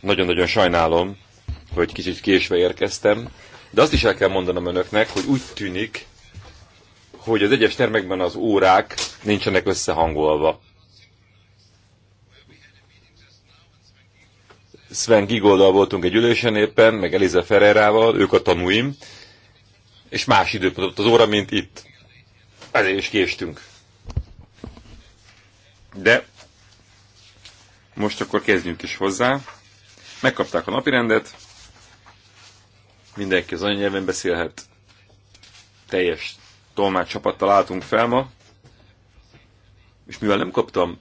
Nagyon-nagyon sajnálom, hogy kicsit késve érkeztem, de azt is el kell mondanom önöknek, hogy úgy tűnik, hogy az egyes termekben az órák nincsenek összehangolva. Sven Gigoldal voltunk egy ülésen éppen, meg Eliza Ferrerával, ők a tanúim, és más időpontot az óra, mint itt. Ezért is késtünk. De most akkor kezdjünk is hozzá. Megkapták a napirendet. Mindenki az anyanyelven beszélhet. Teljes tolmács csapattal álltunk fel ma. És mivel nem kaptam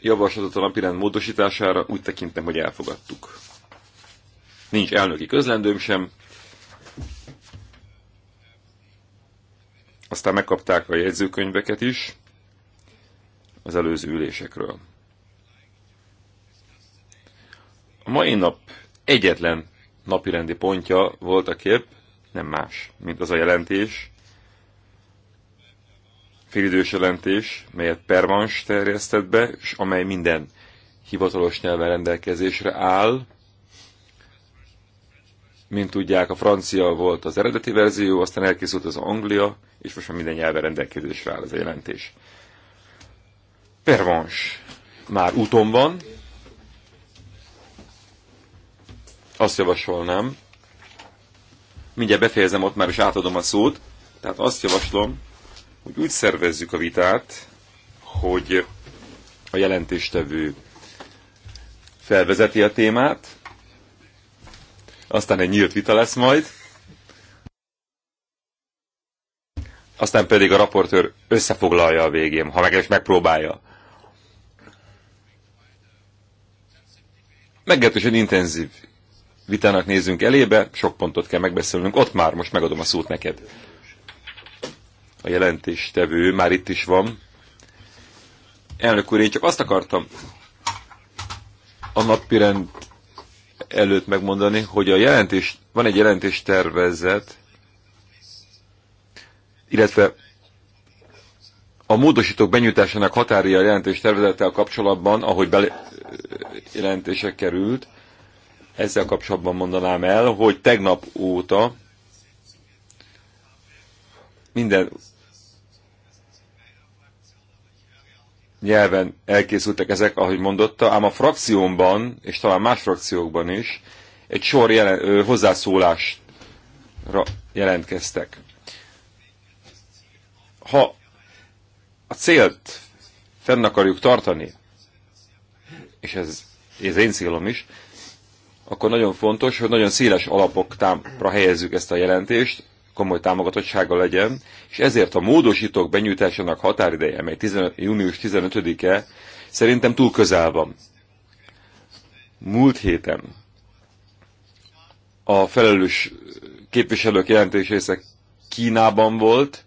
javaslatot a napirend módosítására, úgy tekintem, hogy elfogadtuk. Nincs elnöki közlendőm sem. Aztán megkapták a jegyzőkönyveket is az előző ülésekről. A mai nap egyetlen napirendi pontja volt a kép, nem más, mint az a jelentés, félidős jelentés, melyet Pervans terjesztett be, és amely minden hivatalos nyelven rendelkezésre áll. Mint tudják, a francia volt az eredeti verzió, aztán elkészült az Anglia, és most már minden nyelven rendelkezésre áll a jelentés. Pervans már úton van, azt javasolnám, mindjárt befejezem, ott már is átadom a szót, tehát azt javaslom, hogy úgy szervezzük a vitát, hogy a jelentéstevő felvezeti a témát, aztán egy nyílt vita lesz majd, aztán pedig a raportőr összefoglalja a végén, ha meg is megpróbálja. Meglehetősen intenzív vitának nézzünk elébe, sok pontot kell megbeszélnünk, ott már most megadom a szót neked. A jelentéstevő már itt is van. Elnök úr, én csak azt akartam a napirend előtt megmondani, hogy a jelentés, van egy jelentés tervezet, illetve a módosítók benyújtásának határia a jelentéstervezettel kapcsolatban, ahogy bele jelentése került, ezzel kapcsolatban mondanám el, hogy tegnap óta minden nyelven elkészültek ezek, ahogy mondotta, ám a frakciómban, és talán más frakciókban is, egy sor jelen, ö, hozzászólásra jelentkeztek. Ha a célt fenn akarjuk tartani, és ez, ez én célom is, akkor nagyon fontos, hogy nagyon széles alapokra helyezzük ezt a jelentést, komoly támogatottsága legyen, és ezért a módosítók benyújtásának határideje, mely 15, június 15-e, szerintem túl közel van. Múlt héten a felelős képviselők jelentős része Kínában volt,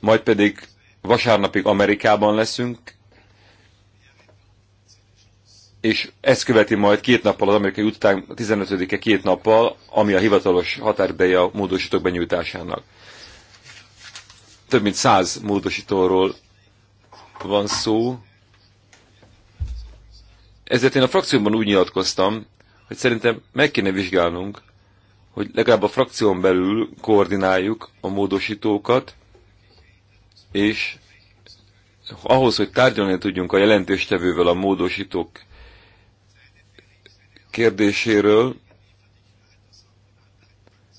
majd pedig vasárnapig Amerikában leszünk, és ezt követi majd két nappal az amerikai után, 15-e két nappal, ami a hivatalos határideje a módosítók benyújtásának. Több mint száz módosítóról van szó. Ezért én a frakcióban úgy nyilatkoztam, hogy szerintem meg kéne vizsgálnunk, hogy legalább a frakción belül koordináljuk a módosítókat, és ahhoz, hogy tárgyalni tudjunk a jelentéstevővel a módosítók kérdéséről,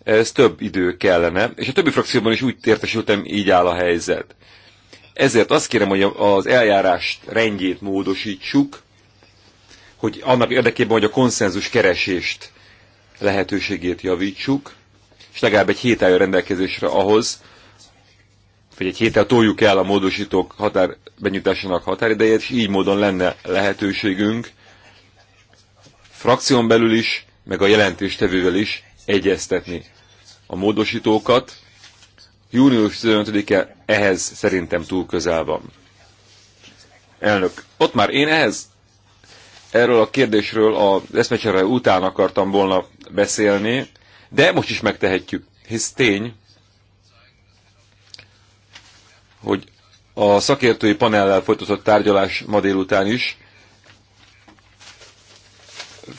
ez több idő kellene, és a többi frakcióban is úgy értesültem, így áll a helyzet. Ezért azt kérem, hogy az eljárást rendjét módosítsuk, hogy annak érdekében, hogy a konszenzus keresést lehetőségét javítsuk, és legalább egy hét álljon rendelkezésre ahhoz, hogy egy héttel toljuk el a módosítók határ, benyújtásának határidejét, és így módon lenne lehetőségünk frakción belül is, meg a jelentéstevővel is egyeztetni a módosítókat. Június 15-e ehhez szerintem túl közel van. Elnök, ott már én ehhez erről a kérdésről a eszmecsere után akartam volna beszélni, de most is megtehetjük, hisz tény, hogy a szakértői panellel folytatott tárgyalás ma délután is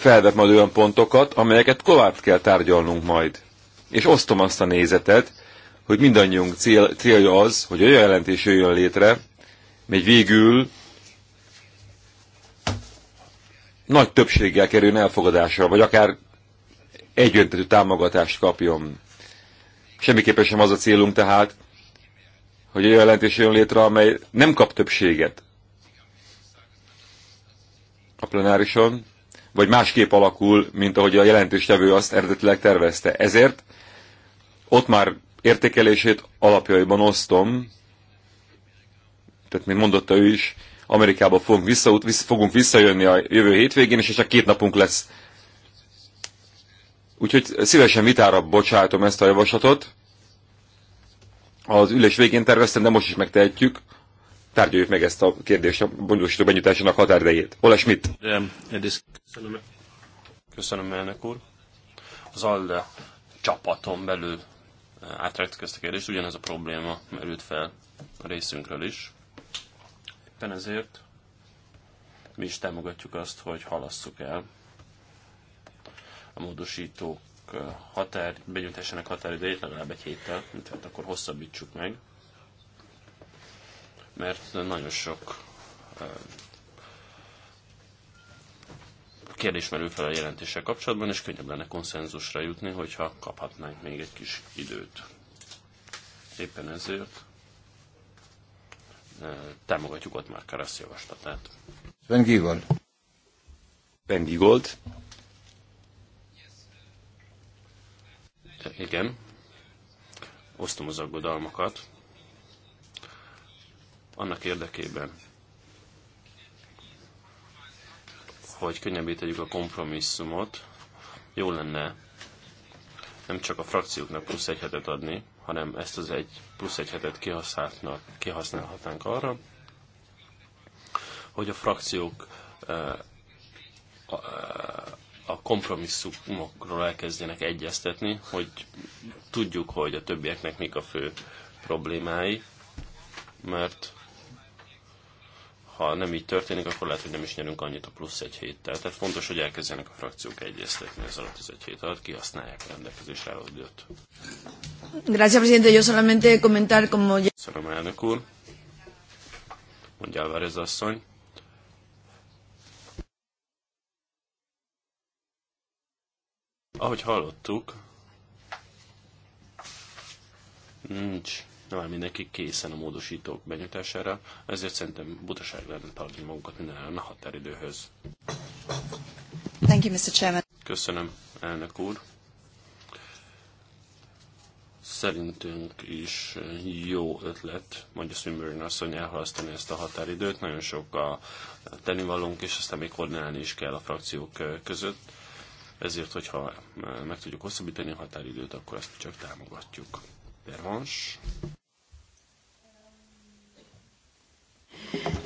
felvet majd olyan pontokat, amelyeket tovább kell tárgyalnunk majd. És osztom azt a nézetet, hogy mindannyiunk cél, célja az, hogy olyan jelentés jöjjön létre, mely végül nagy többséggel kerüljön elfogadásra, vagy akár egyöntetű támogatást kapjon. Semmiképpen sem az a célunk tehát, hogy olyan jelentés jön létre, amely nem kap többséget a plenárison, vagy másképp alakul, mint ahogy a jelentéstevő azt eredetileg tervezte. Ezért ott már értékelését alapjaiban osztom, tehát mint mondotta ő is, Amerikába fogunk, vissza, fogunk visszajönni a jövő hétvégén, és csak két napunk lesz. Úgyhogy szívesen vitára bocsátom ezt a javaslatot. Az ülés végén terveztem, de most is megtehetjük tárgyaljuk meg ezt a kérdést a bonyolító benyújtásának határidejét. Ola Schmidt. Köszönöm, köszönöm elnök úr. Az ALDE csapaton belül eh, átrágtuk ezt a kérdést, ugyanez a probléma merült fel a részünkről is. Éppen ezért mi is támogatjuk azt, hogy halasszuk el a módosítók eh, határ, benyújtásának határidejét legalább egy héttel, tehát akkor hosszabbítsuk meg mert nagyon sok kérdés merül fel a jelentéssel kapcsolatban, és könnyebb lenne konszenzusra jutni, hogyha kaphatnánk még egy kis időt. Éppen ezért támogatjuk ott már Karasz javaslatát. Sven Gigold. Sven Gigold. Igen. Osztom az aggodalmakat annak érdekében, hogy könnyebbé tegyük a kompromisszumot, jó lenne nem csak a frakcióknak plusz egy hetet adni, hanem ezt az egy plusz egy hetet kihasználhatnánk arra, hogy a frakciók eh, eh, a kompromisszumokról elkezdjenek egyeztetni, hogy tudjuk, hogy a többieknek mik a fő problémái, mert ha nem így történik, akkor lehet, hogy nem is nyerünk annyit a plusz egy héttel. Tehát fontos, hogy elkezdjenek a frakciók egyeztetni az alatt az egy hét alatt, kihasználják a rendelkezésre álló időt. Gracias, presidente. Yo solamente comentar como... Köszönöm, elnök úr. Mondja Álvarez asszony. Ahogy hallottuk, nincs áll mindenki készen a módosítók benyújtására, ezért szerintem butaság lenne tartani magunkat minden ellen a határidőhöz. Thank you, Mr. Chairman. Köszönöm, elnök úr. Szerintünk is jó ötlet, mondja Swinburne asszony, elhalasztani ezt a határidőt. Nagyon sok a tennivalónk, és aztán még koordinálni is kell a frakciók között. Ezért, hogyha meg tudjuk hosszabbítani a határidőt, akkor ezt csak támogatjuk. Pervans.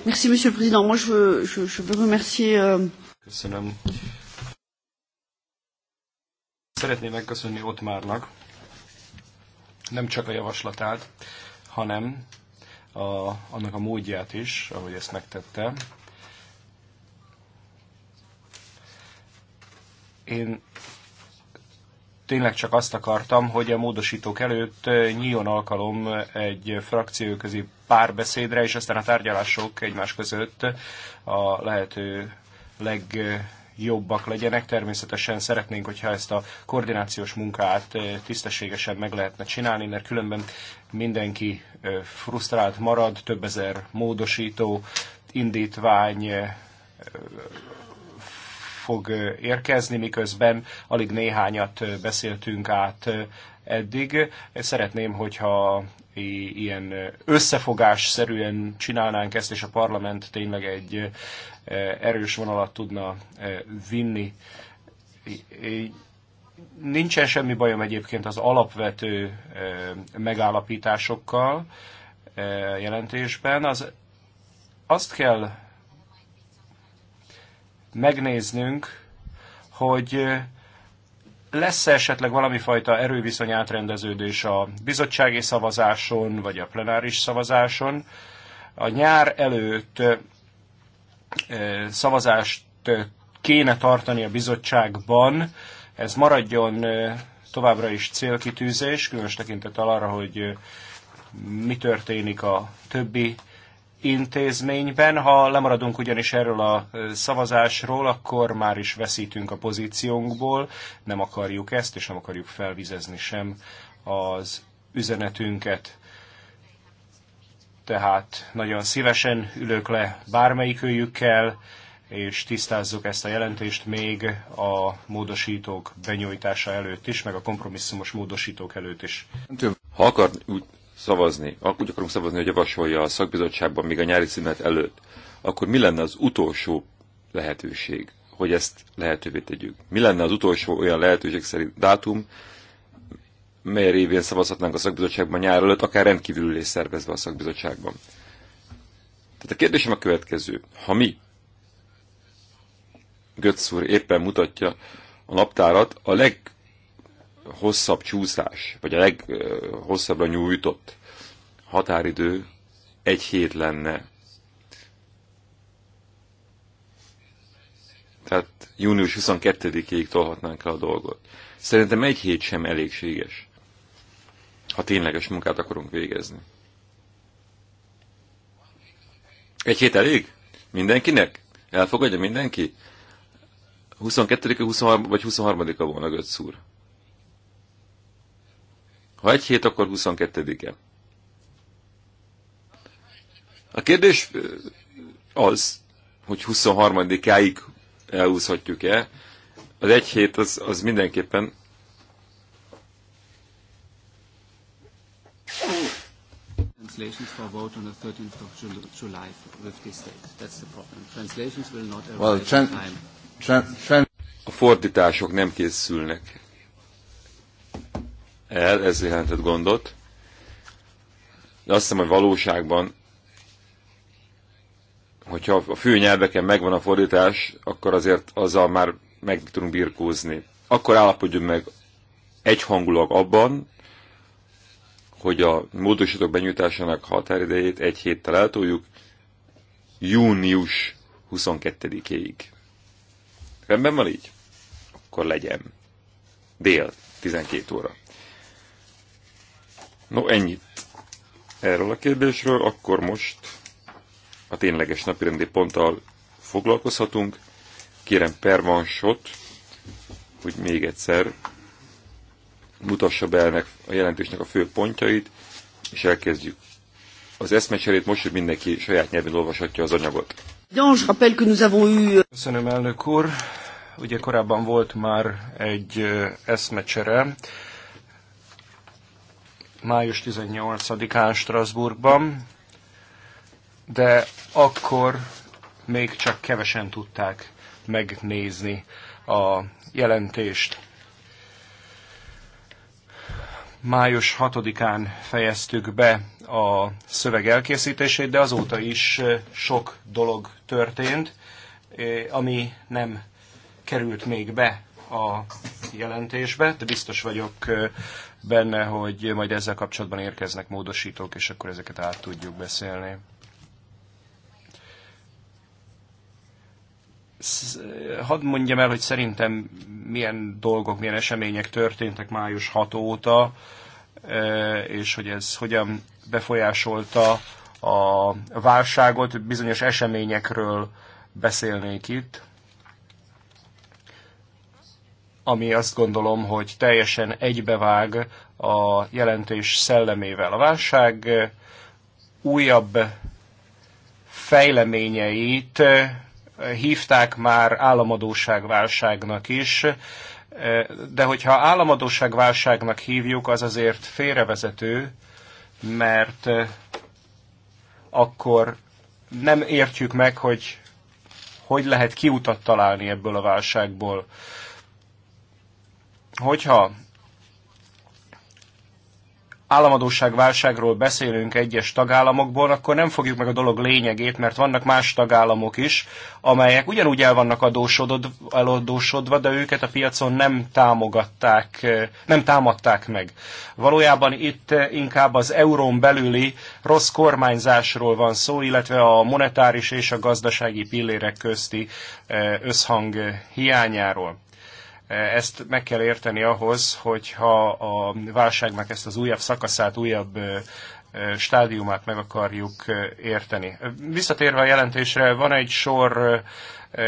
Merci, Monsieur le Président. Moi, je veux, je, je veux remercier. Euh... Szeretném megköszönni Ottmárnak nem csak a javaslatát, hanem a, annak a módját is, ahogy ezt megtette. Én tényleg csak azt akartam, hogy a módosítók előtt nyíljon alkalom egy frakcióközi párbeszédre, és aztán a tárgyalások egymás között a lehető legjobbak legyenek. Természetesen szeretnénk, hogyha ezt a koordinációs munkát tisztességesen meg lehetne csinálni, mert különben mindenki frusztrált marad, több ezer módosító, indítvány, fog érkezni, miközben alig néhányat beszéltünk át eddig. Szeretném, hogyha ilyen összefogásszerűen csinálnánk ezt, és a parlament tényleg egy erős vonalat tudna vinni. Nincsen semmi bajom egyébként az alapvető megállapításokkal jelentésben. Az, azt kell megnéznünk, hogy lesz-e esetleg valami fajta erőviszony átrendeződés a bizottsági szavazáson, vagy a plenáris szavazáson. A nyár előtt szavazást kéne tartani a bizottságban, ez maradjon továbbra is célkitűzés, különös tekintet arra, hogy mi történik a többi intézményben. Ha lemaradunk ugyanis erről a szavazásról, akkor már is veszítünk a pozíciónkból. Nem akarjuk ezt, és nem akarjuk felvizezni sem az üzenetünket. Tehát nagyon szívesen ülök le bármelyikőjükkel, és tisztázzuk ezt a jelentést még a módosítók benyújtása előtt is, meg a kompromisszumos módosítók előtt is. Ha akar, úgy szavazni, úgy akarunk szavazni, hogy javasolja a szakbizottságban még a nyári szünet előtt, akkor mi lenne az utolsó lehetőség, hogy ezt lehetővé tegyük? Mi lenne az utolsó olyan lehetőség szerint dátum, mely révén szavazhatnánk a szakbizottságban nyár előtt, akár rendkívül ülés szervezve a szakbizottságban? Tehát a kérdésem a következő. Ha mi, Götz úr éppen mutatja a naptárat, a leg leghosszabb csúszás, vagy a leghosszabbra nyújtott határidő egy hét lenne. Tehát június 22-ig tolhatnánk el a dolgot. Szerintem egy hét sem elégséges, ha tényleges munkát akarunk végezni. Egy hét elég? Mindenkinek? Elfogadja mindenki? 22 -a, 23 vagy 23-a volna Götz úr. Ha egy hét, akkor 22-e. A kérdés az, hogy 23-áig elhúzhatjuk-e. Az egy hét az, az mindenképpen a fordítások nem készülnek el, ez jelentett gondot. De azt hiszem, hogy valóságban, hogyha a fő nyelveken megvan a fordítás, akkor azért azzal már meg tudunk birkózni. Akkor állapodjunk meg egyhangulag abban, hogy a módosítók benyújtásának határidejét egy héttel eltoljuk, június 22-ig. Rendben van így? Akkor legyen. Dél, 12 óra. No, ennyit erről a kérdésről, akkor most a tényleges napirendi ponttal foglalkozhatunk. Kérem Pervansot, hogy még egyszer mutassa be ennek a jelentésnek a fő pontjait, és elkezdjük az eszmecserét most, hogy mindenki saját nyelvén olvashatja az anyagot. Euh, Köszönöm, elnök úr. Ugye korábban volt már egy eszmecsere május 18-án Strasbourgban, de akkor még csak kevesen tudták megnézni a jelentést. Május 6-án fejeztük be a szöveg elkészítését, de azóta is sok dolog történt, ami nem került még be a jelentésbe, de biztos vagyok benne, hogy majd ezzel kapcsolatban érkeznek módosítók, és akkor ezeket át tudjuk beszélni. hadd mondjam el, hogy szerintem milyen dolgok, milyen események történtek május 6 óta, és hogy ez hogyan befolyásolta a válságot, bizonyos eseményekről beszélnék itt ami azt gondolom, hogy teljesen egybevág a jelentés szellemével. A válság újabb fejleményeit hívták már államadóságválságnak is, de hogyha államadóságválságnak hívjuk, az azért félrevezető, mert akkor nem értjük meg, hogy hogy lehet kiutat találni ebből a válságból hogyha államadóság válságról beszélünk egyes tagállamokból, akkor nem fogjuk meg a dolog lényegét, mert vannak más tagállamok is, amelyek ugyanúgy el vannak adósodva, de őket a piacon nem támogatták, nem támadták meg. Valójában itt inkább az eurón belüli rossz kormányzásról van szó, illetve a monetáris és a gazdasági pillérek közti eh, összhang hiányáról. Ezt meg kell érteni ahhoz, hogyha a válságnak ezt az újabb szakaszát, újabb stádiumát meg akarjuk érteni. Visszatérve a jelentésre, van egy sor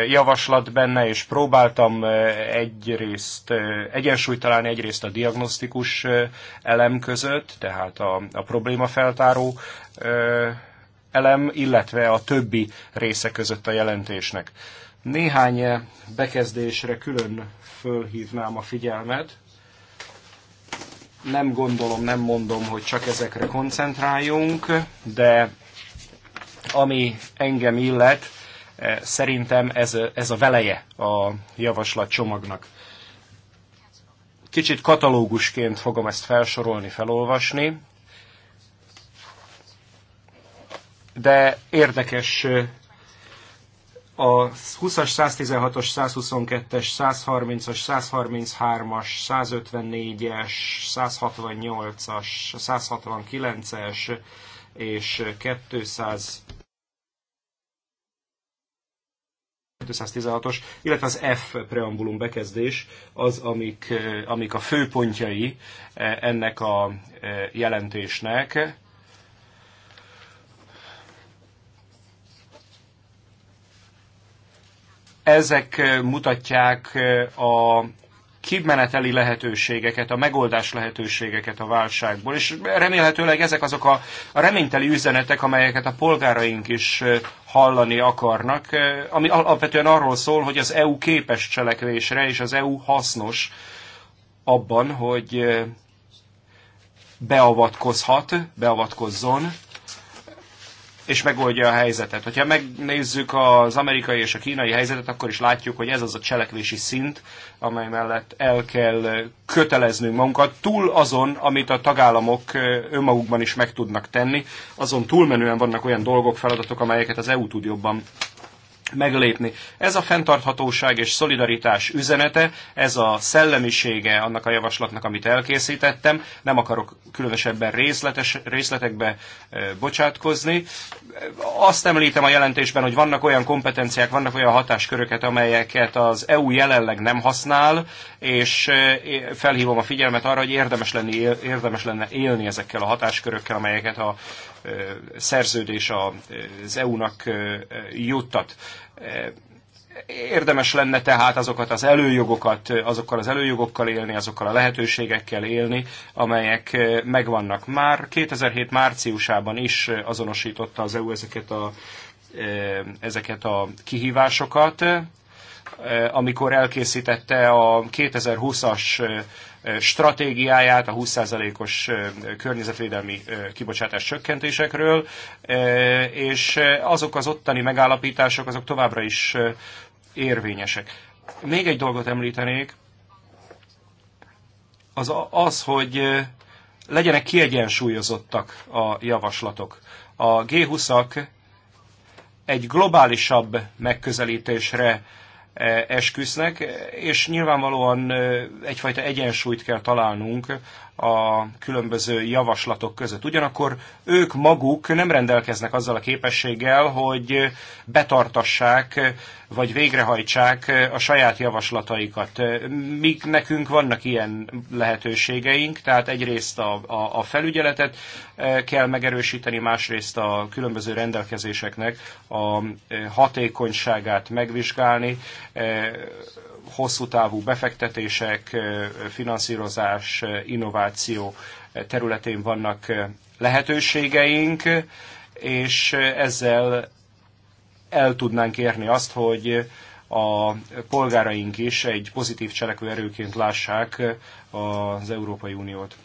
javaslat benne, és próbáltam egyrészt egyensúlyt találni egyrészt a diagnosztikus elem között, tehát a, a problémafeltáró elem, illetve a többi része között a jelentésnek. Néhány bekezdésre külön fölhívnám a figyelmet. Nem gondolom, nem mondom, hogy csak ezekre koncentráljunk, de ami engem illet, eh, szerintem ez, ez a veleje a javaslat csomagnak. Kicsit katalógusként fogom ezt felsorolni, felolvasni, de érdekes eh, a 20-as, 116-os, 122-es, 130-as, 133-as, 154-es, 168-as, 169-es és 200 216-os, illetve az F preambulum bekezdés az, amik, amik a főpontjai ennek a jelentésnek Ezek mutatják a kimeneteli lehetőségeket, a megoldás lehetőségeket a válságból, és remélhetőleg ezek azok a, reményteli üzenetek, amelyeket a polgáraink is hallani akarnak, ami alapvetően arról szól, hogy az EU képes cselekvésre, és az EU hasznos abban, hogy beavatkozhat, beavatkozzon és megoldja a helyzetet. Hogyha megnézzük az amerikai és a kínai helyzetet, akkor is látjuk, hogy ez az a cselekvési szint, amely mellett el kell köteleznünk magunkat, túl azon, amit a tagállamok önmagukban is meg tudnak tenni, azon túlmenően vannak olyan dolgok, feladatok, amelyeket az EU tud jobban meglépni. Ez a fenntarthatóság és szolidaritás üzenete, ez a szellemisége annak a javaslatnak, amit elkészítettem. Nem akarok különösebben részletes, részletekbe e, bocsátkozni. Azt említem a jelentésben, hogy vannak olyan kompetenciák, vannak olyan hatásköröket, amelyeket az EU jelenleg nem használ, és felhívom a figyelmet arra, hogy érdemes, lenni, érdemes lenne élni ezekkel a hatáskörökkel, amelyeket a szerződés az EU-nak juttat. Érdemes lenne tehát azokat az előjogokat, azokkal az előjogokkal élni, azokkal a lehetőségekkel élni, amelyek megvannak. Már 2007 márciusában is azonosította az EU ezeket a, ezeket a kihívásokat, amikor elkészítette a 2020-as stratégiáját a 20%-os környezetvédelmi kibocsátás csökkentésekről, és azok az ottani megállapítások azok továbbra is érvényesek. Még egy dolgot említenék, az, az hogy legyenek kiegyensúlyozottak a javaslatok. A G20-ak egy globálisabb megközelítésre E, esküsznek, és nyilvánvalóan e, egyfajta egyensúlyt kell találnunk a különböző javaslatok között. Ugyanakkor ők maguk nem rendelkeznek azzal a képességgel, hogy betartassák vagy végrehajtsák a saját javaslataikat. Míg nekünk vannak ilyen lehetőségeink, tehát egyrészt a, a, a felügyeletet kell megerősíteni, másrészt a különböző rendelkezéseknek a hatékonyságát megvizsgálni, hosszú távú befektetések, finanszírozás, innováció területén vannak lehetőségeink, és ezzel el tudnánk érni azt, hogy a polgáraink is egy pozitív cselekvő erőként lássák az Európai Uniót.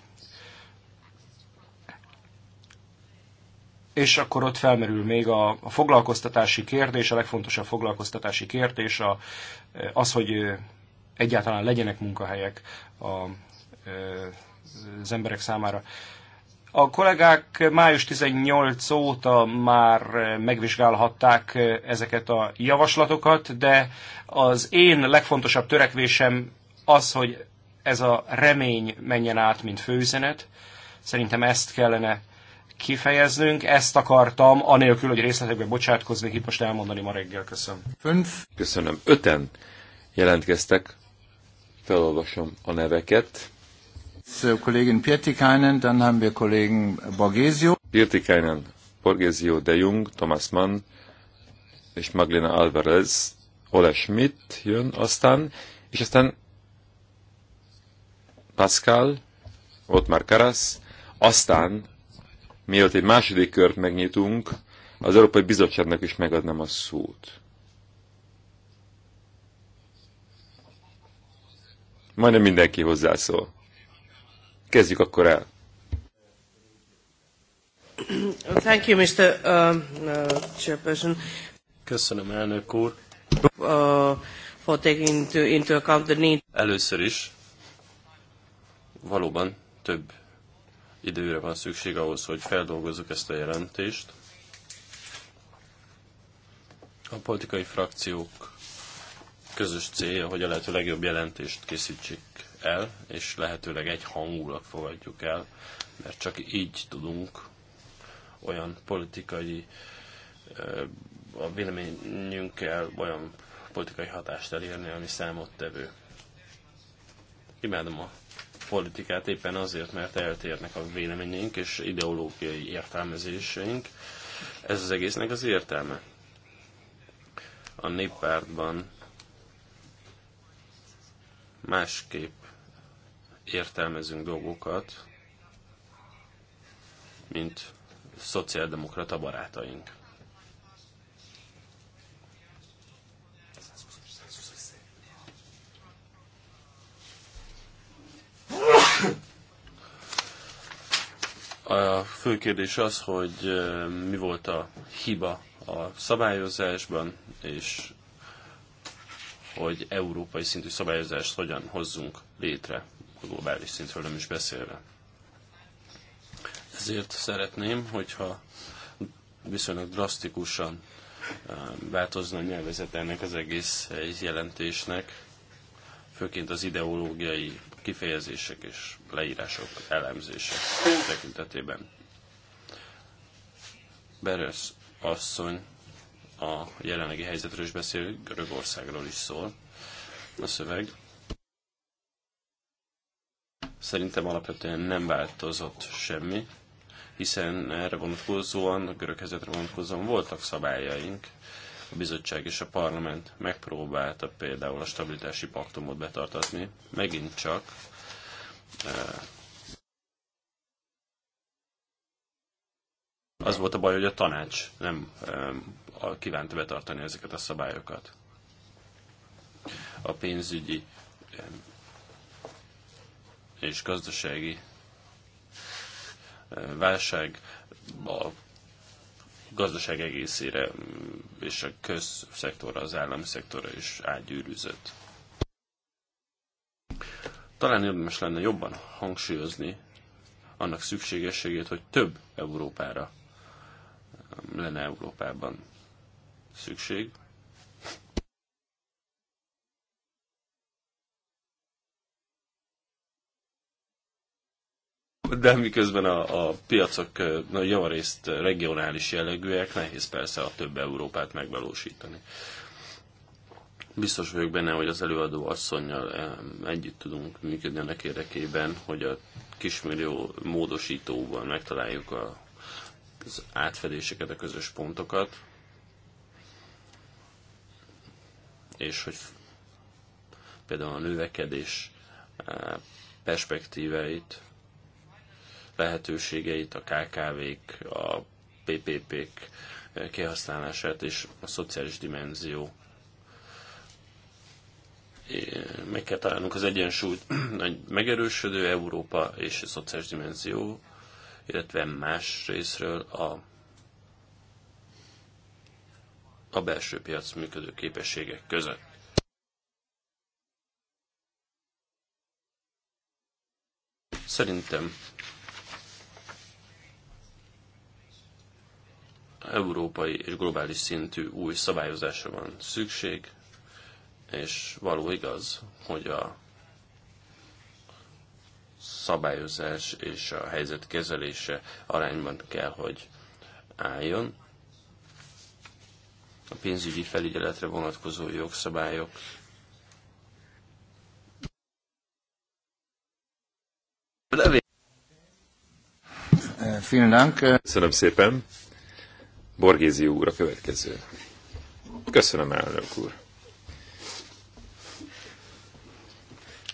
és akkor ott felmerül még a, a foglalkoztatási kérdés, a legfontosabb foglalkoztatási kérdés, a, eh, az, hogy eh, egyáltalán legyenek munkahelyek a, eh, az emberek számára. A kollégák május 18 óta már megvizsgálhatták ezeket a javaslatokat, de az én legfontosabb törekvésem az, hogy ez a remény menjen át, mint főüzenet. Szerintem ezt kellene kifejeznünk. Ezt akartam, anélkül, hogy részletekbe bocsátkozni, itt most elmondani ma reggel. Köszönöm. Fünf. Köszönöm. Öten jelentkeztek. Felolvasom a neveket. Kollégin Pirtikainen, dann haben wir kollégin Borgesio. Pirtikainen, Borgesio de Jung, Thomas Mann és Maglina Alvarez, Ole Schmidt jön aztán, és aztán Pascal, Ottmar Karas, aztán Mielőtt egy második kört megnyitunk, az Európai Bizottságnak is megadnám a szót. Majdnem mindenki hozzászól. Kezdjük akkor el. Thank you, Mr. Uh, um, uh, Chairperson. Köszönöm, elnök úr. Uh, for taking into, into account the need. Először is valóban több időre van szükség ahhoz, hogy feldolgozzuk ezt a jelentést. A politikai frakciók közös célja, hogy a lehető legjobb jelentést készítsük el, és lehetőleg egy hangulat fogadjuk el, mert csak így tudunk olyan politikai a véleményünkkel olyan politikai hatást elérni, ami számottevő. Imádom a politikát éppen azért, mert eltérnek a véleményeink és ideológiai értelmezéseink. Ez az egésznek az értelme. A néppártban másképp értelmezünk dolgokat, mint szociáldemokrata barátaink. A fő kérdés az, hogy mi volt a hiba a szabályozásban, és hogy európai szintű szabályozást hogyan hozzunk létre, a globális szintről nem is beszélve. Ezért szeretném, hogyha viszonylag drasztikusan változna a nyelvezet ennek az egész eh, jelentésnek, főként az ideológiai kifejezések és leírások, elemzések tekintetében. Beres asszony a jelenlegi helyzetről is beszél, Görögországról is szól a szöveg. Szerintem alapvetően nem változott semmi, hiszen erre vonatkozóan, a görög helyzetre vonatkozóan voltak szabályaink, a bizottság és a parlament megpróbálta például a stabilitási paktumot betartatni, megint csak e, az volt a baj, hogy a tanács nem e, kívánta betartani ezeket a szabályokat. A pénzügyi e, és gazdasági válság a gazdaság egészére mm, és a közszektorra, az államszektorra is átgyűrűzött. Talán érdemes lenne jobban hangsúlyozni annak szükségességét, hogy több Európára mm, lenne Európában szükség, De miközben a, a piacok nagy javarészt regionális jellegűek, nehéz persze a több Európát megvalósítani. Biztos vagyok benne, hogy az előadó asszonynal együtt tudunk működni annak érdekében, hogy a kismillió módosítóban megtaláljuk a, az átfedéseket, a közös pontokat, és hogy például a növekedés eh, perspektíveit lehetőségeit, a KKV-k, a PPP-k kihasználását és a szociális dimenzió. Meg kell találnunk az egyensúlyt egy megerősödő Európa és a szociális dimenzió, illetve más részről a a belső piac működő képességek között. Szerintem európai és globális szintű új szabályozásra van szükség, és való igaz, hogy a szabályozás és a helyzet kezelése arányban kell, hogy álljon. A pénzügyi felügyeletre vonatkozó jogszabályok Köszönöm szépen. Borgézi úr a következő. Köszönöm, elnök úr.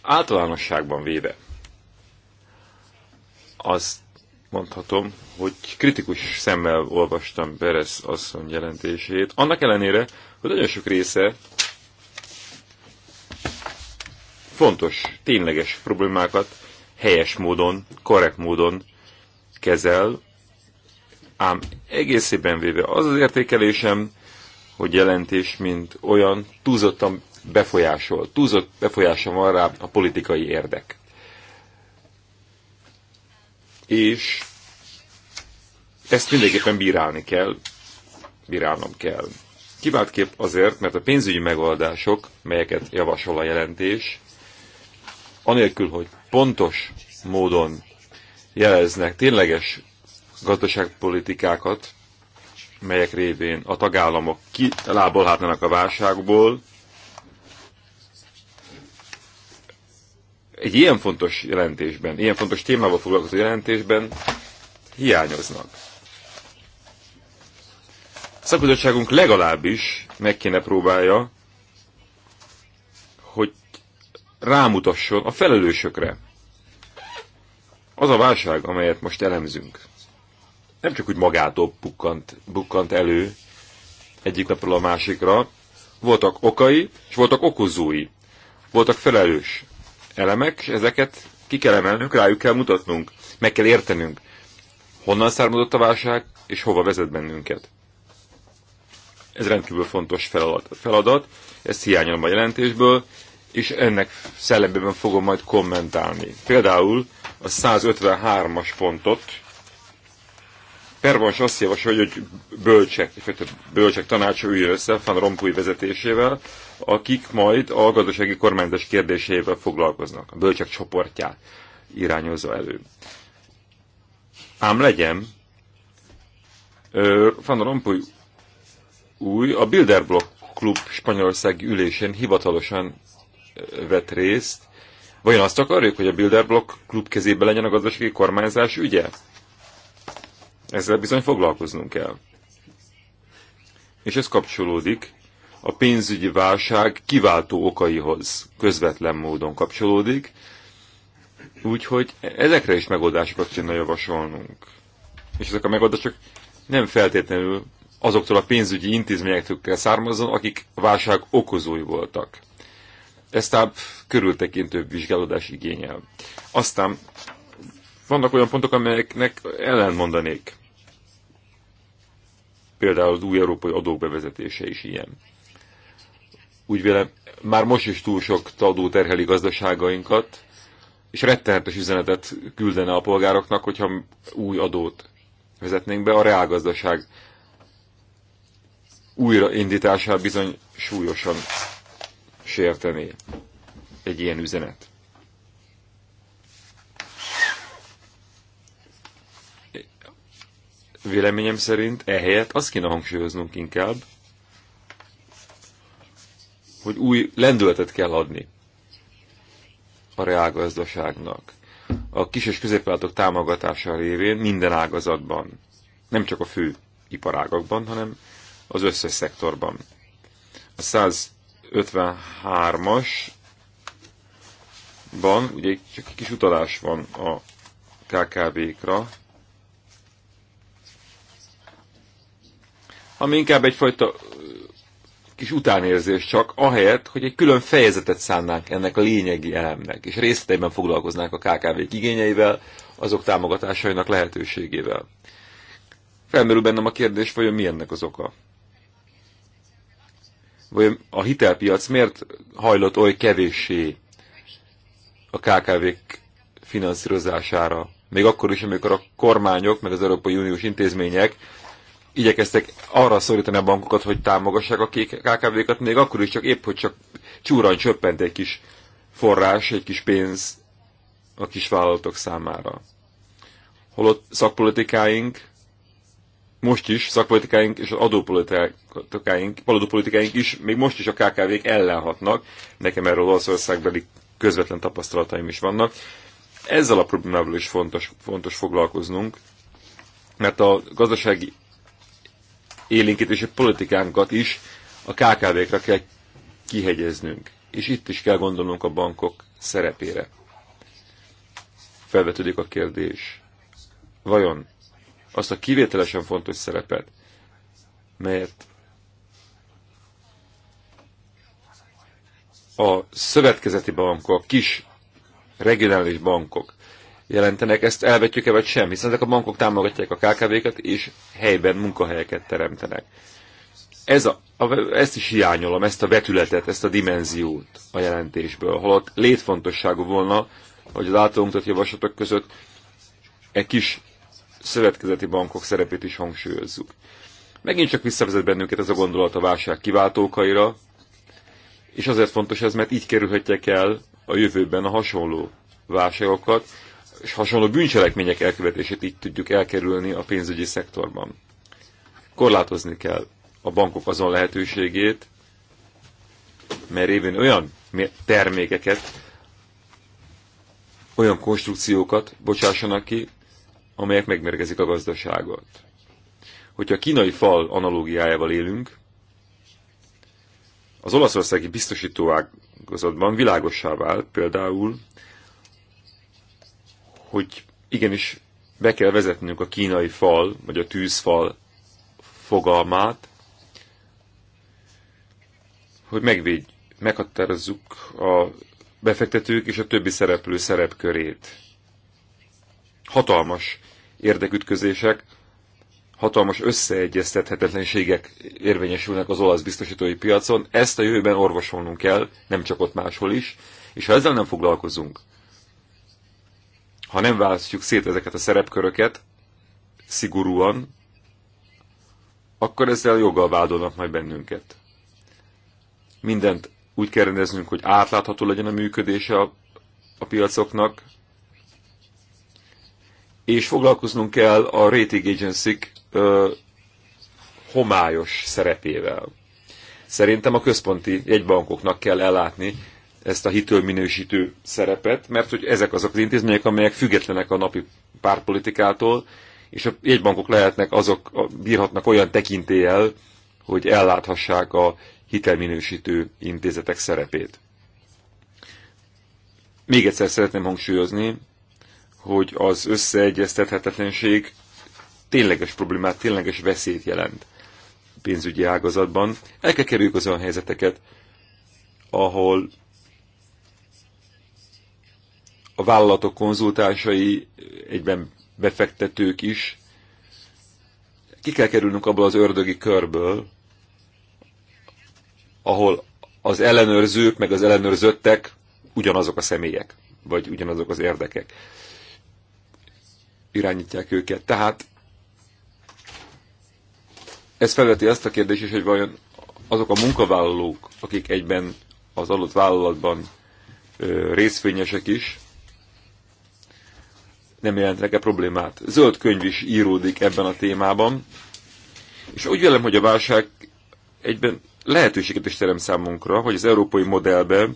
Általánosságban véve azt mondhatom, hogy kritikus szemmel olvastam Beres asszony jelentését, annak ellenére, hogy nagyon sok része fontos, tényleges problémákat helyes módon, korrekt módon kezel, Ám egészében véve az az értékelésem, hogy jelentés, mint olyan túlzottan befolyásol. Túlzott befolyása van rá a politikai érdek. És ezt mindenképpen bírálni kell, bírálnom kell. Kiváltképp azért, mert a pénzügyi megoldások, melyeket javasol a jelentés, anélkül, hogy pontos módon jeleznek tényleges gazdaságpolitikákat, melyek révén a tagállamok kilábolhatnának a válságból. Egy ilyen fontos jelentésben, ilyen fontos témával foglalkozó jelentésben hiányoznak. A szakbizottságunk legalábbis meg kéne próbálja, hogy rámutasson a felelősökre. Az a válság, amelyet most elemzünk nem csak úgy magától bukkant, bukkant elő egyik napról a másikra, voltak okai, és voltak okozói, voltak felelős elemek, és ezeket ki kell emelnünk, rájuk kell mutatnunk, meg kell értenünk, honnan származott a válság, és hova vezet bennünket. Ez rendkívül fontos feladat, feladat ez hiányolom a jelentésből, és ennek szellemében fogom majd kommentálni. Például a 153-as pontot, Pervans azt javasolja, hogy bölcsek, bölcsek tanácsa üljön össze Van Rompuy vezetésével, akik majd a gazdasági kormányzás kérdéseivel foglalkoznak. A bölcsek csoportját irányozza elő. Ám legyen, Van Rompuy új a Bilderblock klub spanyolországi ülésén hivatalosan vett részt. Vajon azt akarjuk, hogy a Bilderblock klub kezébe legyen a gazdasági kormányzás ügye? Ezzel bizony foglalkoznunk kell. És ez kapcsolódik a pénzügyi válság kiváltó okaihoz, közvetlen módon kapcsolódik, úgyhogy ezekre is megoldásokat kéne javasolnunk. És ezek a megoldások nem feltétlenül azoktól a pénzügyi intézményektől kell származzon, akik a válság okozói voltak. Ez tehát körültekintőbb vizsgálódás igényel. Aztán vannak olyan pontok, amelyeknek ellen mondanék. Például az új európai adók bevezetése is ilyen. Úgy vélem, már most is túl sok adó terheli gazdaságainkat, és rettenetes üzenetet küldene a polgároknak, hogyha új adót vezetnénk be, a reálgazdaság újraindítását bizony súlyosan sértené egy ilyen üzenet. Véleményem szerint ehelyett azt kéne hangsúlyoznunk inkább, hogy új lendületet kell adni a reálgazdaságnak. A kis és középvállalatok támogatása révén minden ágazatban, nem csak a fő iparágakban, hanem az összes szektorban. A 153-asban ugye csak egy kis utalás van a KKV-kra, ami inkább egyfajta kis utánérzés csak, ahelyett, hogy egy külön fejezetet szánnánk ennek a lényegi elemnek, és részleteiben foglalkoznánk a kkv igényeivel, azok támogatásainak lehetőségével. Felmerül bennem a kérdés, vajon mi ennek az oka? Vajon a hitelpiac miért hajlott oly kevéssé a KKV-k finanszírozására? Még akkor is, amikor a kormányok, meg az Európai Uniós intézmények igyekeztek arra szorítani a bankokat, hogy támogassák a KKV-kat, még akkor is csak épp, hogy csak csúran csöppent egy kis forrás, egy kis pénz a kis vállalatok számára. Holott szakpolitikáink, most is szakpolitikáink és az adópolitikáink, adópolitikáink is, még most is a KKV-k ellenhatnak. Nekem erről Olaszországbeli közvetlen tapasztalataim is vannak. Ezzel a problémával is fontos, fontos foglalkoznunk, mert a gazdasági élénkítési politikánkat is a KKV-kra kell kihegyeznünk. És itt is kell gondolnunk a bankok szerepére. Felvetődik a kérdés. Vajon azt a kivételesen fontos szerepet, melyet a szövetkezeti bankok, a kis regionális bankok jelentenek, ezt elvetjük-e vagy sem, hiszen ezek a bankok támogatják a KKV-ket, és helyben munkahelyeket teremtenek. Ez a, a, ezt is hiányolom, ezt a vetületet, ezt a dimenziót a jelentésből, holott létfontosságú volna, hogy az általunkat javaslatok között egy kis szövetkezeti bankok szerepét is hangsúlyozzuk. Megint csak visszavezet bennünket ez a gondolat a válság kiváltókaira, és azért fontos ez, mert így kerülhetjek el a jövőben a hasonló válságokat, és hasonló bűncselekmények elkövetését így tudjuk elkerülni a pénzügyi szektorban. Korlátozni kell a bankok azon lehetőségét, mert évén olyan termékeket, olyan konstrukciókat bocsássanak ki, amelyek megmérgezik a gazdaságot. Hogyha a kínai fal analógiájával élünk, az olaszországi biztosítóágazatban világossá vált például, hogy igenis be kell vezetnünk a kínai fal, vagy a tűzfal fogalmát, hogy megvédj, meghatározzuk a befektetők és a többi szereplő szerepkörét. Hatalmas érdekütközések, hatalmas összeegyeztethetetlenségek érvényesülnek az olasz biztosítói piacon, ezt a jövőben orvosolnunk kell, nem csak ott máshol is, és ha ezzel nem foglalkozunk, ha nem választjuk szét ezeket a szerepköröket szigorúan, akkor ezzel joggal vádolnak majd bennünket. Mindent úgy kell rendeznünk, hogy átlátható legyen a működése a, a piacoknak, és foglalkoznunk kell a rating agency ö, homályos szerepével. Szerintem a központi jegybankoknak kell ellátni ezt a hitőminősítő szerepet, mert hogy ezek azok az intézmények, amelyek függetlenek a napi pártpolitikától, és a jegybankok lehetnek azok, bírhatnak olyan tekintéllyel, hogy elláthassák a hitelminősítő intézetek szerepét. Még egyszer szeretném hangsúlyozni, hogy az összeegyeztethetetlenség tényleges problémát, tényleges veszélyt jelent pénzügyi ágazatban. El kell kerüljük az olyan helyzeteket, ahol a vállalatok konzultásai, egyben befektetők is. Ki kell kerülnünk abból az ördögi körből, ahol az ellenőrzők meg az ellenőrzöttek ugyanazok a személyek, vagy ugyanazok az érdekek irányítják őket. Tehát ez felveti azt a kérdést is, hogy vajon azok a munkavállalók, akik egyben az adott vállalatban részvényesek is, nem jelentenek-e problémát. Zöld könyv is íródik ebben a témában, és úgy vélem, hogy a válság egyben lehetőséget is terem számunkra, hogy az európai modellbe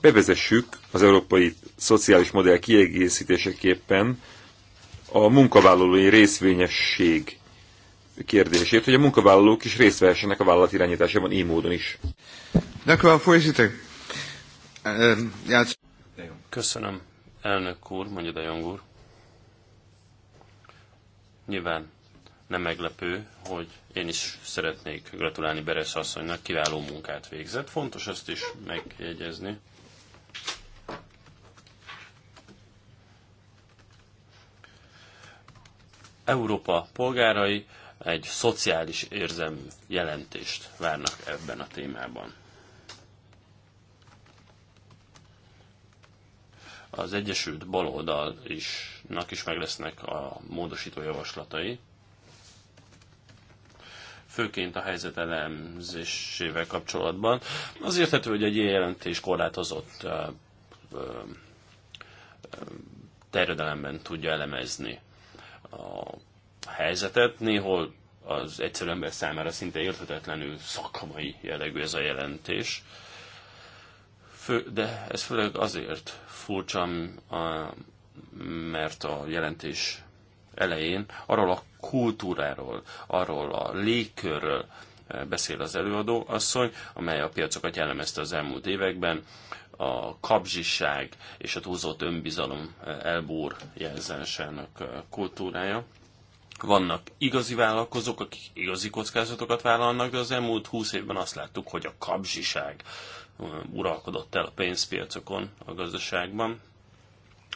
bevezessük az európai szociális modell kiegészítéseképpen a munkavállalói részvényesség kérdését, hogy a munkavállalók is részt vehessenek a vállalat irányításában így módon is. Ehm, Köszönöm. Elnök úr, mondja a Jong úr, nyilván nem meglepő, hogy én is szeretnék gratulálni Beres asszonynak, kiváló munkát végzett. Fontos ezt is megjegyezni. Európa polgárai egy szociális érzem jelentést várnak ebben a témában. az Egyesült Baloldal isnak is meg lesznek a módosító javaslatai. Főként a helyzet elemzésével kapcsolatban. Az érthető, hogy egy ilyen jelentés korlátozott terjedelemben tudja elemezni a helyzetet. Néhol az egyszerű ember számára szinte érthetetlenül szakmai jellegű ez a jelentés. Fő, de ez főleg azért furcsa, mert a jelentés elején arról a kultúráról, arról a légkörről e, beszél az előadó asszony, amely a piacokat jellemezte az elmúlt években, a kapzsiság és a túlzott önbizalom e, elbúr jelzásának e, kultúrája. Vannak igazi vállalkozók, akik igazi kockázatokat vállalnak, de az elmúlt húsz évben azt láttuk, hogy a kapzsiság uralkodott el a pénzpiacokon, a gazdaságban.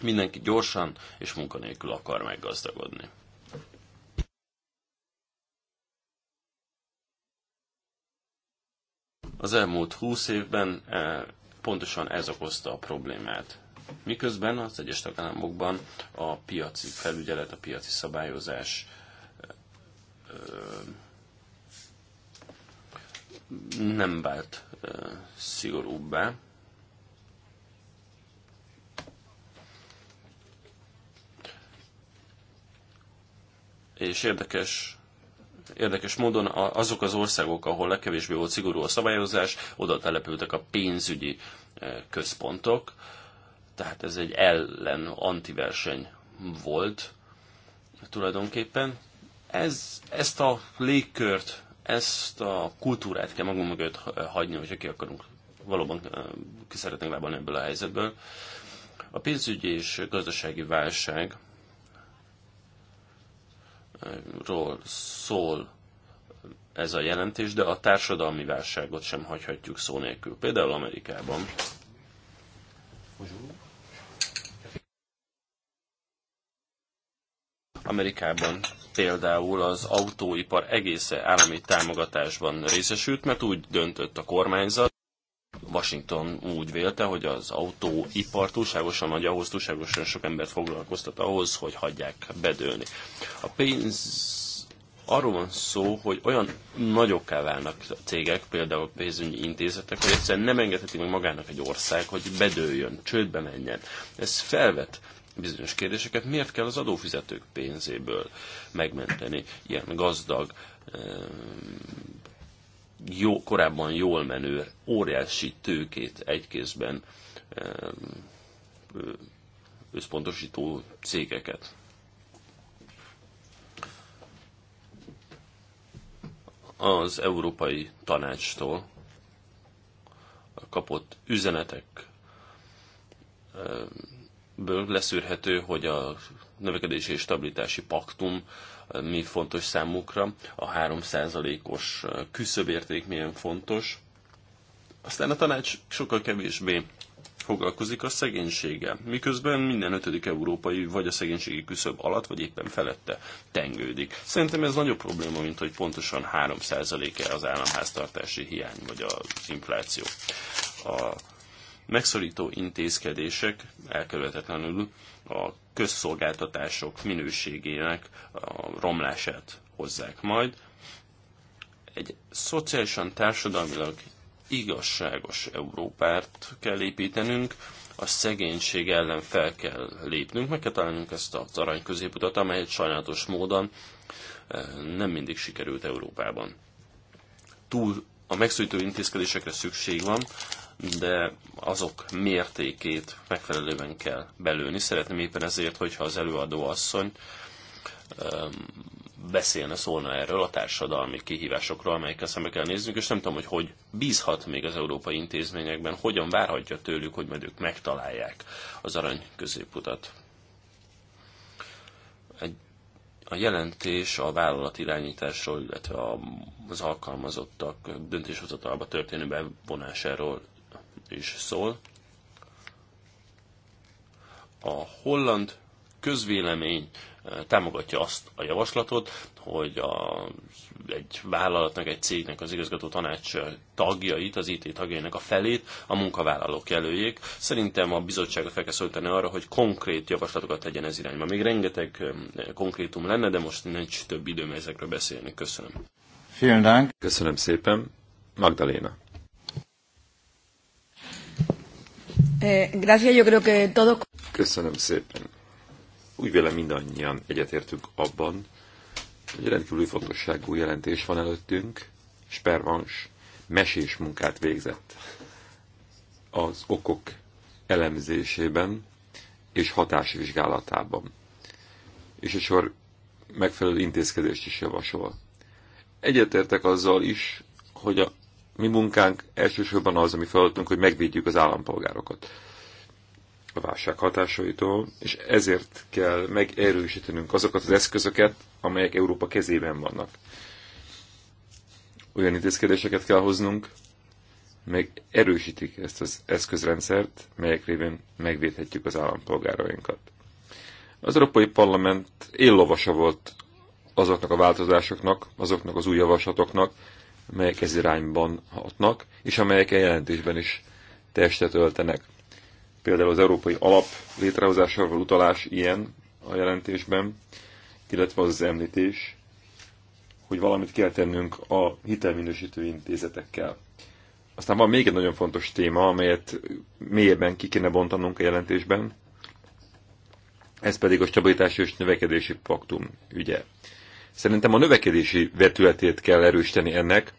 Mindenki gyorsan és munkanélkül akar meggazdagodni. Az elmúlt 20 évben eh, pontosan ez okozta a problémát. Miközben az egyes tagállamokban a piaci felügyelet, a piaci szabályozás eh, eh, nem vált szigorúbbá. És érdekes érdekes módon azok az országok, ahol legkevésbé volt szigorú a szabályozás, oda települtek a pénzügyi központok, tehát ez egy ellen antiverseny volt tulajdonképpen. Ez, ezt a légkört ezt a kultúrát kell magunk mögött hagyni, hogyha ki akarunk valóban ki szeretnénk lábalni ebből a helyzetből. A pénzügyi és gazdasági válság ról szól ez a jelentés, de a társadalmi válságot sem hagyhatjuk szó nélkül. Például Amerikában Amerikában például az autóipar egésze állami támogatásban részesült, mert úgy döntött a kormányzat, Washington úgy vélte, hogy az autóipar túlságosan nagy ahhoz, túlságosan sok embert foglalkoztat ahhoz, hogy hagyják bedőlni. A pénz arról van szó, hogy olyan nagyokká válnak cégek, például pénzügyi intézetek, hogy egyszerűen nem engedheti meg magának egy ország, hogy bedőljön, csődbe menjen. Ez felvet bizonyos kérdéseket, miért kell az adófizetők pénzéből megmenteni ilyen gazdag, eh, jó, korábban jól menő, óriási tőkét egy kézben eh, összpontosító cégeket. Az Európai Tanácstól kapott üzenetek eh, ből leszűrhető, hogy a növekedési és stabilitási paktum eh, mi fontos számukra, a 3%-os eh, küszöbérték milyen fontos. Aztán a tanács sokkal kevésbé foglalkozik a szegénységgel, miközben minden ötödik európai vagy a szegénységi küszöb alatt, vagy éppen felette tengődik. Szerintem ez nagyobb probléma, mint hogy pontosan 3%-e az államháztartási hiány, vagy az infláció. A megszorító intézkedések elkövetetlenül a közszolgáltatások minőségének a romlását hozzák majd. Egy szociálisan, társadalmilag igazságos Európát kell építenünk, a szegénység ellen fel kell lépnünk, meg kell találnunk ezt az arany középutat, amelyet sajnálatos módon eh, nem mindig sikerült Európában. Túl a megszűjtő intézkedésekre szükség van, de azok mértékét megfelelően kell belőni. Szeretném éppen ezért, hogyha az előadó asszony beszélne, szólna erről a társadalmi kihívásokról, amelyekkel szembe kell néznünk, és nem tudom, hogy hogy bízhat még az európai intézményekben, hogyan várhatja tőlük, hogy majd ők megtalálják az arany középutat. Egy, a jelentés a vállalat irányításról, illetve a, az alkalmazottak döntéshozatalba történő bevonásáról is szól. A holland közvélemény eh, támogatja azt a javaslatot, hogy a, egy vállalatnak, egy cégnek az igazgató tanács eh, tagjait, az IT tagjainak a felét a munkavállalók jelöljék. Szerintem a bizottságot fel kell szólítani arra, hogy konkrét javaslatokat tegyen ez irányba. Még rengeteg eh, konkrétum lenne, de most nincs több időm ezekről beszélni. Köszönöm. Vielen Dank. Köszönöm szépen. Magdaléna. Eh, Köszönöm szépen. Úgy vélem mindannyian egyetértünk abban, hogy rendkívül fontosságú jelentés van előttünk, spervans mesés munkát végzett az okok elemzésében és hatásvizsgálatában. És egy sor megfelelő intézkedést is javasol. Egyetértek azzal is, hogy a mi munkánk elsősorban az, ami feladatunk, hogy megvédjük az állampolgárokat a válság hatásaitól, és ezért kell megerősítenünk azokat az eszközöket, amelyek Európa kezében vannak. Olyan intézkedéseket kell hoznunk, meg erősítik ezt az eszközrendszert, melyek révén megvédhetjük az állampolgárainkat. Az Európai Parlament éllovasa volt azoknak a változásoknak, azoknak az új javaslatoknak, melyek ez irányban hatnak, és amelyek jelentésben is testet öltenek. Például az Európai Alap létrehozásával utalás ilyen a jelentésben, illetve az, az említés, hogy valamit kell tennünk a hitelminősítő intézetekkel. Aztán van még egy nagyon fontos téma, amelyet mélyebben ki kéne bontanunk a jelentésben, ez pedig a stabilitási és növekedési paktum ügye. Szerintem a növekedési vetületét kell erősíteni ennek,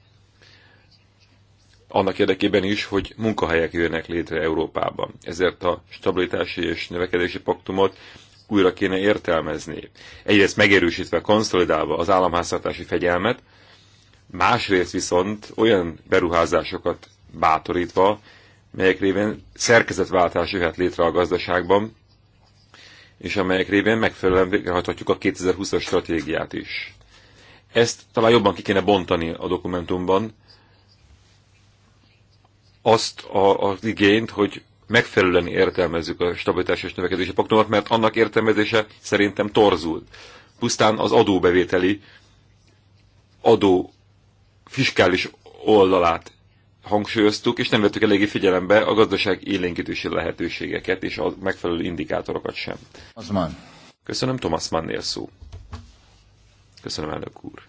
annak érdekében is, hogy munkahelyek jönnek létre Európában. Ezért a stabilitási és növekedési paktumot újra kéne értelmezni. Egyrészt megerősítve, konszolidálva az államháztartási fegyelmet, másrészt viszont olyan beruházásokat bátorítva, melyek révén szerkezetváltás jöhet létre a gazdaságban, és amelyek révén megfelelően végrehajthatjuk a 2020-as stratégiát is. Ezt talán jobban ki kéne bontani a dokumentumban, azt a, az igényt, hogy megfelelően értelmezzük a stabilitás és növekedési paktumot, mert annak értelmezése szerintem torzult. Pusztán az adóbevételi, adó fiskális oldalát hangsúlyoztuk, és nem vettük eléggé figyelembe a gazdaság élénkítési lehetőségeket és a megfelelő indikátorokat sem. Azman. Köszönöm, Thomas Mann szó. Köszönöm, elnök úr.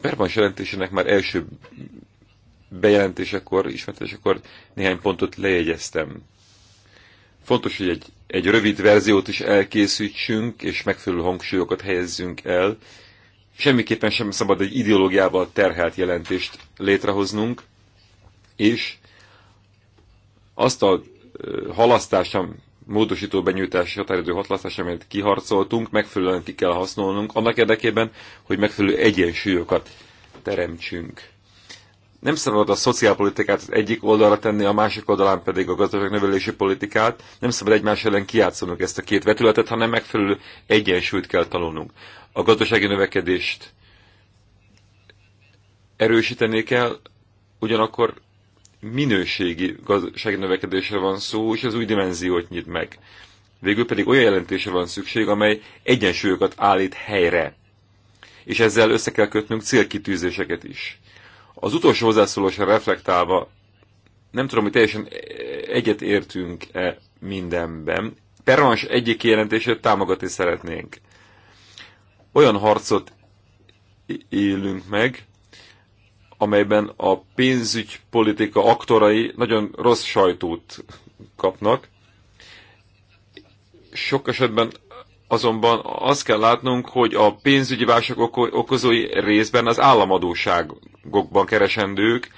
Pervans jelentésének már első bejelentésekor, ismertetésekor néhány pontot lejegyeztem. Fontos, hogy egy, egy rövid verziót is elkészítsünk, és megfelelő hangsúlyokat helyezzünk el, semmiképpen sem szabad egy ideológiával terhelt jelentést létrehoznunk, és azt a halasztást, a módosító benyújtási határidő halasztást, amelyet kiharcoltunk, megfelelően ki kell használnunk, annak érdekében, hogy megfelelő egyensúlyokat teremtsünk nem szabad a szociálpolitikát az egyik oldalra tenni, a másik oldalán pedig a gazdaságnövelési politikát. Nem szabad egymás ellen kiátszanunk ezt a két vetületet, hanem megfelelő egyensúlyt kell tanulnunk. A gazdasági növekedést erősíteni kell, ugyanakkor minőségi gazdasági növekedésre van szó, és az új dimenziót nyit meg. Végül pedig olyan jelentése van szükség, amely egyensúlyokat állít helyre. És ezzel össze kell kötnünk célkitűzéseket is az utolsó hozzászólósra reflektálva, nem tudom, hogy teljesen egyet értünk-e mindenben. Pervans egyik jelentését támogatni szeretnénk. Olyan harcot élünk meg, amelyben a pénzügypolitika aktorai nagyon rossz sajtót kapnak. Sok esetben azonban azt kell látnunk, hogy a pénzügyi válság okozói részben az államadóságokban keresendők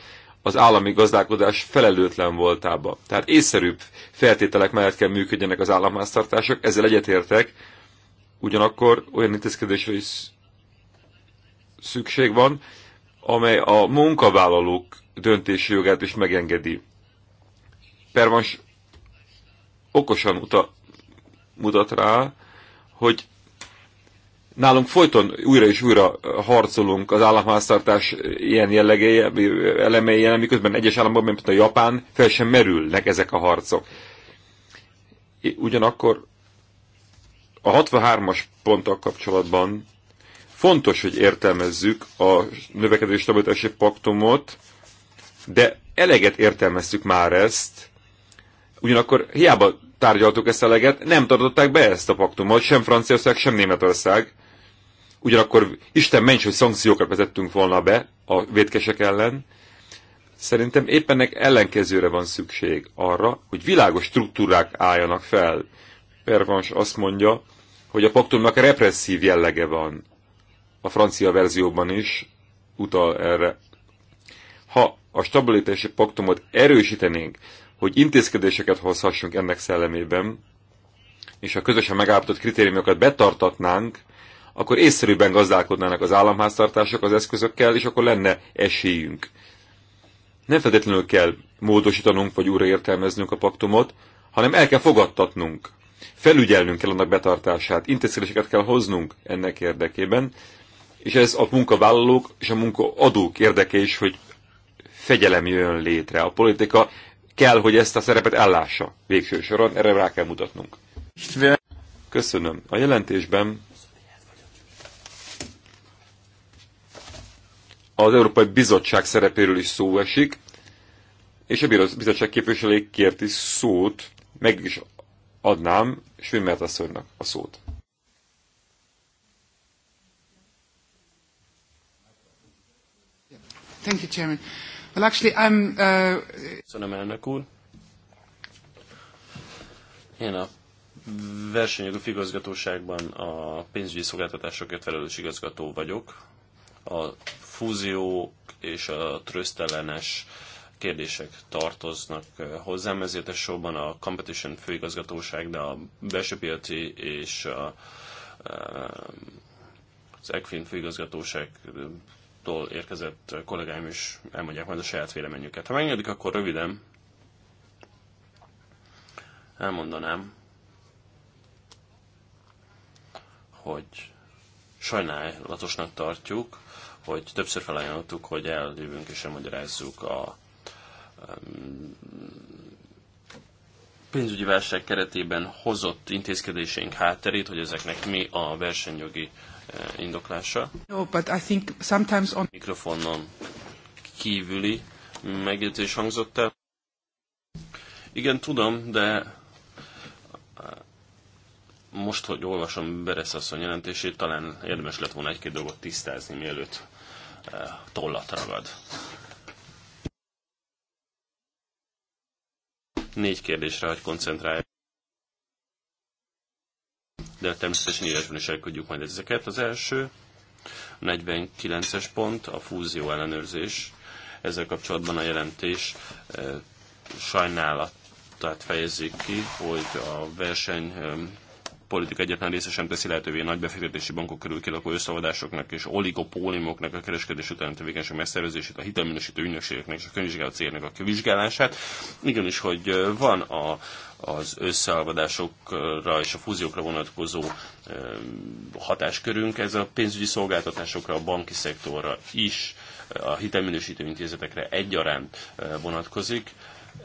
az állami gazdálkodás felelőtlen voltába. Tehát észszerűbb feltételek mellett kell működjenek az államháztartások, ezzel egyetértek, ugyanakkor olyan intézkedésre is szükség van, amely a munkavállalók döntési jogát is megengedi. Pervans okosan uta, mutat rá, hogy nálunk folyton újra és újra harcolunk az államháztartás ilyen jellegei, elemei miközben egyes államban, mint a Japán, fel sem merülnek ezek a harcok. Ugyanakkor a 63-as ponttal kapcsolatban fontos, hogy értelmezzük a növekedő stabilitási paktumot, de eleget értelmeztük már ezt, ugyanakkor hiába tárgyaltuk ezt a leget nem tartották be ezt a paktumot, sem Franciaország, sem Németország. Ugyanakkor Isten mencs, hogy szankciókat vezettünk volna be a vétkesek ellen. Szerintem éppennek ellenkezőre van szükség arra, hogy világos struktúrák álljanak fel. Pervans azt mondja, hogy a paktumnak represszív jellege van. A francia verzióban is utal erre. Ha a stabilitási paktumot erősítenénk, hogy intézkedéseket hozhassunk ennek szellemében, és ha közösen megállapított kritériumokat betartatnánk, akkor észszerűbben gazdálkodnának az államháztartások az eszközökkel, és akkor lenne esélyünk. Nem feltétlenül kell módosítanunk vagy újraértelmeznünk a paktumot, hanem el kell fogadtatnunk. Felügyelnünk kell annak betartását, intézkedéseket kell hoznunk ennek érdekében, és ez a munkavállalók és a munkaadók érdeke is, hogy fegyelem jön létre. A politika kell, hogy ezt a szerepet ellássa végső soron, erre rá kell mutatnunk. Köszönöm. A jelentésben az Európai Bizottság szerepéről is szó esik, és a bizottság képviselői kért is szót, meg is adnám Svimmert asszonynak a szót. Thank you, Chairman. Well, actually, I'm... Uh... Köszönöm, elnök úr. Én a versenyjogi igazgatóságban a pénzügyi szolgáltatásokért felelős igazgató vagyok. A fúzió és a trösztellenes kérdések tartoznak eh, hozzám, ezért elsősorban a Competition főigazgatóság, de a belső piaci és a, eh, az ECFIN főigazgatóság tól érkezett kollégáim is elmondják majd a saját véleményüket. Ha megengedik, akkor röviden elmondanám, hogy sajnálatosnak tartjuk, hogy többször felajánlottuk, hogy eljövünk és elmagyarázzuk a pénzügyi válság keretében hozott intézkedéseink hátterét, hogy ezeknek mi a versenyjogi Eh, indoklása. No, but I think sometimes on... Mikrofonon kívüli megjegyzés hangzott el. Igen, tudom, de eh, most, hogy olvasom Beresz asszony jelentését, talán érdemes lett volna egy-két dolgot tisztázni, mielőtt eh, tollat ragad. Négy kérdésre, hogy koncentrálj de természetesen írásban is elküldjük majd ezeket. Az első, a 49-es pont, a fúzió ellenőrzés. Ezzel kapcsolatban a jelentés e, sajnálatát fejezik ki, hogy a verseny e, politika egyetlen része sem teszi lehetővé nagy befektetési bankok körül kilakó összeadásoknak és oligopóliumoknak a kereskedés után tevékenység megszervezését, a hitelminősítő ügynökségeknek és a könyvvizsgáló cégnek a kivizsgálását. Igenis, hogy e, van a az összeállvadásokra és a fúziókra vonatkozó eh, hatáskörünk, ez a pénzügyi szolgáltatásokra, a banki szektorra is, eh, a hitelminősítő intézetekre egyaránt eh, vonatkozik.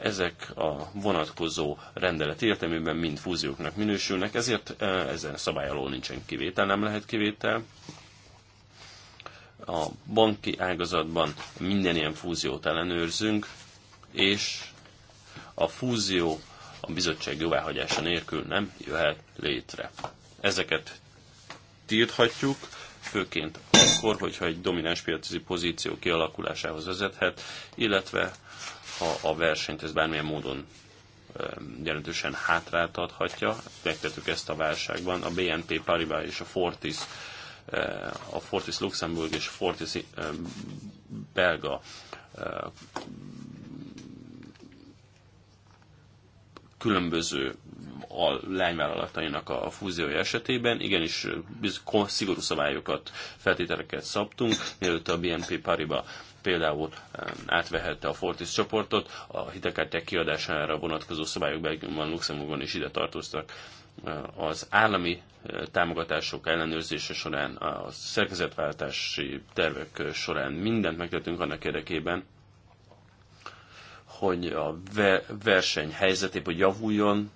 Ezek a vonatkozó rendelet értelmében mind fúzióknak minősülnek, ezért ezen szabály alól nincsen kivétel, nem lehet kivétel a banki ágazatban minden ilyen fúziót ellenőrzünk, és a fúzió a bizottság jóváhagyása nélkül nem jöhet létre. Ezeket tilthatjuk, főként akkor, hogyha egy domináns piaci pozíció kialakulásához vezethet, illetve ha a versenyt ez bármilyen módon jelentősen hátráltathatja. Megtettük ezt a válságban. A BNP Paribas és a Fortis, eh, a Fortis Luxemburg és a Fortis belga eh, különböző a lányvállalatainak a fúziója esetében. Igenis szigorú szabályokat, feltételeket szabtunk, mielőtt a BNP Paribas például átvehette a Fortis csoportot, a hitelkártyák kiadására vonatkozó szabályok Belgiumban, Luxemburgban is ide tartoztak. Az állami támogatások ellenőrzése során, a szerkezetváltási tervek során mindent megtettünk annak érdekében, hogy a verseny helyzetéből javuljon,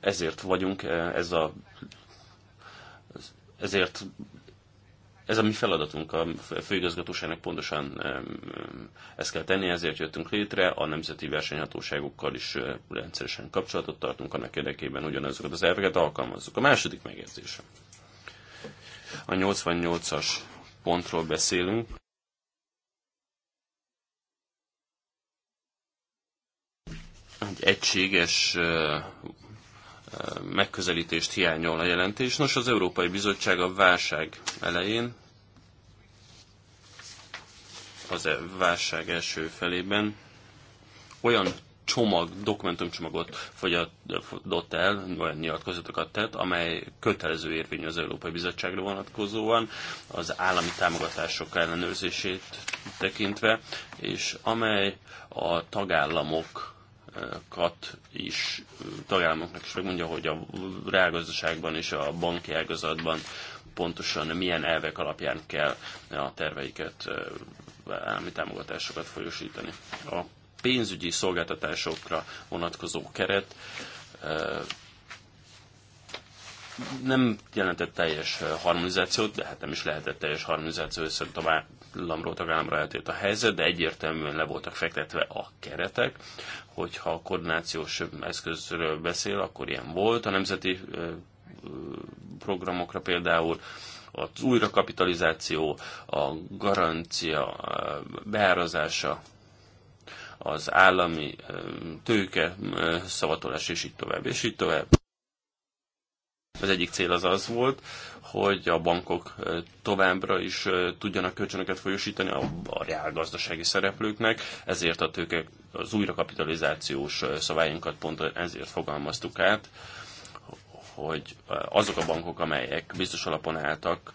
ezért vagyunk, ez a ezért ez a mi feladatunk, a főigazgatóságnak pontosan ezt kell tenni, ezért jöttünk létre, a nemzeti versenyhatóságokkal is rendszeresen kapcsolatot tartunk, annak érdekében ugyanazokat az elveket alkalmazzuk. A második megjegyzésem. A 88-as pontról beszélünk. egy egységes megközelítést hiányol a jelentés. Nos, az Európai Bizottság a válság elején, az e válság első felében olyan csomag, dokumentumcsomagot fogyadott el, olyan nyilatkozatokat tett, amely kötelező érvényű az Európai Bizottságra vonatkozóan, az állami támogatások ellenőrzését tekintve, és amely a tagállamok kat is tagállamoknak is megmondja, hogy a reálgazdaságban és a banki ágazatban pontosan milyen elvek alapján kell a terveiket, állami támogatásokat folyosítani. A pénzügyi szolgáltatásokra vonatkozó keret nem jelentett teljes harmonizációt, de hát nem is lehetett teljes harmonizáció, hiszen tagállamról tagállamra eltért a helyzet, de egyértelműen le voltak fektetve a keretek, hogyha a koordinációs eszközről beszél, akkor ilyen volt a nemzeti programokra például, az újrakapitalizáció, a garancia beárazása, az állami tőke szavatolás, és így tovább, és így tovább. Az egyik cél az az volt, hogy a bankok továbbra is tudjanak kölcsönöket folyosítani a, a reál gazdasági szereplőknek, ezért a tőke, az újrakapitalizációs szabályunkat pont ezért fogalmaztuk át, hogy azok a bankok, amelyek biztos alapon álltak,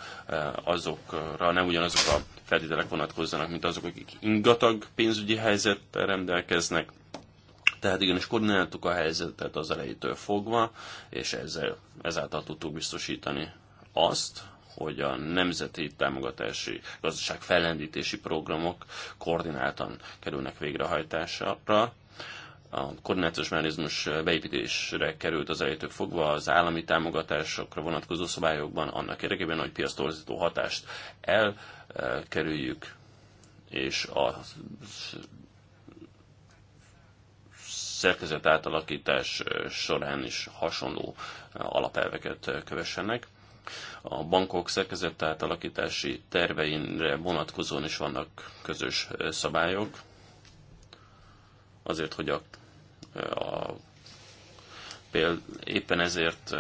azokra nem ugyanazok a feltételek vonatkozzanak, mint azok, akik ingatag pénzügyi helyzettel rendelkeznek, tehát igenis koordináltuk a helyzetet az elejétől fogva, és ezzel, ezáltal tudtuk biztosítani azt, hogy a nemzeti támogatási gazdaság fellendítési programok koordináltan kerülnek végrehajtásra. A koordinációs mechanizmus beépítésre került az elejétől fogva az állami támogatásokra vonatkozó szabályokban, annak érdekében, hogy piasztorzító hatást elkerüljük, és a szerkezet átalakítás során is hasonló alapelveket kövessenek. A bankok szerkezet átalakítási terveinre vonatkozóan is vannak közös szabályok, azért, hogy a, a éppen ezért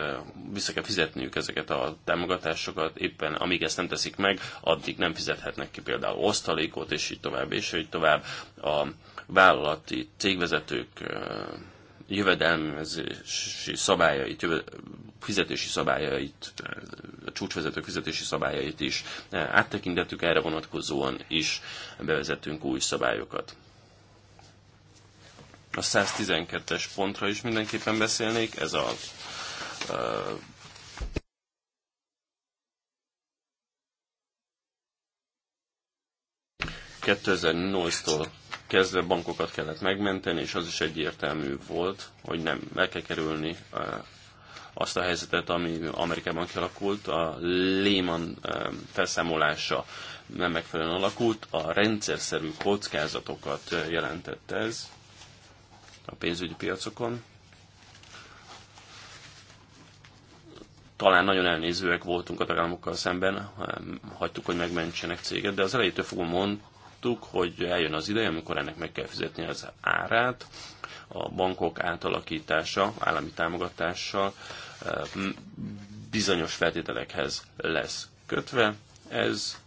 vissza kell fizetniük ezeket a támogatásokat, éppen amíg ezt nem teszik meg, addig nem fizethetnek ki például osztalékot, és így tovább, és így tovább. A vállalati cégvezetők jövedelmezési szabályait, fizetési szabályait, a csúcsvezetők fizetési szabályait is áttekintettük, erre vonatkozóan is bevezetünk új szabályokat. A 112-es pontra is mindenképpen beszélnék, ez a, uh, ...2008-tól kezdve bankokat kellett megmenteni, és az is egyértelmű volt, hogy nem meg kell kerülni azt a helyzetet, ami Amerikában kialakult. A Lehman felszámolása nem megfelelően alakult, a rendszerszerű kockázatokat jelentett ez a pénzügyi piacokon. Talán nagyon elnézőek voltunk a tagállamokkal szemben, hagytuk, hogy megmentsenek céget, de az elejétől fogom mond, láttuk, hogy eljön az ideje, amikor ennek meg kell fizetni az árát. A bankok átalakítása állami támogatással eh, bizonyos feltételekhez lesz kötve. Ez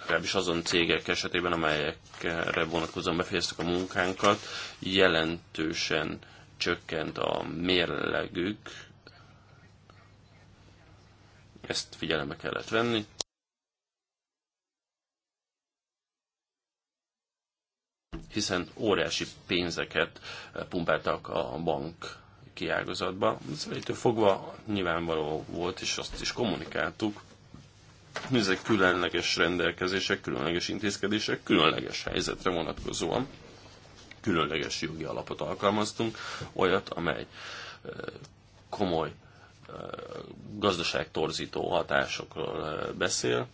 legalábbis azon cégek esetében, amelyekre vonatkozóan befejeztük a munkánkat, jelentősen csökkent a mérlegük, ezt figyelembe kellett venni. hiszen óriási pénzeket eh, pumpáltak a bank kiágazatba. ez fogva nyilvánvaló volt, és azt is kommunikáltuk, ezek különleges rendelkezések, különleges intézkedések, különleges helyzetre vonatkozóan különleges jogi alapot alkalmaztunk, olyat, amely eh, komoly eh, gazdaságtorzító hatásokról beszél,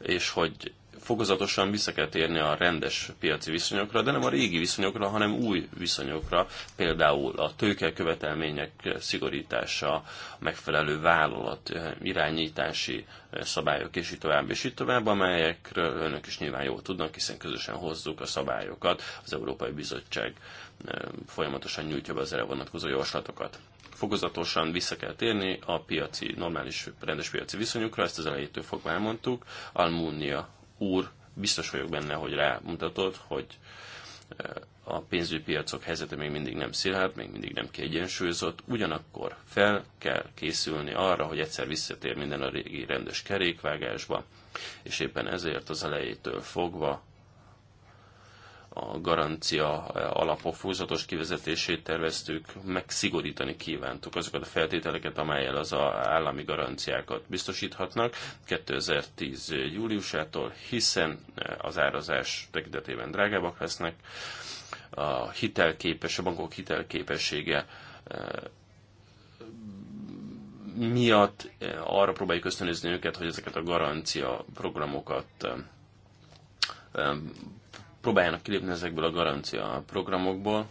és hogy fokozatosan vissza kell térni a rendes piaci viszonyokra, de nem a régi viszonyokra, hanem új viszonyokra, például a tőkekövetelmények szigorítása, a megfelelő vállalat eh, irányítási eh, szabályok, és így tovább, és így tovább, amelyekről önök is nyilván jól tudnak, hiszen közösen hozzuk a szabályokat, az Európai Bizottság eh, folyamatosan nyújtja be az erre vonatkozó javaslatokat fokozatosan vissza kell térni a piaci, normális, rendes piaci viszonyokra, ezt az elejétől fogva elmondtuk. Almunia úr biztos vagyok benne, hogy rámutatott, hogy eh, a pénzügypiacok helyzete még mindig nem szilárd, még mindig nem kiegyensúlyozott, ugyanakkor fel kell készülni arra, hogy egyszer visszatér minden a régi rendes kerékvágásba, és éppen ezért az elejétől fogva a garancia alapok fúzatos kivezetését terveztük, megszigorítani kívántuk azokat a feltételeket, amelyel az a állami garanciákat biztosíthatnak 2010. júliusától, hiszen az árazás tekintetében drágábbak lesznek, a hitelképes, a bankok hitelképessége e, miatt e, arra próbáljuk ösztönözni őket, hogy ezeket a garancia programokat e, próbáljanak kilépni ezekből a garancia programokból,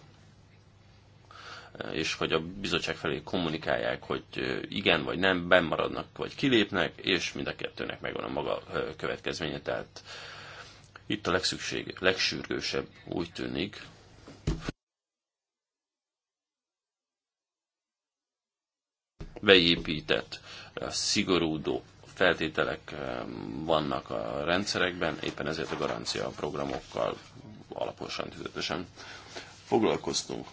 és hogy a bizottság felé kommunikálják, hogy igen vagy nem, bennmaradnak vagy kilépnek, és mind a kettőnek megvan a maga következménye. Tehát itt a legszükség, legsürgősebb úgy tűnik, beépített, szigorúdó feltételek eh, vannak a rendszerekben, éppen ezért a garancia programokkal alaposan, tüzetesen foglalkoztunk.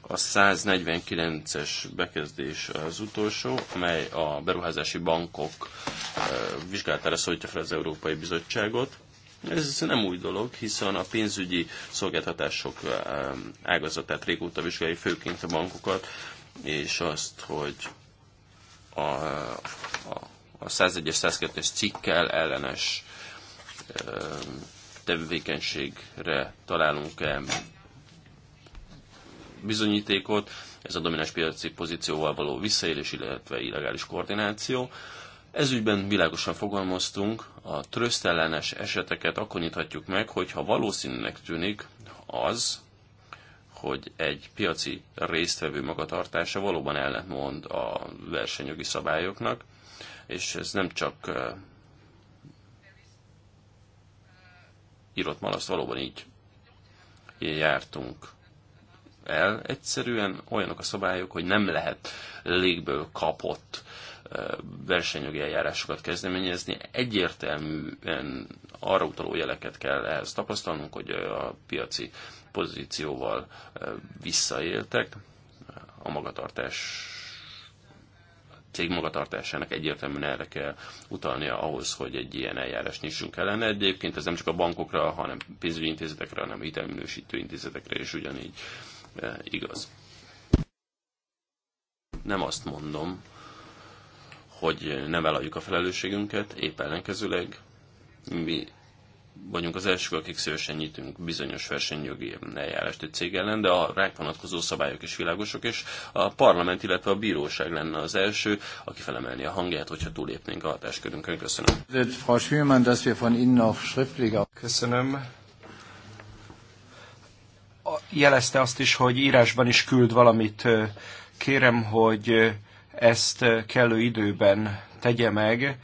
A 149-es bekezdés az utolsó, mely a beruházási bankok eh, vizsgálatára szólítja fel az Európai Bizottságot. Ez nem új dolog, hiszen a pénzügyi szolgáltatások eh, ágazatát régóta vizsgálja főként a bankokat, és azt, hogy a, a a 101-es, 102-es cikkel ellenes tevékenységre találunk-e bizonyítékot, ez a domináns piaci pozícióval való visszaélés, illetve illegális koordináció. Ez ügyben világosan fogalmaztunk, a trösztellenes eseteket akkor nyithatjuk meg, hogyha valószínűnek tűnik az, hogy egy piaci résztvevő magatartása valóban ellentmond a versenyjogi szabályoknak, és ez nem csak írott malaszt, valóban így jártunk el. Egyszerűen olyanok a szabályok, hogy nem lehet légből kapott versenyjogi eljárásokat kezdeményezni. Egyértelműen arra utaló jeleket kell ehhez tapasztalnunk, hogy a piaci pozícióval visszaéltek, a magatartás cég magatartásának egyértelműen erre kell utalnia ahhoz, hogy egy ilyen eljárás nyissunk ellene. Egyébként ez nem csak a bankokra, hanem pénzügyi intézetekre, hanem hitelminősítő intézetekre is ugyanígy e, igaz. Nem azt mondom, hogy nem vállaljuk a felelősségünket, épp ellenkezőleg mi vagyunk az első, akik szívesen nyitunk bizonyos versenyjogi eljárást egy cég ellen, de a ránk vonatkozó szabályok is világosok, és a parlament, illetve a bíróság lenne az első, aki felemelni a hangját, hogyha túlépnénk a hatáskörünkön. Köszönöm. Frau Köszönöm. Jelezte azt is, hogy írásban is küld valamit. Kérem, hogy ezt kellő időben tegye meg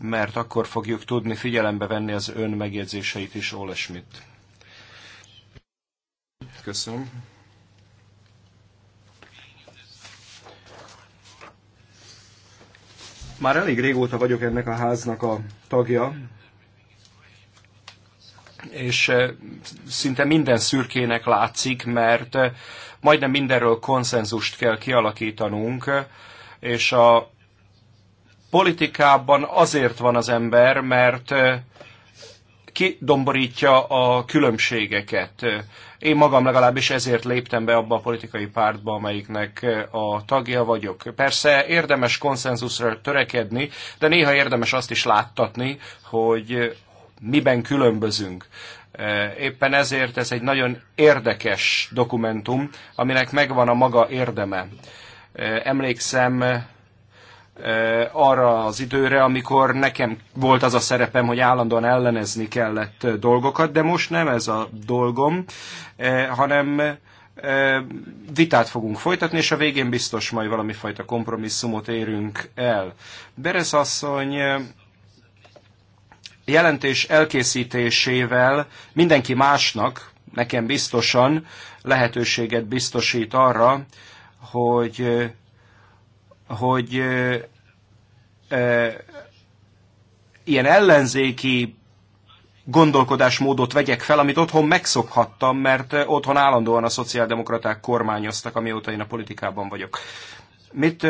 mert akkor fogjuk tudni figyelembe venni az ön megjegyzéseit is, Ole Schmidt. Köszönöm. Már elég régóta vagyok ennek a háznak a tagja, és eh, szinte minden szürkének látszik, mert eh, majdnem mindenről konszenzust kell kialakítanunk, és a politikában azért van az ember, mert kidomborítja a különbségeket. Én magam legalábbis ezért léptem be abba a politikai pártba, amelyiknek a tagja vagyok. Persze érdemes konszenzusra törekedni, de néha érdemes azt is láttatni, hogy miben különbözünk. Éppen ezért ez egy nagyon érdekes dokumentum, aminek megvan a maga érdeme. Emlékszem, Eh, arra az időre, amikor nekem volt az a szerepem, hogy állandóan ellenezni kellett eh, dolgokat, de most nem ez a dolgom, eh, hanem vitát fogunk folytatni, és a végén biztos majd valami fajta kompromisszumot érünk el. Beresz asszony jelentés elkészítésével mindenki másnak, nekem biztosan lehetőséget biztosít arra, hogy hogy ilyen ellenzéki gondolkodásmódot vegyek fel, amit otthon megszokhattam, mert otthon állandóan a szociáldemokraták kormányoztak, amióta én a politikában vagyok. Mit,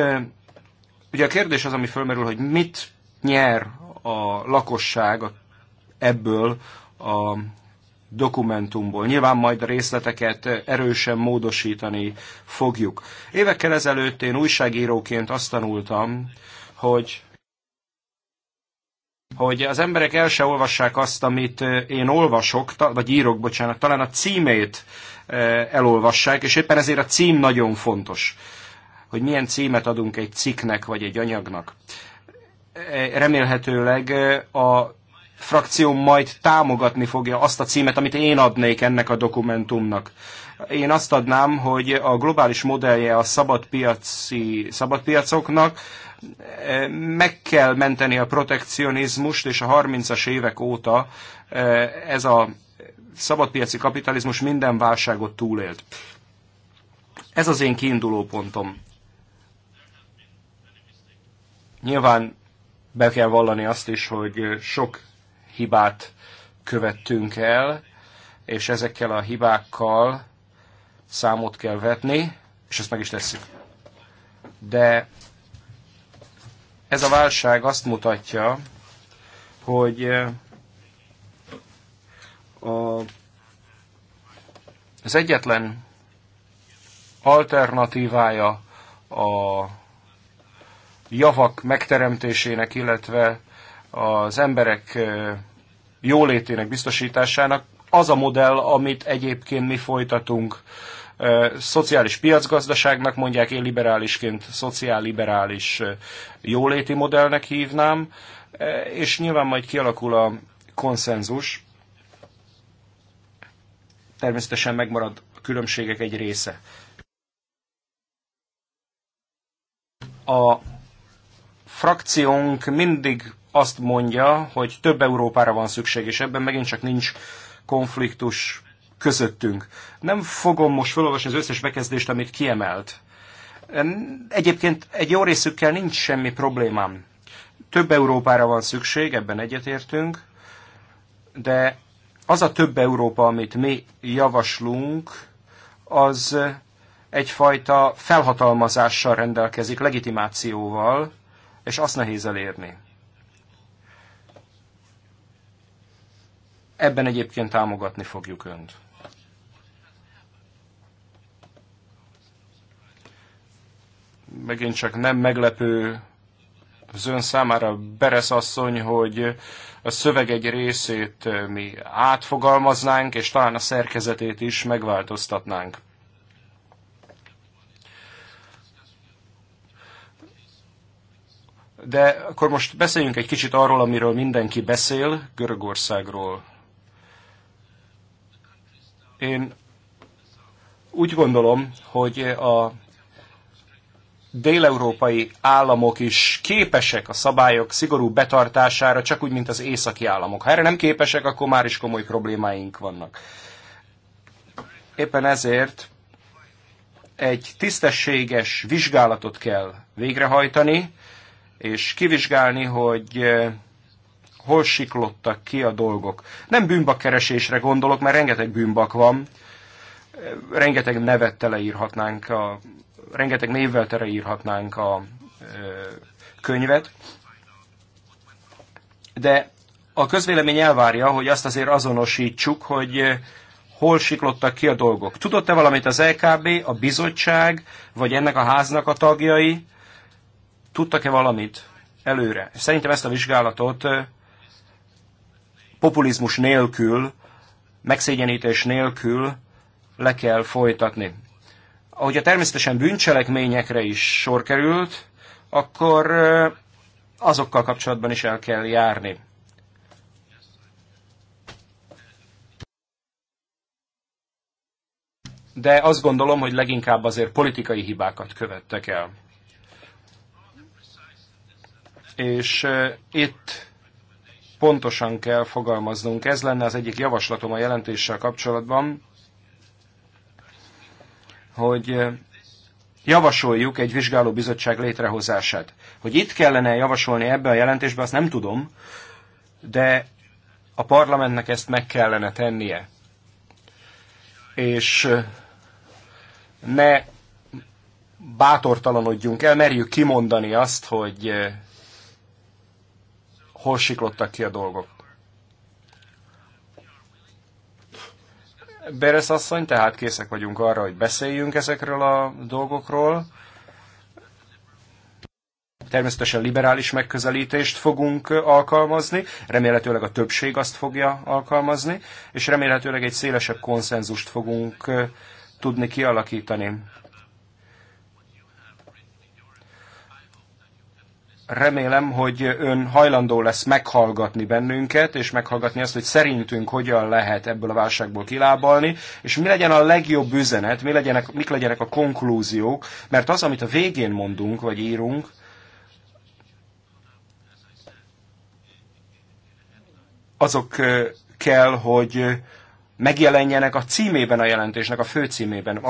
ugye a kérdés az, ami fölmerül, hogy mit nyer a lakosság ebből a dokumentumból. Nyilván majd részleteket erősen módosítani fogjuk. Évekkel ezelőtt én újságíróként azt tanultam, hogy hogy az emberek el se olvassák azt, amit eh, én olvasok, vagy írok, bocsánat, talán a címét eh, elolvassák, és éppen ezért a cím nagyon fontos, hogy milyen címet adunk egy cikknek, vagy egy anyagnak. Eh, remélhetőleg a frakció majd támogatni fogja azt a címet, amit én adnék ennek a dokumentumnak. Én azt adnám, hogy a globális modellje a szabadpiaci, szabadpiacoknak, e, meg kell menteni a protekcionizmust, és a 30-as évek óta e, ez a szabadpiaci kapitalizmus minden válságot túlélt. Ez az én kiinduló pontom. Nyilván be kell vallani azt is, hogy sok hibát követtünk el, és ezekkel a hibákkal számot kell vetni, és ezt meg is tesszük. De ez a válság azt mutatja, hogy eh, a, az egyetlen alternatívája a javak megteremtésének, illetve az emberek jólétének biztosításának az a modell, amit egyébként mi folytatunk. Szociális piacgazdaságnak mondják, én liberálisként szociálliberális jóléti modellnek hívnám, és nyilván majd kialakul a konszenzus. Természetesen megmarad a különbségek egy része. A frakciónk mindig azt mondja, hogy több Európára van szükség, és ebben megint csak nincs konfliktus közöttünk. Nem fogom most felolvasni az összes bekezdést, amit kiemelt. Egyébként egy jó részükkel nincs semmi problémám. Több Európára van szükség, ebben egyetértünk, de az a több Európa, amit mi javaslunk, az egyfajta felhatalmazással rendelkezik, legitimációval, és azt nehéz elérni. Ebben egyébként támogatni fogjuk Önt. Megint csak nem meglepő az Ön számára, Beresz asszony, hogy a szöveg egy részét mi átfogalmaznánk, és talán a szerkezetét is megváltoztatnánk. De akkor most beszéljünk egy kicsit arról, amiről mindenki beszél, Görögországról. Én úgy gondolom, hogy a déleurópai államok is képesek a szabályok szigorú betartására, csak úgy, mint az északi államok. Ha erre nem képesek, akkor már is komoly problémáink vannak. Éppen ezért egy tisztességes vizsgálatot kell végrehajtani, és kivizsgálni, hogy hol siklottak ki a dolgok. Nem bűnbakkeresésre gondolok, mert rengeteg bűnbak van, rengeteg nevet teleírhatnánk, a, rengeteg névvel teleírhatnánk a ö, könyvet, de a közvélemény elvárja, hogy azt azért azonosítsuk, hogy hol siklottak ki a dolgok. Tudott-e valamit az LKB, a bizottság, vagy ennek a háznak a tagjai? Tudtak-e valamit előre? Szerintem ezt a vizsgálatot populizmus nélkül, megszégyenítés nélkül le kell folytatni. Ahogy a természetesen bűncselekményekre is sor került, akkor azokkal kapcsolatban is el kell járni. De azt gondolom, hogy leginkább azért politikai hibákat követtek el. És itt pontosan kell fogalmaznunk. Ez lenne az egyik javaslatom a jelentéssel kapcsolatban, hogy eh, javasoljuk egy vizsgálóbizottság létrehozását. Hogy itt kellene javasolni ebbe a jelentésbe, azt nem tudom, de a parlamentnek ezt meg kellene tennie. És eh, ne bátortalanodjunk el, merjük kimondani azt, hogy eh, hol siklottak ki a dolgok. Beres asszony, tehát készek vagyunk arra, hogy beszéljünk ezekről a dolgokról. Természetesen liberális megközelítést fogunk alkalmazni, remélhetőleg a többség azt fogja alkalmazni, és remélhetőleg egy szélesebb konszenzust fogunk eh, tudni kialakítani. remélem, hogy ön hajlandó lesz meghallgatni bennünket, és meghallgatni azt, hogy szerintünk hogyan lehet ebből a válságból kilábalni, és mi legyen a legjobb üzenet, mi legyenek, mik legyenek a konklúziók, mert az, amit a végén mondunk, vagy írunk, azok kell, hogy megjelenjenek a címében a jelentésnek, a főcímében.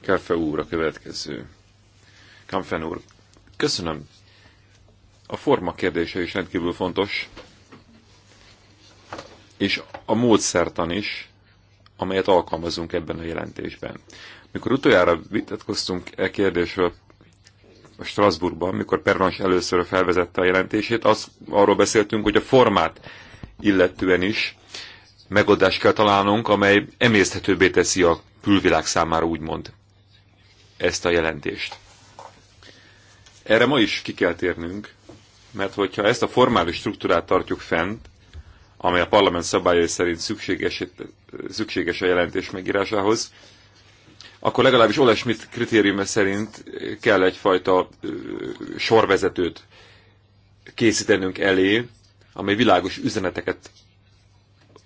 Kelfe úr a következő. Kamfen úr, köszönöm. A forma kérdése is rendkívül fontos, és a módszertan is, amelyet alkalmazunk ebben a jelentésben. Mikor utoljára vitatkoztunk e kérdésről a Strasbourgban, mikor Pervans először felvezette a jelentését, az, arról beszéltünk, hogy a formát illetően is megoldást kell találnunk, amely emészthetőbbé teszi a külvilág számára úgymond ezt a jelentést. Erre ma is ki kell térnünk, mert hogyha ezt a formális struktúrát tartjuk fent, amely a parlament szabályai szerint szükséges, szükséges a jelentés megírásához, akkor legalábbis Ole Schmidt kritériuma szerint kell egyfajta sorvezetőt készítenünk elé, amely világos üzeneteket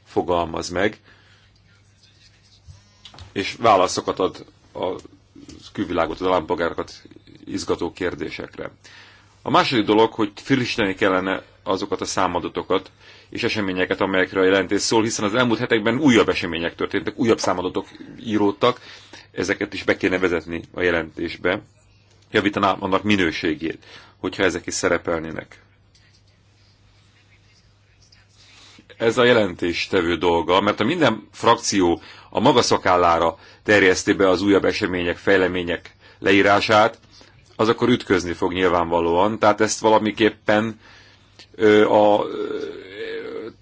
fogalmaz meg, és válaszokat ad a külvilágot, az állampolgárokat izgató kérdésekre. A második dolog, hogy frissíteni kellene azokat a számadatokat és eseményeket, amelyekre a jelentés szól, hiszen az elmúlt hetekben újabb események történtek, újabb számadatok íródtak, ezeket is be kéne vezetni a jelentésbe, javítaná annak minőségét, hogyha ezek is szerepelnének. Ez a jelentés tevő dolga, mert a minden frakció a maga szakállára terjeszti be az újabb események, fejlemények leírását, az akkor ütközni fog nyilvánvalóan. Tehát ezt valamiképpen ö, a ö,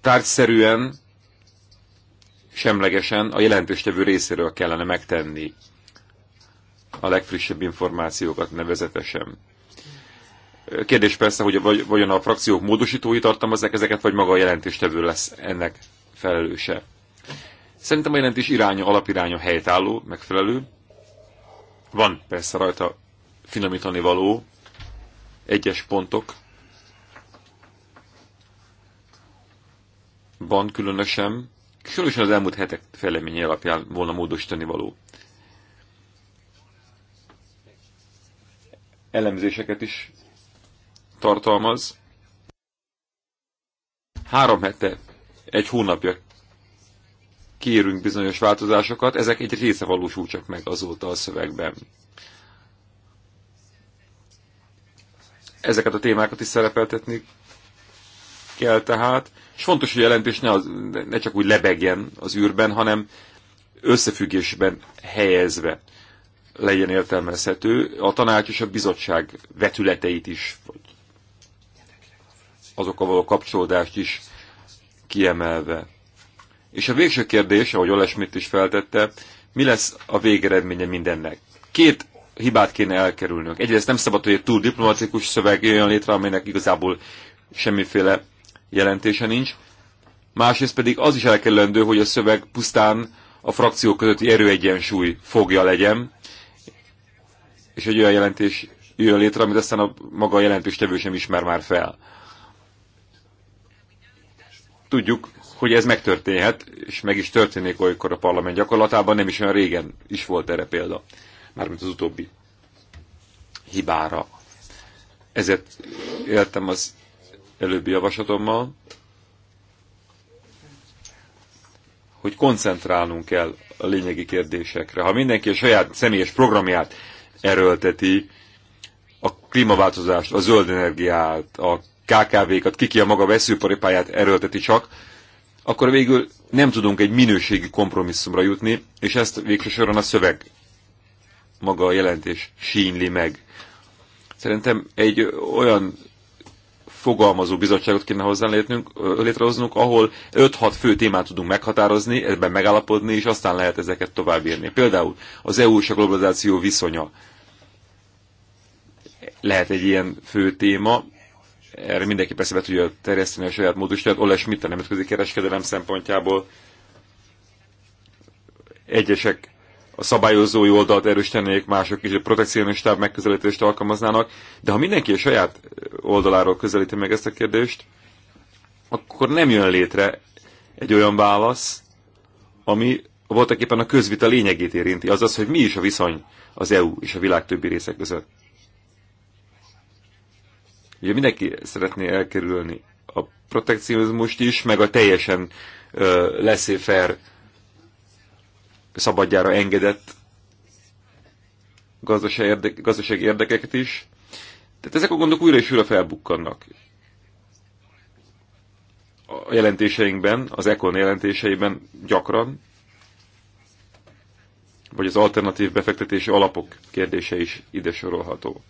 tárgyszerűen, semlegesen a jelentéstevő részéről kellene megtenni a legfrissebb információkat nevezetesen. Kérdés persze, hogy vagy, vajon a frakciók módosítói tartalmazzák ezeket, vagy maga a jelentéstevő lesz ennek felelőse. Szerintem a jelentés iránya, alapiránya helytálló, megfelelő. Van persze rajta finomítani való egyes pontok van különösen, különösen az elmúlt hetek fejleménye alapján volna módosítani való. Elemzéseket is tartalmaz. Három hete, egy hónapja kérünk bizonyos változásokat, ezek egy része valósul csak meg azóta a szövegben. Ezeket a témákat is szerepeltetni kell tehát. És fontos, hogy a jelentés ne, az, ne csak úgy lebegjen az űrben, hanem összefüggésben helyezve legyen értelmezhető. A tanács és a bizottság vetületeit is, vagy azokkal való kapcsolódást is kiemelve. És a végső kérdés, ahogy Olesmit is feltette, mi lesz a végeredménye mindennek? Két hibát kéne elkerülnünk. Egyrészt nem szabad, hogy egy túl diplomatikus szöveg jöjjön létre, aminek igazából semmiféle jelentése nincs. Másrészt pedig az is elkerülendő, hogy a szöveg pusztán a frakciók közötti erőegyensúly fogja legyen, és egy olyan jelentés jön létre, amit aztán a maga a jelentéstevő sem ismer már fel. Tudjuk, hogy ez megtörténhet, és meg is történik olykor a parlament gyakorlatában, nem is olyan régen is volt erre példa mármint az utóbbi hibára. Ezért éltem az előbbi javaslatommal, hogy koncentrálnunk kell a lényegi kérdésekre. Ha mindenki a saját személyes programját erőlteti, a klímaváltozást, a zöld energiát, a KKV-kat, kiki a maga veszőparipáját erőlteti csak, akkor végül nem tudunk egy minőségi kompromisszumra jutni, és ezt végső soron a szöveg maga a jelentés sínli meg. Szerintem egy olyan fogalmazó bizottságot kéne hozzá létrehoznunk, ahol 5-6 fő témát tudunk meghatározni, ebben megállapodni, és aztán lehet ezeket továbbírni. Például az EU és a globalizáció viszonya lehet egy ilyen fő téma, erre mindenki persze be tudja terjeszteni a saját módusát. Ole Schmidt a nemzetközi kereskedelem szempontjából egyesek a szabályozói oldalt erősítenék, mások is a protekcionistább megközelítést alkalmaznának, de ha mindenki a saját oldaláról közelíti meg ezt a kérdést, akkor nem jön létre egy olyan válasz, ami voltak éppen a közvita lényegét érinti, azaz, hogy mi is a viszony az EU és a világ többi részek között. Ugye mindenki szeretné elkerülni a protekcionizmust is, meg a teljesen leszéfer szabadjára engedett gazdaság gazdasági érdekeket is. Tehát ezek a gondok újra és újra felbukkannak. A jelentéseinkben, az Econ jelentéseiben gyakran, vagy az alternatív befektetési alapok kérdése is ide sorolható.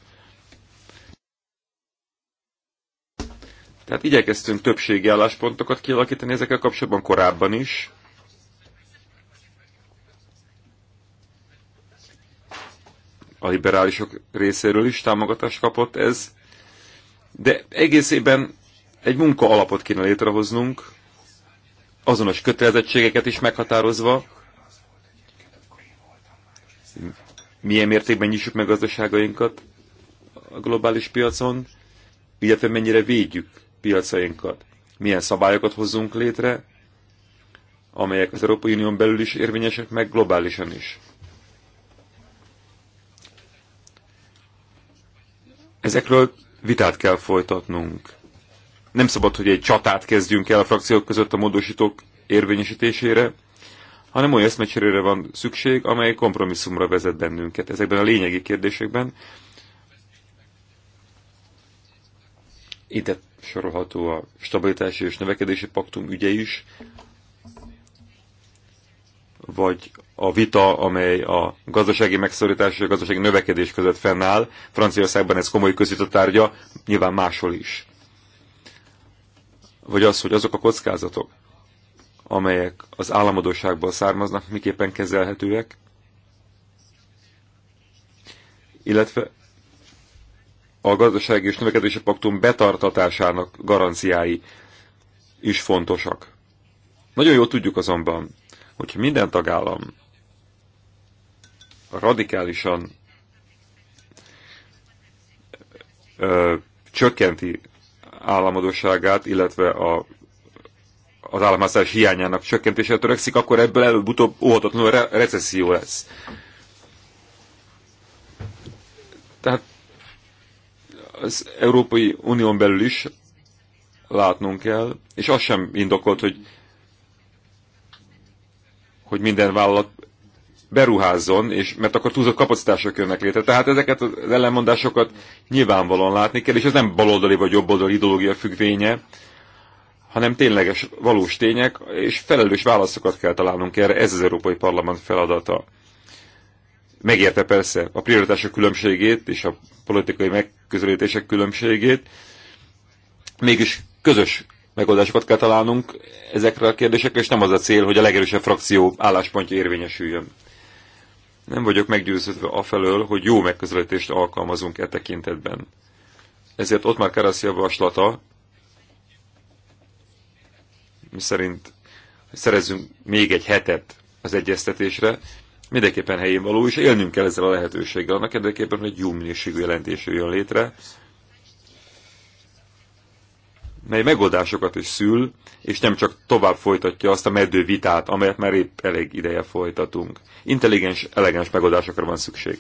Tehát igyekeztünk többségi álláspontokat kialakítani ezekkel kapcsolatban korábban is, a liberálisok részéről is támogatást kapott ez, de egészében egy munka alapot kéne létrehoznunk, azonos kötelezettségeket is meghatározva, milyen mértékben nyissuk meg gazdaságainkat a globális piacon, illetve mennyire védjük piacainkat, milyen szabályokat hozzunk létre, amelyek az Európai Unión belül is érvényesek, meg globálisan is. Ezekről vitát kell folytatnunk. Nem szabad, hogy egy csatát kezdjünk el a frakciók között a módosítók érvényesítésére, hanem olyan eszmecserére van szükség, amely kompromisszumra vezet bennünket ezekben a lényegi kérdésekben. Ide sorolható a stabilitási és növekedési paktum ügye is, vagy a vita, amely a gazdasági megszorítás és a gazdasági növekedés között fennáll. Franciaországban ez komoly közvita tárgya, nyilván máshol is. Vagy az, hogy azok a kockázatok, amelyek az államadóságból származnak, miképpen kezelhetőek, illetve a gazdasági és növekedési paktum betartatásának garanciái is fontosak. Nagyon jól tudjuk azonban, hogyha minden tagállam radikálisan ö, csökkenti államadóságát, illetve a, az államháztartás hiányának csökkentésre törekszik, akkor ebből előbb-utóbb óhatatlanul re- recesszió lesz. Tehát az Európai Unión belül is látnunk kell, és az sem indokolt, hogy hogy minden vállalat beruházzon, és, mert akkor túlzott kapacitások jönnek létre. Tehát ezeket az ellenmondásokat nyilvánvalóan látni kell, és ez nem baloldali vagy jobboldali ideológia függvénye, hanem tényleges, valós tények, és felelős válaszokat kell találnunk erre, ez az Európai Parlament feladata. Megérte persze a prioritások különbségét és a politikai megközelítések különbségét, mégis közös megoldásokat kell találnunk ezekre a kérdésekre, és nem az a cél, hogy a legerősebb frakció álláspontja érvényesüljön. Nem vagyok meggyőződve afelől, hogy jó megközelítést alkalmazunk e tekintetben. Ezért ott már Karasz javaslata, mi szerint szerezzünk még egy hetet az egyeztetésre, mindenképpen helyén való, és élnünk kell ezzel a lehetőséggel, annak érdekében, hogy jó minőségű jelentés jön létre, mely megoldásokat is szül, és nem csak tovább folytatja azt a meddő vitát, amelyet már épp elég ideje folytatunk. Intelligens, elegáns megoldásokra van szükség.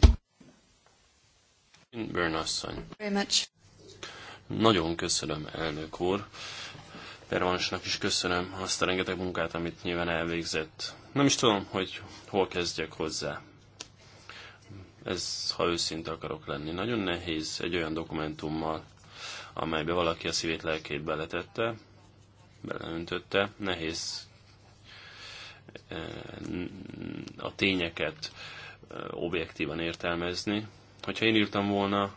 Nagyon köszönöm, elnök úr. Pervansnak is köszönöm azt a rengeteg munkát, amit nyilván elvégzett. Nem is tudom, hogy hol kezdjek hozzá. Ez, ha őszinte akarok lenni, nagyon nehéz egy olyan dokumentummal amelybe valaki a szívét, lelkét beletette, beleöntötte. Nehéz eh, a tényeket eh, objektívan értelmezni. Hogyha én írtam volna,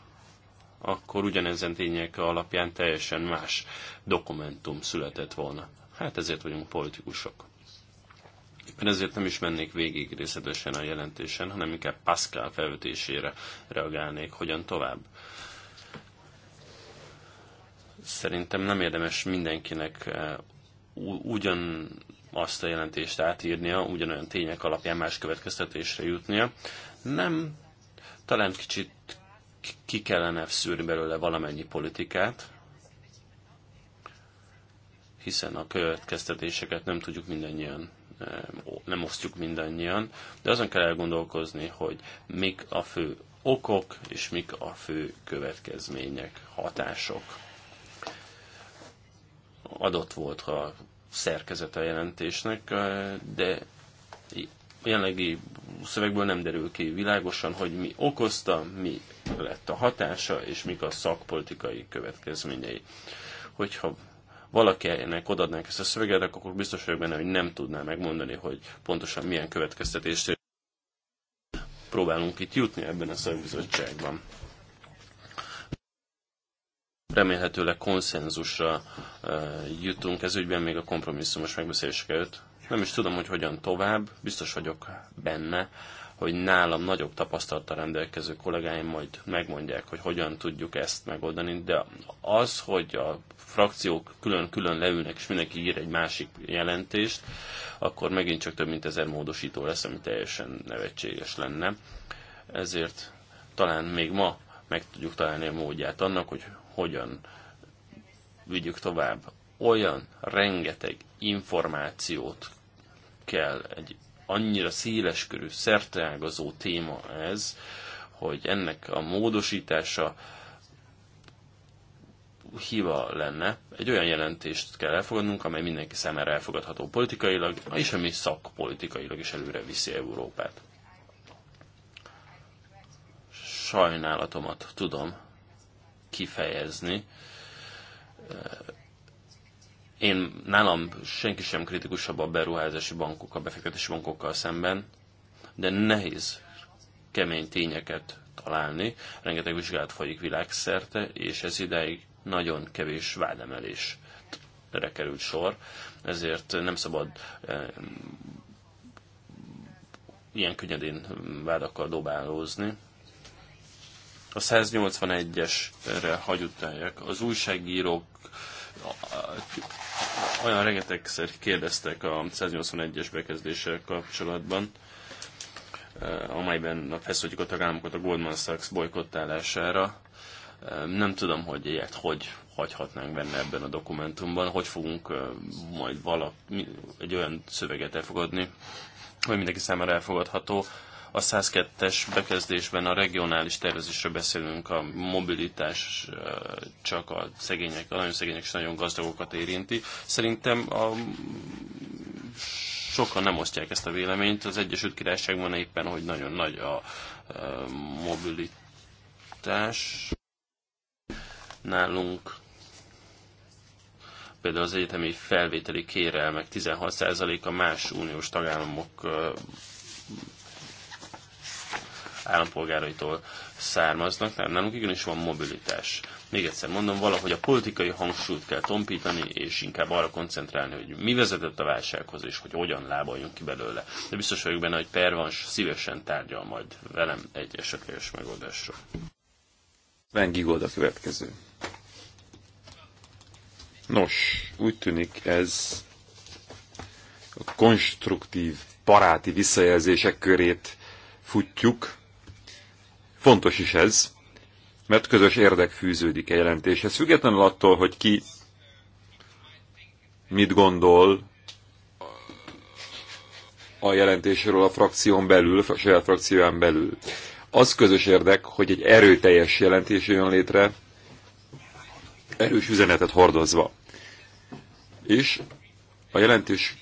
akkor ugyanezen tények alapján teljesen más dokumentum született volna. Hát ezért vagyunk politikusok. Én ezért nem is mennék végig részletesen a jelentésen, hanem inkább Pascal felvetésére reagálnék, hogyan tovább. Szerintem nem érdemes mindenkinek eh, ugyan azt a jelentést átírnia, ugyanolyan tények alapján más következtetésre jutnia. Nem, talán kicsit ki kellene szűrni belőle valamennyi politikát, hiszen a következtetéseket nem tudjuk mindannyian, eh, nem osztjuk mindannyian, de azon kell elgondolkozni, hogy mik a fő okok és mik a fő következmények, hatások adott volt a szerkezet a jelentésnek, de jelenlegi szövegből nem derül ki világosan, hogy mi okozta, mi lett a hatása, és mik a szakpolitikai következményei. Hogyha valakinek odadnánk ezt a szöveget, akkor biztos vagyok benne, hogy nem tudná megmondani, hogy pontosan milyen következtetést próbálunk itt jutni ebben a szakbizottságban. Remélhetőleg konszenzusra eh, jutunk ez ügyben még a kompromisszumos megbeszélések előtt. Nem is tudom, hogy hogyan tovább, biztos vagyok benne, hogy nálam nagyobb tapasztalattal rendelkező kollégáim majd megmondják, hogy hogyan tudjuk ezt megoldani, de az, hogy a frakciók külön-külön leülnek, és mindenki ír egy másik jelentést, akkor megint csak több mint ezer módosító lesz, ami teljesen nevetséges lenne. Ezért talán még ma meg tudjuk találni a módját annak, hogy hogyan vigyük tovább. Olyan rengeteg információt kell, egy annyira széleskörű, szerteágazó téma ez, hogy ennek a módosítása hiba lenne. Egy olyan jelentést kell elfogadnunk, amely mindenki számára elfogadható politikailag, és ami szakpolitikailag is előre viszi Európát. Sajnálatomat tudom kifejezni. Én nálam senki sem kritikusabb a beruházási bankokkal, befektetési bankokkal szemben, de nehéz kemény tényeket találni. Rengeteg vizsgálat folyik világszerte, és ez ideig nagyon kevés vádemelés került sor, ezért nem szabad e, ilyen könnyedén vádakkal dobálózni a 181-esre hagyutálják. Az újságírók olyan rengetegszer kérdeztek a 181-es bekezdéssel kapcsolatban, eh, amelyben feszültjük a tagállamokat a Goldman Sachs bolykottálására. Eh, nem tudom, hogy ilyet hogy hagyhatnánk benne ebben a dokumentumban, hogy fogunk eh, majd valak, egy olyan szöveget elfogadni, hogy mindenki számára elfogadható, a 102-es bekezdésben a regionális tervezésről beszélünk, a mobilitás eh, csak a szegények, a nagyon szegények és nagyon gazdagokat érinti. Szerintem a sokan nem osztják ezt a véleményt. Az Egyesült Királyságban éppen, hogy nagyon nagy a eh, mobilitás. Nálunk például az egyetemi felvételi kérelmek 16%-a más uniós tagállamok eh, állampolgáraitól származnak, tehát nálunk igenis van mobilitás. Még egyszer mondom, valahogy a politikai hangsúlyt kell tompítani, és inkább arra koncentrálni, hogy mi vezetett a válsághoz, és hogy hogyan lábaljunk ki belőle. De biztos vagyok benne, hogy Pervans szívesen tárgyal majd velem egy esetleges megoldásról. Sven Gigold a következő. Nos, úgy tűnik ez a konstruktív paráti visszajelzések körét futjuk, Fontos is ez, mert közös érdek fűződik a jelentéshez. Függetlenül attól, hogy ki mit gondol a jelentésről a frakción belül, a saját frakcióján belül. Az közös érdek, hogy egy erőteljes jelentés jön létre, erős üzenetet hordozva. És a jelentés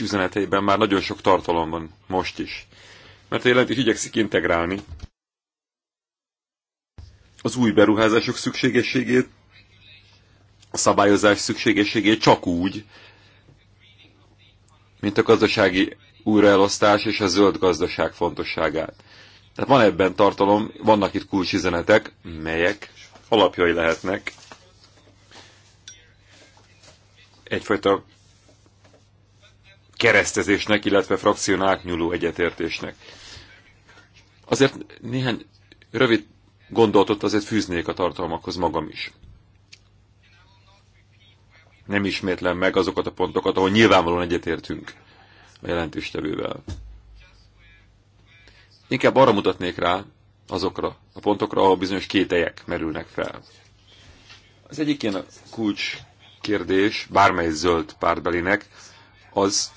üzeneteiben már nagyon sok tartalom van most is mert a jelentés igyekszik integrálni az új beruházások szükségességét, a szabályozás szükségességét csak úgy, mint a gazdasági újraelosztás és a zöld gazdaság fontosságát. Tehát van ebben tartalom, vannak itt kulcsüzenetek, melyek alapjai lehetnek egyfajta keresztezésnek, illetve frakcionák nyúló egyetértésnek. Azért néhány rövid gondolatot azért fűznék a tartalmakhoz magam is. Nem ismétlem meg azokat a pontokat, ahol nyilvánvalóan egyetértünk a jelentéstevővel. Inkább arra mutatnék rá, azokra a pontokra, ahol bizonyos kételyek merülnek fel. Az egyik ilyen a kulcs kérdés bármely zöld párbelinek az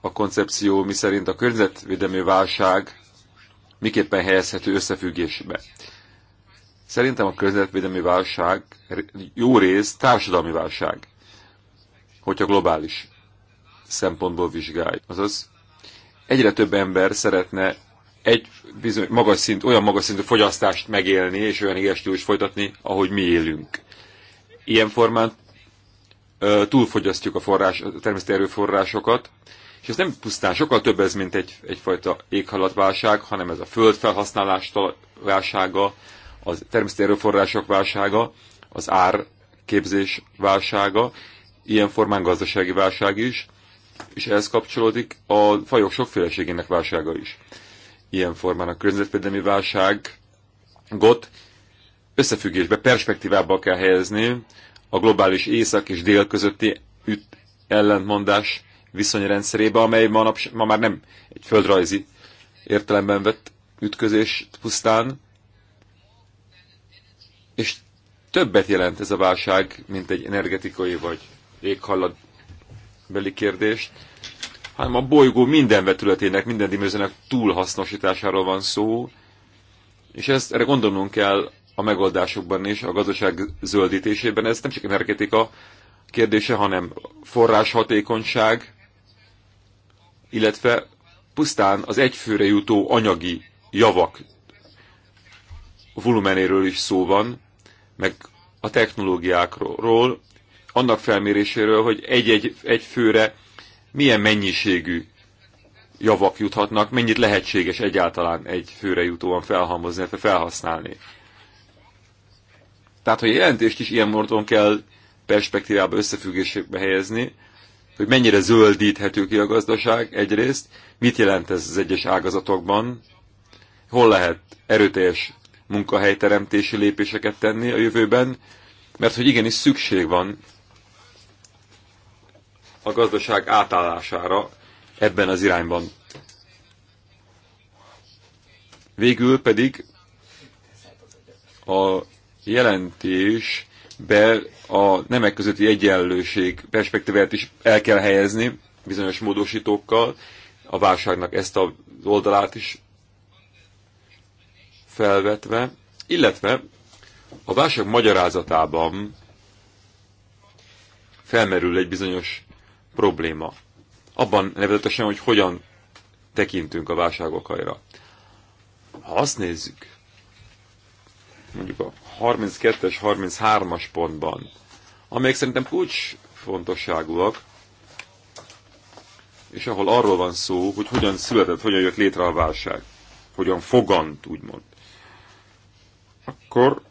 a koncepció, miszerint a környezetvédelmi válság miképpen helyezhető összefüggésbe. Szerintem a környezetvédelmi válság jó rész társadalmi válság, hogyha globális szempontból vizsgálj. Azaz egyre több ember szeretne egy bizony, magas szint, olyan magas szintű fogyasztást megélni, és olyan égestílus folytatni, ahogy mi élünk. Ilyen formán túlfogyasztjuk a, forrás, a természeti erőforrásokat, és ez nem pusztán sokkal több ez, mint egy, egyfajta éghajlatválság, hanem ez a felhasználás válsága, a természeti erőforrások válsága, az árképzés válsága, ilyen formán gazdasági válság is, és ehhez kapcsolódik a fajok sokféleségének válsága is. Ilyen formán a környezetvédelmi gott összefüggésbe, perspektívába kell helyezni a globális észak és dél közötti ellentmondás viszonyrendszerébe, amely ma, naps, ma már nem egy földrajzi értelemben vett ütközés pusztán, és többet jelent ez a válság, mint egy energetikai vagy beli kérdést, hanem a bolygó minden vetületének, minden dimenziónak túlhasznosításáról van szó, és ezt erre gondolnunk kell a megoldásokban is, a gazdaság zöldítésében. Ez nem csak energetika kérdése, hanem forráshatékonyság, illetve pusztán az egyfőre jutó anyagi javak volumenéről is szó van, meg a technológiákról, annak felméréséről, hogy egy-egy egy főre milyen mennyiségű javak juthatnak, mennyit lehetséges egyáltalán egy főre jutóan felhalmozni, felhasználni. Tehát, hogy jelentést is ilyen módon kell perspektívába, összefüggésébe helyezni, hogy mennyire zöldíthető ki a gazdaság egyrészt, mit jelent ez az egyes ágazatokban, hol lehet erőteljes munkahelyteremtési lépéseket tenni a jövőben, mert hogy igenis szükség van a gazdaság átállására ebben az irányban. Végül pedig a jelentés be a nemek közötti egyenlőség perspektíváját is el kell helyezni bizonyos módosítókkal, a válságnak ezt az oldalát is felvetve, illetve a válság magyarázatában felmerül egy bizonyos probléma. Abban nevezetesen, hogy hogyan tekintünk a válságokajra. Ha azt nézzük, mondjuk a 32-es, 33-as pontban, amelyek szerintem kulcs fontosságúak, és ahol arról van szó, hogy hogyan született, hogyan jött létre a válság, hogyan fogant, úgymond, akkor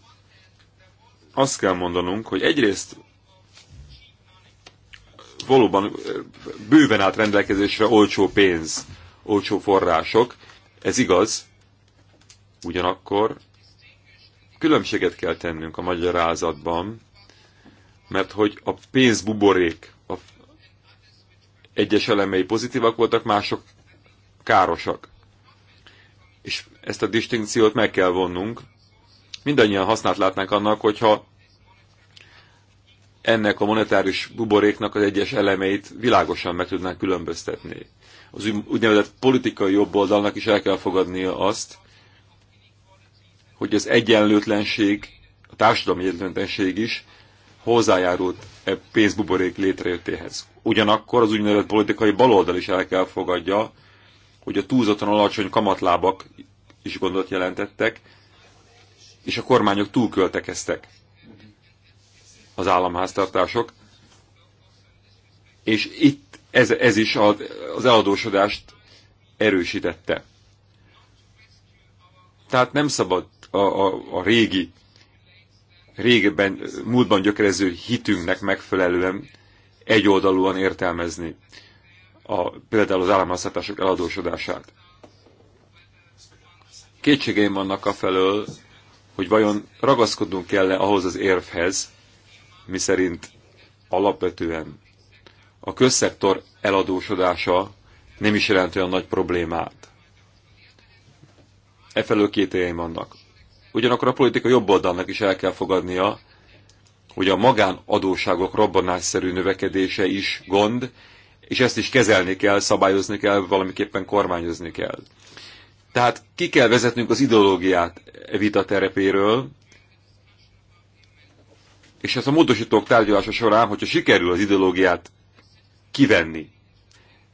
azt kell mondanunk, hogy egyrészt valóban bőven állt rendelkezésre olcsó pénz, olcsó források, ez igaz, ugyanakkor különbséget kell tennünk a magyarázatban, mert hogy a pénzbuborék a egyes elemei pozitívak voltak, mások károsak. És ezt a distinkciót meg kell vonnunk. Mindannyian hasznát látnánk annak, hogyha ennek a monetáris buboréknak az egyes elemeit világosan meg tudnánk különböztetni. Az úgynevezett politikai jobboldalnak is el kell fogadnia azt, hogy az egyenlőtlenség, a társadalmi egyenlőtlenség is hozzájárult e pénzbuborék létrejöttéhez. Ugyanakkor az úgynevezett politikai baloldal is el kell fogadja, hogy a túlzottan alacsony kamatlábak is gondot jelentettek, és a kormányok túlköltekeztek az államháztartások, és itt ez, ez is az eladósodást erősítette. Tehát nem szabad a, a, a régi, régebben, múltban gyökerező hitünknek megfelelően egyoldalúan értelmezni a, például az államháztartások eladósodását. Kétségeim vannak a felől, hogy vajon ragaszkodnunk kell e ahhoz az érvhez, miszerint alapvetően a közszektor eladósodása nem is jelent olyan nagy problémát. Efelől kételjeim vannak ugyanakkor a politika jobb oldalnak is el kell fogadnia, hogy a magánadóságok robbanásszerű növekedése is gond, és ezt is kezelni kell, szabályozni kell, valamiképpen kormányozni kell. Tehát ki kell vezetnünk az ideológiát e vita terepéről, és ezt a módosítók tárgyalása során, hogyha sikerül az ideológiát kivenni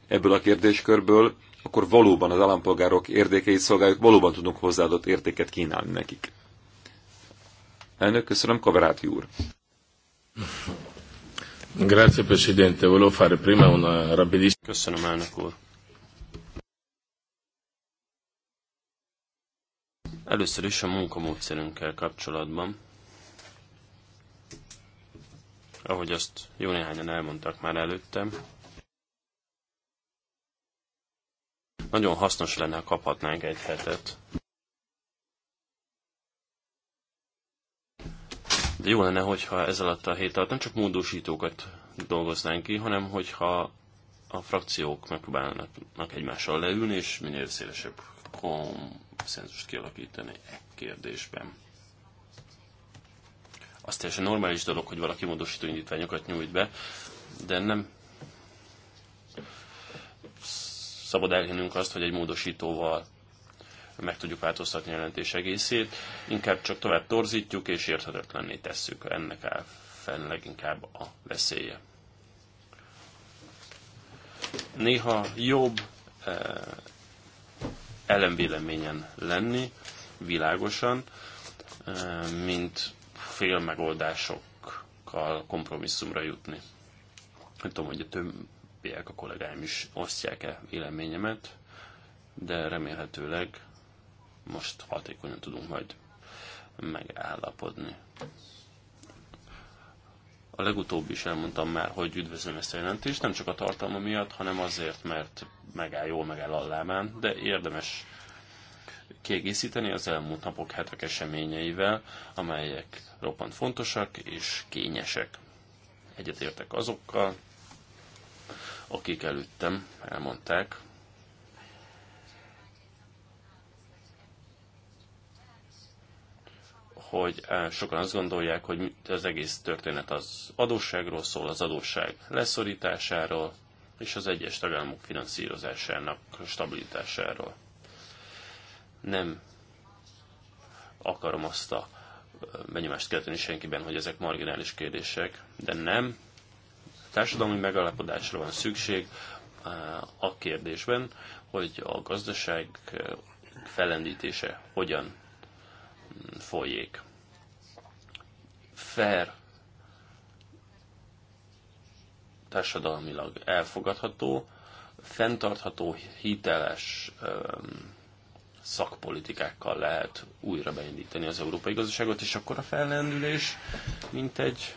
ebből a kérdéskörből, akkor valóban az állampolgárok érdekeit szolgáljuk, valóban tudunk hozzáadott értéket kínálni nekik. Elnök, köszönöm, Kaveráti úr. Grazie Presidente, volevo fare prima una rapidissima... Köszönöm, elnök úr. Először is a munkamódszerünkkel kapcsolatban. Ahogy azt jó néhányan elmondtak már előttem, Nagyon hasznos lenne, ha kaphatnánk egy hetet. De jó lenne, hogyha ez alatt a hét alatt nem csak módosítókat dolgoznánk ki, hanem hogyha a frakciók megpróbálnak egymással leülni, és minél szélesebb konszenzust kialakítani e kérdésben. Az teljesen normális dolog, hogy valaki módosító indítványokat nyújt be, de nem szabad elhinnünk azt, hogy egy módosítóval meg tudjuk változtatni a jelentés egészét, inkább csak tovább torzítjuk és érthetetlenné tesszük. Ennek áll fenn leginkább a veszélye. Néha jobb eh, ellenvéleményen lenni, világosan, eh, mint fél megoldásokkal kompromisszumra jutni. Nem tudom, hogy a több többiek, a kollégáim is osztják-e véleményemet, de remélhetőleg most hatékonyan tudunk majd megállapodni. A legutóbb is elmondtam már, hogy üdvözlöm ezt a jelentést, nem csak a tartalma miatt, hanem azért, mert megáll jól, megáll a lábán, de érdemes kiegészíteni az elmúlt napok, hetek eseményeivel, amelyek roppant fontosak és kényesek. Egyetértek azokkal, akik előttem elmondták, hogy eh, sokan azt gondolják, hogy az egész történet az adósságról szól, az adósság leszorításáról, és az egyes tagállamok finanszírozásának stabilitásáról. Nem akarom azt a eh, benyomást kelteni senkiben, hogy ezek marginális kérdések, de nem társadalmi megalapodásra van szükség eh, a kérdésben, hogy a gazdaság eh, felendítése hogyan mm, folyik. Fair társadalmilag elfogadható, fenntartható, hiteles szakpolitikákkal lehet újra beindítani az európai gazdaságot, és akkor a fellendülés, mint egy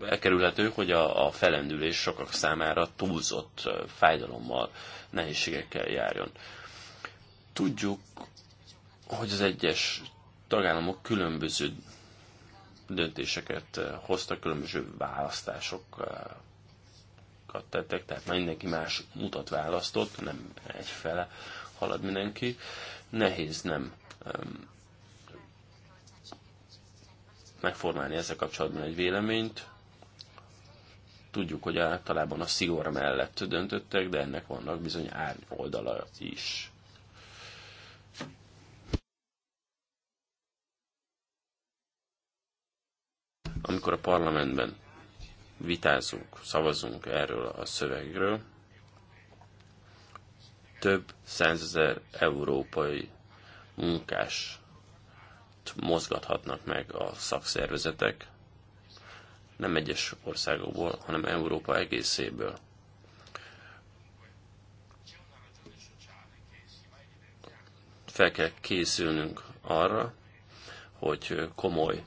elkerülhető, hogy a, a felendülés sokak számára túlzott fájdalommal, nehézségekkel járjon. Tudjuk, hogy az egyes tagállamok különböző döntéseket hoztak, különböző választásokat tettek, tehát mindenki más mutat választott, nem egyfele halad mindenki. Nehéz nem megformálni ezzel kapcsolatban egy véleményt. Tudjuk, hogy általában a szigor mellett döntöttek, de ennek vannak bizony árnyoldala is. Amikor a parlamentben vitázunk, szavazunk erről a szövegről, több százezer európai munkás mozgathatnak meg a szakszervezetek, nem egyes országokból, hanem Európa egészéből. Fel kell készülnünk arra, hogy komoly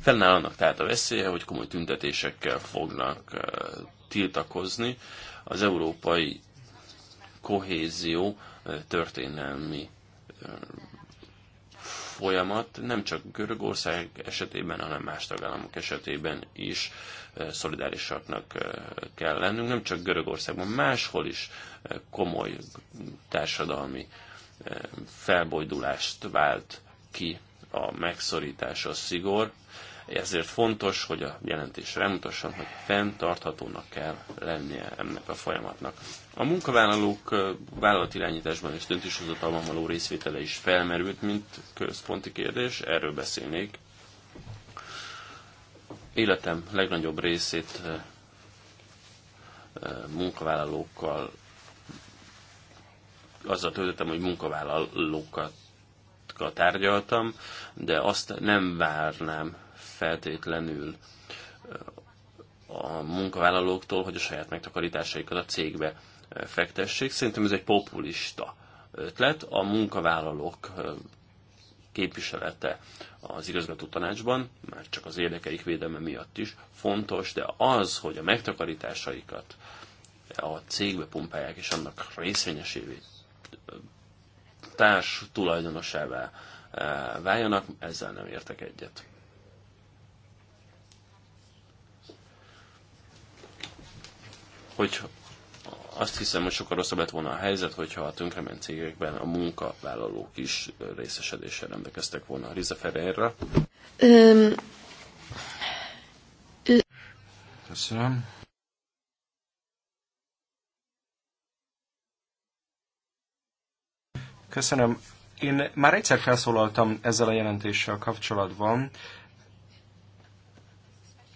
Fennáll annak tehát a veszélye, hogy komoly tüntetésekkel fognak eh, tiltakozni. Az európai kohézió történelmi folyamat nem csak Görögország esetében, hanem más tagállamok esetében is szolidárisaknak kell lennünk. Nem csak Görögországban, máshol is komoly társadalmi felbojdulást vált ki a megszorítás, a szigor. Ezért fontos, hogy a jelentés rámutasson, hogy fenntarthatónak kell lennie ennek a folyamatnak. A munkavállalók vállalatirányításban és döntéshozatalban való részvétele is felmerült, mint központi kérdés, erről beszélnék. Életem legnagyobb részét munkavállalókkal azzal töltöttem, hogy munkavállalókat tárgyaltam, de azt nem várnám feltétlenül a munkavállalóktól, hogy a saját megtakarításaikat a cégbe fektessék. Szerintem ez egy populista ötlet. A munkavállalók képviselete az igazgató tanácsban, már csak az érdekeik védelme miatt is fontos, de az, hogy a megtakarításaikat a cégbe pumpálják, és annak részvényesévé társ tulajdonosává váljanak, ezzel nem értek egyet. hogy azt hiszem, hogy sokkal rosszabb lett volna a helyzet, hogyha a tönkrement cégekben a munkavállalók is részesedéssel rendelkeztek volna. Riza Ferreira. Um, Köszönöm. Köszönöm. Én már egyszer felszólaltam ezzel a jelentéssel kapcsolatban,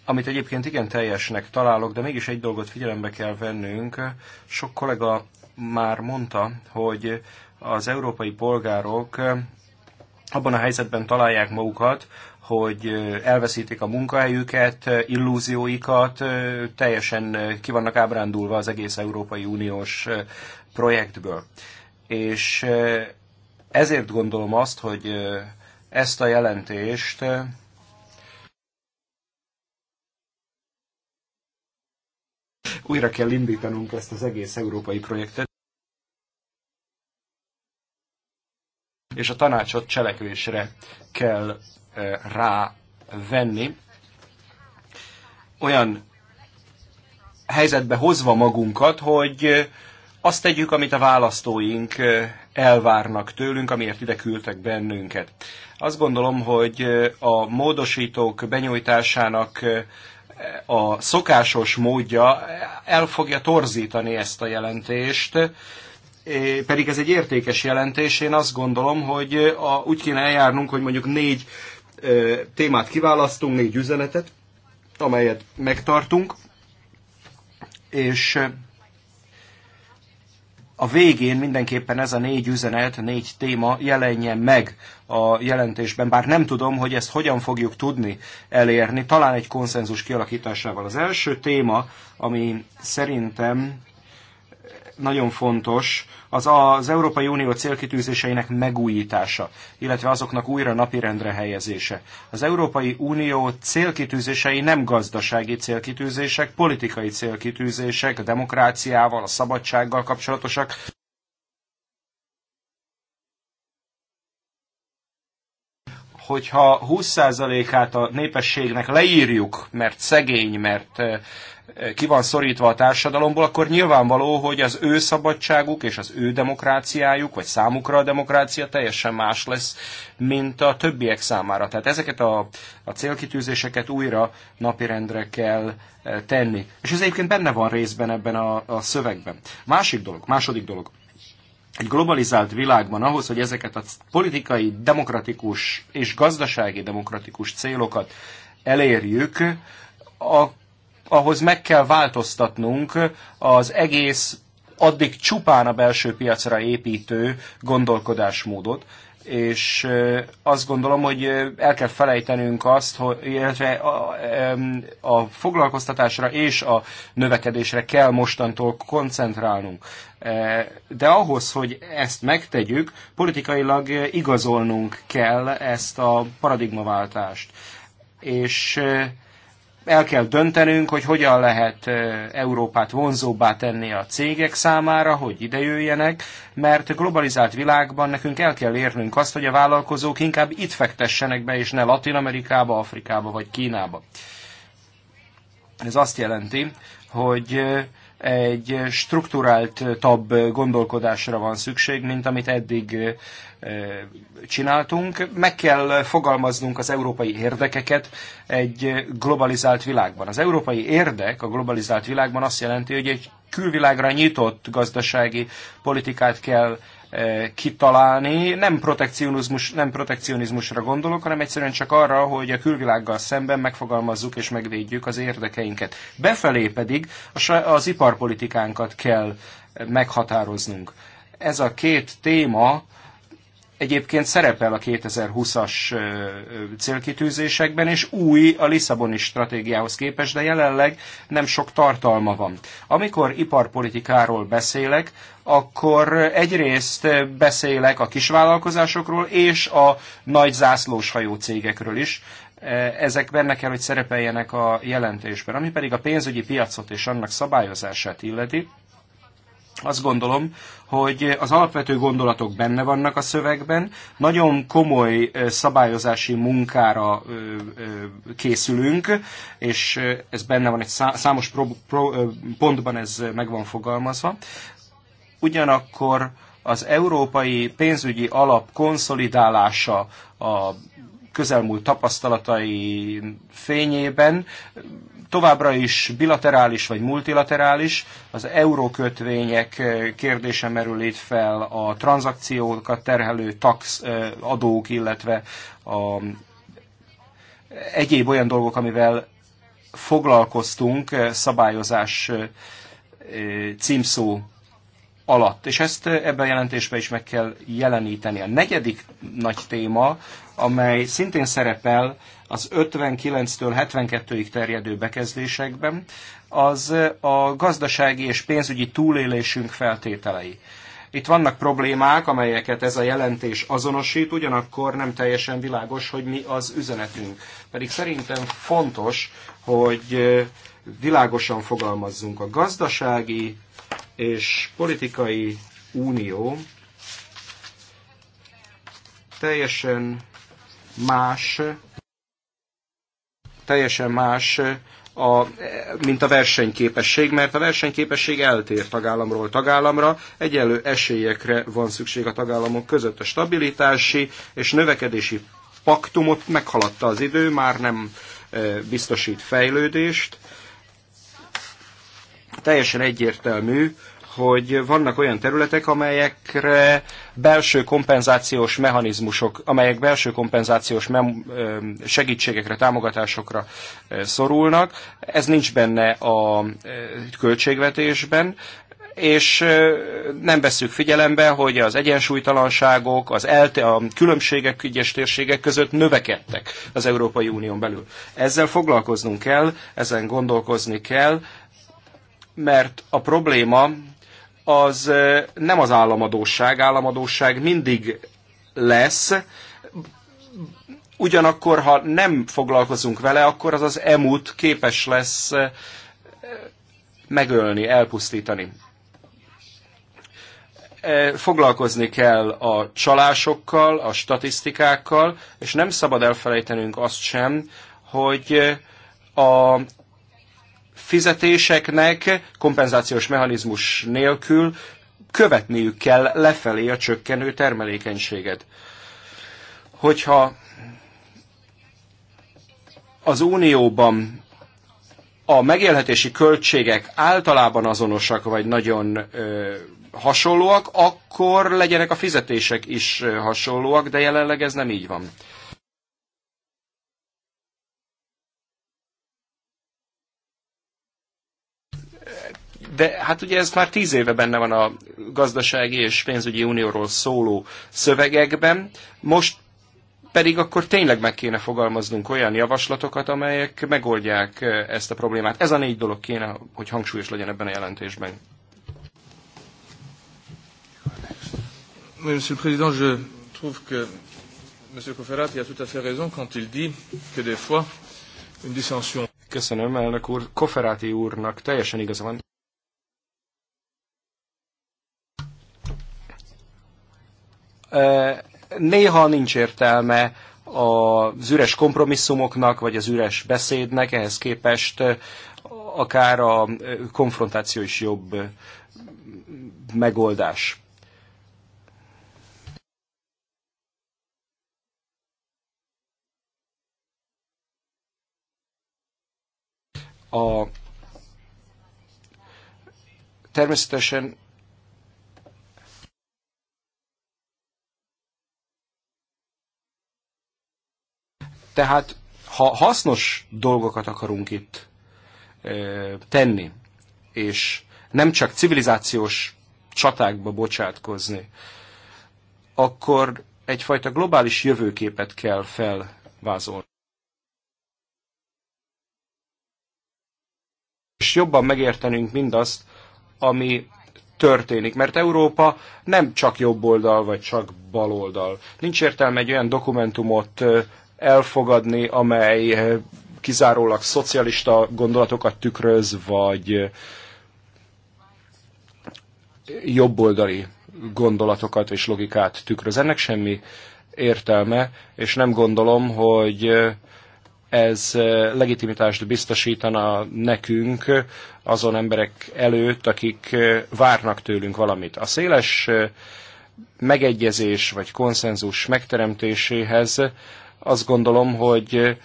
amit egyébként igen teljesnek találok, de mégis egy dolgot figyelembe kell vennünk. Sok kollega már mondta, hogy az európai polgárok abban a helyzetben találják magukat, hogy elveszítik a munkahelyüket, illúzióikat, teljesen ki vannak ábrándulva az egész Európai Uniós projektből. És ezért gondolom azt, hogy ezt a jelentést újra kell indítanunk ezt az egész európai projektet, és a tanácsot cselekvésre kell eh, rávenni. Olyan helyzetbe hozva magunkat, hogy eh, azt tegyük, amit a választóink eh, elvárnak tőlünk, amiért ide küldtek bennünket. Azt gondolom, hogy a módosítók benyújtásának a szokásos módja el fogja torzítani ezt a jelentést, pedig ez egy értékes jelentés. Én azt gondolom, hogy a, úgy kéne eljárnunk, hogy mondjuk négy témát kiválasztunk, négy üzenetet, amelyet megtartunk, és a végén mindenképpen ez a négy üzenet, négy téma jelenjen meg a jelentésben, bár nem tudom, hogy ezt hogyan fogjuk tudni elérni, talán egy konszenzus kialakításával. Az első téma, ami szerintem nagyon fontos, az az Európai Unió célkitűzéseinek megújítása, illetve azoknak újra napirendre helyezése. Az Európai Unió célkitűzései nem gazdasági célkitűzések, politikai célkitűzések, a demokráciával, a szabadsággal kapcsolatosak, hogyha 20%-át a népességnek leírjuk, mert szegény, mert ki van szorítva a társadalomból, akkor nyilvánvaló, hogy az ő szabadságuk és az ő demokráciájuk, vagy számukra a demokrácia teljesen más lesz, mint a többiek számára. Tehát ezeket a, a célkitűzéseket újra napirendre kell tenni. És ez egyébként benne van részben ebben a, a szövegben. Másik dolog, második dolog egy globalizált világban ahhoz, hogy ezeket a politikai, demokratikus és gazdasági demokratikus célokat elérjük, a, ahhoz meg kell változtatnunk az egész addig csupán a belső piacra építő gondolkodásmódot, és azt gondolom, hogy el kell felejtenünk azt, hogy, illetve a, a foglalkoztatásra és a növekedésre kell mostantól koncentrálnunk. De ahhoz, hogy ezt megtegyük, politikailag igazolnunk kell ezt a paradigmaváltást. És el kell döntenünk, hogy hogyan lehet Európát vonzóbbá tenni a cégek számára, hogy ide jöjjenek, mert globalizált világban nekünk el kell érnünk azt, hogy a vállalkozók inkább itt fektessenek be, és ne Latin Amerikába, Afrikába vagy Kínába. Ez azt jelenti, hogy egy strukturált tabb gondolkodásra van szükség, mint amit eddig csináltunk. Meg kell fogalmaznunk az európai érdekeket egy globalizált világban. Az európai érdek a globalizált világban azt jelenti, hogy egy külvilágra nyitott gazdasági politikát kell kitalálni. Nem, protekcionizmus, nem protekcionizmusra gondolok, hanem egyszerűen csak arra, hogy a külvilággal szemben megfogalmazzuk és megvédjük az érdekeinket. Befelé pedig az iparpolitikánkat kell meghatároznunk. Ez a két téma egyébként szerepel a 2020-as célkitűzésekben, és új a Lisszaboni stratégiához képest, de jelenleg nem sok tartalma van. Amikor iparpolitikáról beszélek, akkor egyrészt beszélek a kisvállalkozásokról és a nagy hajó cégekről is, ezek benne kell, hogy szerepeljenek a jelentésben. Ami pedig a pénzügyi piacot és annak szabályozását illeti, azt gondolom, hogy az alapvető gondolatok benne vannak a szövegben, nagyon komoly szabályozási munkára készülünk, és ez benne van, egy számos pro, pro, pontban ez meg van fogalmazva. Ugyanakkor az európai pénzügyi alap konszolidálása a közelmúlt tapasztalatai fényében továbbra is bilaterális vagy multilaterális. Az eurókötvények eh, kérdése merül itt fel a tranzakciókat terhelő tax eh, adók, illetve a egyéb olyan dolgok, amivel foglalkoztunk eh, szabályozás címszó alatt. És ezt ebben a jelentésben is meg kell jeleníteni. A negyedik nagy téma, amely szintén szerepel az 59-től 72-ig terjedő bekezdésekben, az a gazdasági és pénzügyi túlélésünk feltételei. Itt vannak problémák, amelyeket ez a jelentés azonosít, ugyanakkor nem teljesen világos, hogy mi az üzenetünk. Pedig szerintem fontos, hogy világosan fogalmazzunk. A gazdasági és politikai unió teljesen más teljesen más, eh, a, mint a versenyképesség, mert a versenyképesség eltér tagállamról tagállamra, egyenlő esélyekre van szükség a tagállamok között. A stabilitási és növekedési paktumot meghaladta az idő, már nem eh, biztosít fejlődést. Teljesen egyértelmű, hogy vannak olyan területek, amelyekre belső kompenzációs mechanizmusok, amelyek belső kompenzációs segítségekre, támogatásokra szorulnak. Ez nincs benne a költségvetésben, és nem vesszük figyelembe, hogy az egyensúlytalanságok, az elte, a különbségek ügyes térségek között növekedtek az Európai Unión belül. Ezzel foglalkoznunk kell, ezen gondolkozni kell, mert a probléma az nem az államadóság, államadóság mindig lesz, ugyanakkor, ha nem foglalkozunk vele, akkor az az emút képes lesz megölni, elpusztítani. Foglalkozni kell a csalásokkal, a statisztikákkal, és nem szabad elfelejtenünk azt sem, hogy a fizetéseknek kompenzációs mechanizmus nélkül követniük kell lefelé a csökkenő termelékenységet. Hogyha az Unióban a megélhetési költségek általában azonosak, vagy nagyon ö, hasonlóak, akkor legyenek a fizetések is hasonlóak, de jelenleg ez nem így van. de hát ugye ez már tíz éve benne van a gazdasági és pénzügyi unióról szóló szövegekben, most pedig akkor tényleg meg kéne fogalmaznunk olyan javaslatokat, amelyek megoldják eh, ezt a problémát. Ez a négy dolog kéne, hogy hangsúlyos legyen ebben a jelentésben. Monsieur le Président, je trouve que M. Koferati a tout à fait raison quand il dit que des fois une dissension. Köszönöm, elnök úr. Koferáti úrnak teljesen igaza van. Néha nincs értelme az üres kompromisszumoknak, vagy az üres beszédnek, ehhez képest akár a konfrontáció is jobb megoldás. A természetesen Tehát ha hasznos dolgokat akarunk itt tenni, és nem csak civilizációs csatákba bocsátkozni, akkor egyfajta globális jövőképet kell felvázolni. És jobban megértenünk mindazt, ami történik, mert Európa nem csak jobb oldal, vagy csak bal oldal. Nincs értelme egy olyan dokumentumot elfogadni, amely eh, kizárólag szocialista gondolatokat tükröz, vagy eh, jobboldali gondolatokat és logikát tükröz. Ennek semmi értelme, és nem gondolom, hogy eh, ez legitimitást biztosítana nekünk azon emberek előtt, akik várnak tőlünk valamit. A széles megegyezés vagy konszenzus megteremtéséhez azt gondolom, hogy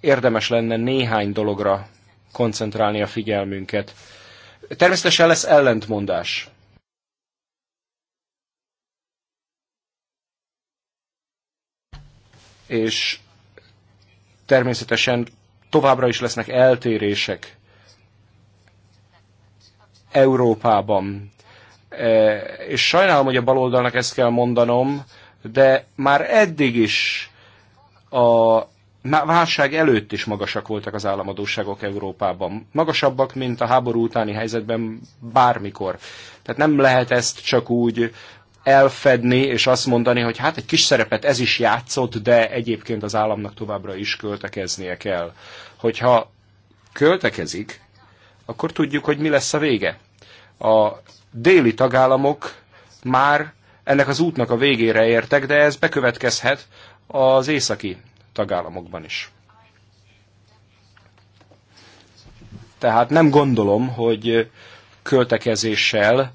érdemes lenne néhány dologra koncentrálni a figyelmünket. Természetesen lesz ellentmondás. És természetesen továbbra is lesznek eltérések Európában. E, és sajnálom, hogy a baloldalnak ezt kell mondanom, de már eddig is a válság előtt is magasak voltak az államadóságok Európában. Magasabbak, mint a háború utáni helyzetben bármikor. Tehát nem lehet ezt csak úgy elfedni, és azt mondani, hogy hát egy kis szerepet ez is játszott, de egyébként az államnak továbbra is költekeznie kell. Hogyha költekezik, akkor tudjuk, hogy mi lesz a vége. A déli tagállamok már ennek az útnak a végére értek, de ez bekövetkezhet, az északi tagállamokban is. Tehát nem gondolom, hogy költekezéssel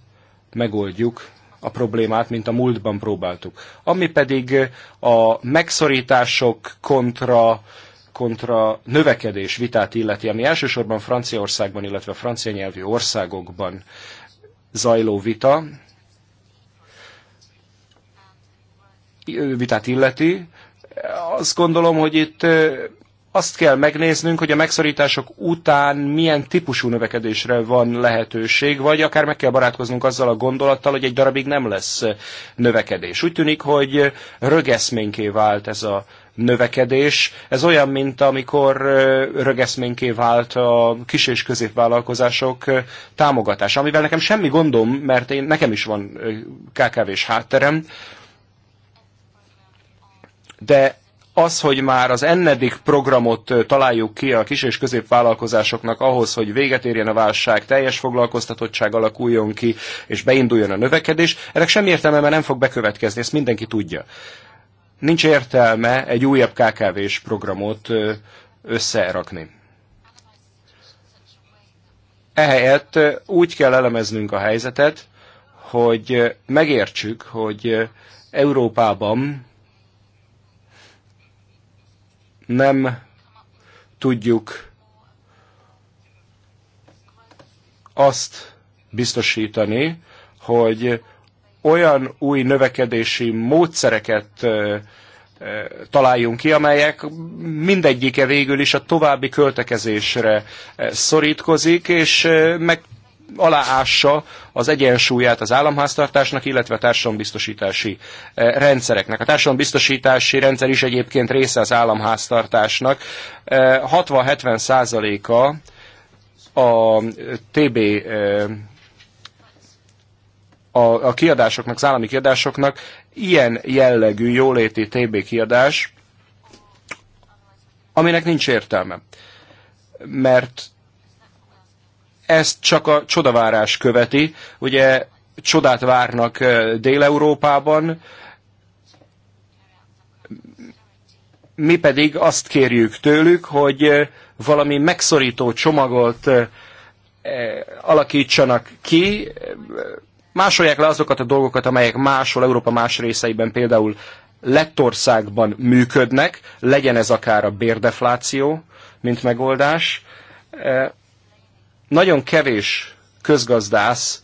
megoldjuk a problémát, mint a múltban próbáltuk. Ami pedig a megszorítások kontra, kontra növekedés vitát illeti, ami elsősorban Franciaországban, illetve a francia nyelvű országokban zajló vita, vitát illeti, azt gondolom, hogy itt azt kell megnéznünk, hogy a megszorítások után milyen típusú növekedésre van lehetőség, vagy akár meg kell barátkoznunk azzal a gondolattal, hogy egy darabig nem lesz növekedés. Úgy tűnik, hogy rögeszményké vált ez a növekedés. Ez olyan, mint amikor rögeszményké vált a kis- és középvállalkozások támogatása, amivel nekem semmi gondom, mert én, nekem is van KKV-s hátterem, de az, hogy már az ennedik programot találjuk ki a kis- és középvállalkozásoknak ahhoz, hogy véget érjen a válság, teljes foglalkoztatottság alakuljon ki, és beinduljon a növekedés, ennek semmi értelme, mert nem fog bekövetkezni, ezt mindenki tudja. Nincs értelme egy újabb KKV-s programot összerakni. Ehelyett úgy kell elemeznünk a helyzetet, hogy megértsük, hogy Európában nem tudjuk azt biztosítani, hogy olyan új növekedési módszereket találjunk ki, amelyek mindegyike végül is a további költekezésre szorítkozik, és meg aláássa az egyensúlyát az államháztartásnak, illetve a társadalombiztosítási eh, rendszereknek. A társadalombiztosítási rendszer is egyébként része az államháztartásnak. 60-70 eh, százaléka a eh, TB a, a kiadásoknak, az állami kiadásoknak ilyen jellegű jóléti TB kiadás, aminek nincs értelme. Mert ezt csak a csodavárás követi. Ugye csodát várnak Dél-Európában, mi pedig azt kérjük tőlük, hogy valami megszorító csomagot alakítsanak ki, másolják le azokat a dolgokat, amelyek máshol, Európa más részeiben, például Lettországban működnek, legyen ez akár a bérdefláció, mint megoldás, nagyon kevés közgazdász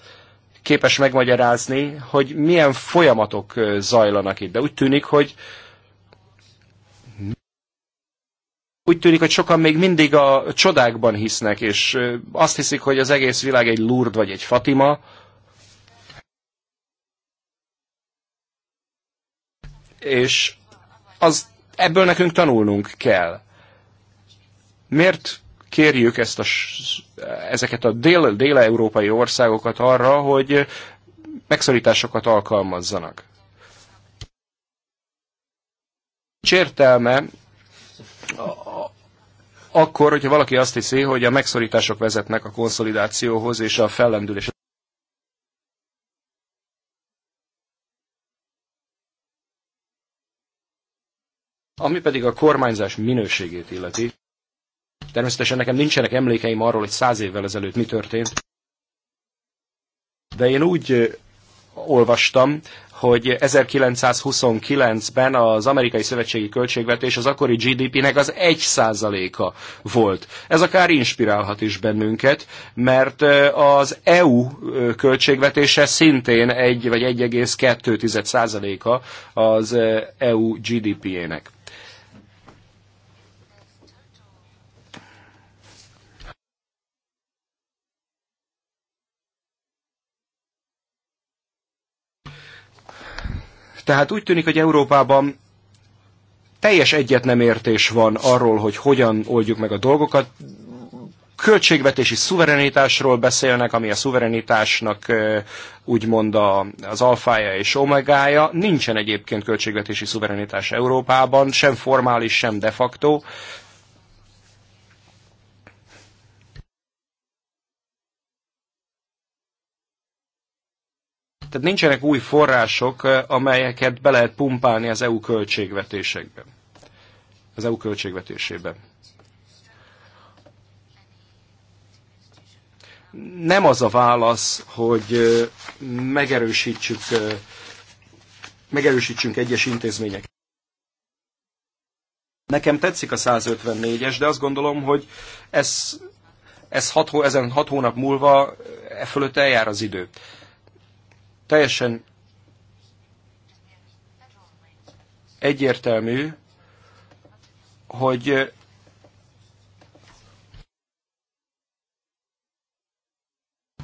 képes megmagyarázni, hogy milyen folyamatok zajlanak itt. De úgy tűnik, hogy úgy tűnik, hogy sokan még mindig a csodákban hisznek, és azt hiszik, hogy az egész világ egy lurd vagy egy Fatima. És az, ebből nekünk tanulnunk kell. Miért kérjük ezt a, ezeket a dél, dél-európai országokat arra, hogy megszorításokat alkalmazzanak. Csértelme akkor, hogyha valaki azt hiszi, hogy a megszorítások vezetnek a konszolidációhoz és a fellendülés. Ami pedig a kormányzás minőségét illeti, Természetesen nekem nincsenek emlékeim arról, hogy száz évvel ezelőtt mi történt. De én úgy olvastam, hogy 1929-ben az amerikai szövetségi költségvetés az akkori GDP-nek az egy százaléka volt. Ez akár inspirálhat is bennünket, mert az EU költségvetése szintén egy vagy 12 százaléka az EU GDP-ének. Tehát úgy tűnik, hogy Európában teljes egyet nem értés van arról, hogy hogyan oldjuk meg a dolgokat. Költségvetési szuverenitásról beszélnek, ami a szuverenitásnak úgymond az alfája és omegája. Nincsen egyébként költségvetési szuverenitás Európában, sem formális, sem de facto. Tehát nincsenek új források, amelyeket be lehet pumpálni az EU költségvetésekbe. Az EU költségvetésébe. Nem az a válasz, hogy megerősítsük, megerősítsünk egyes intézmények. Nekem tetszik a 154-es, de azt gondolom, hogy ez, ez hat, ezen hat hónap múlva e fölött eljár az idő. Teljesen egyértelmű, hogy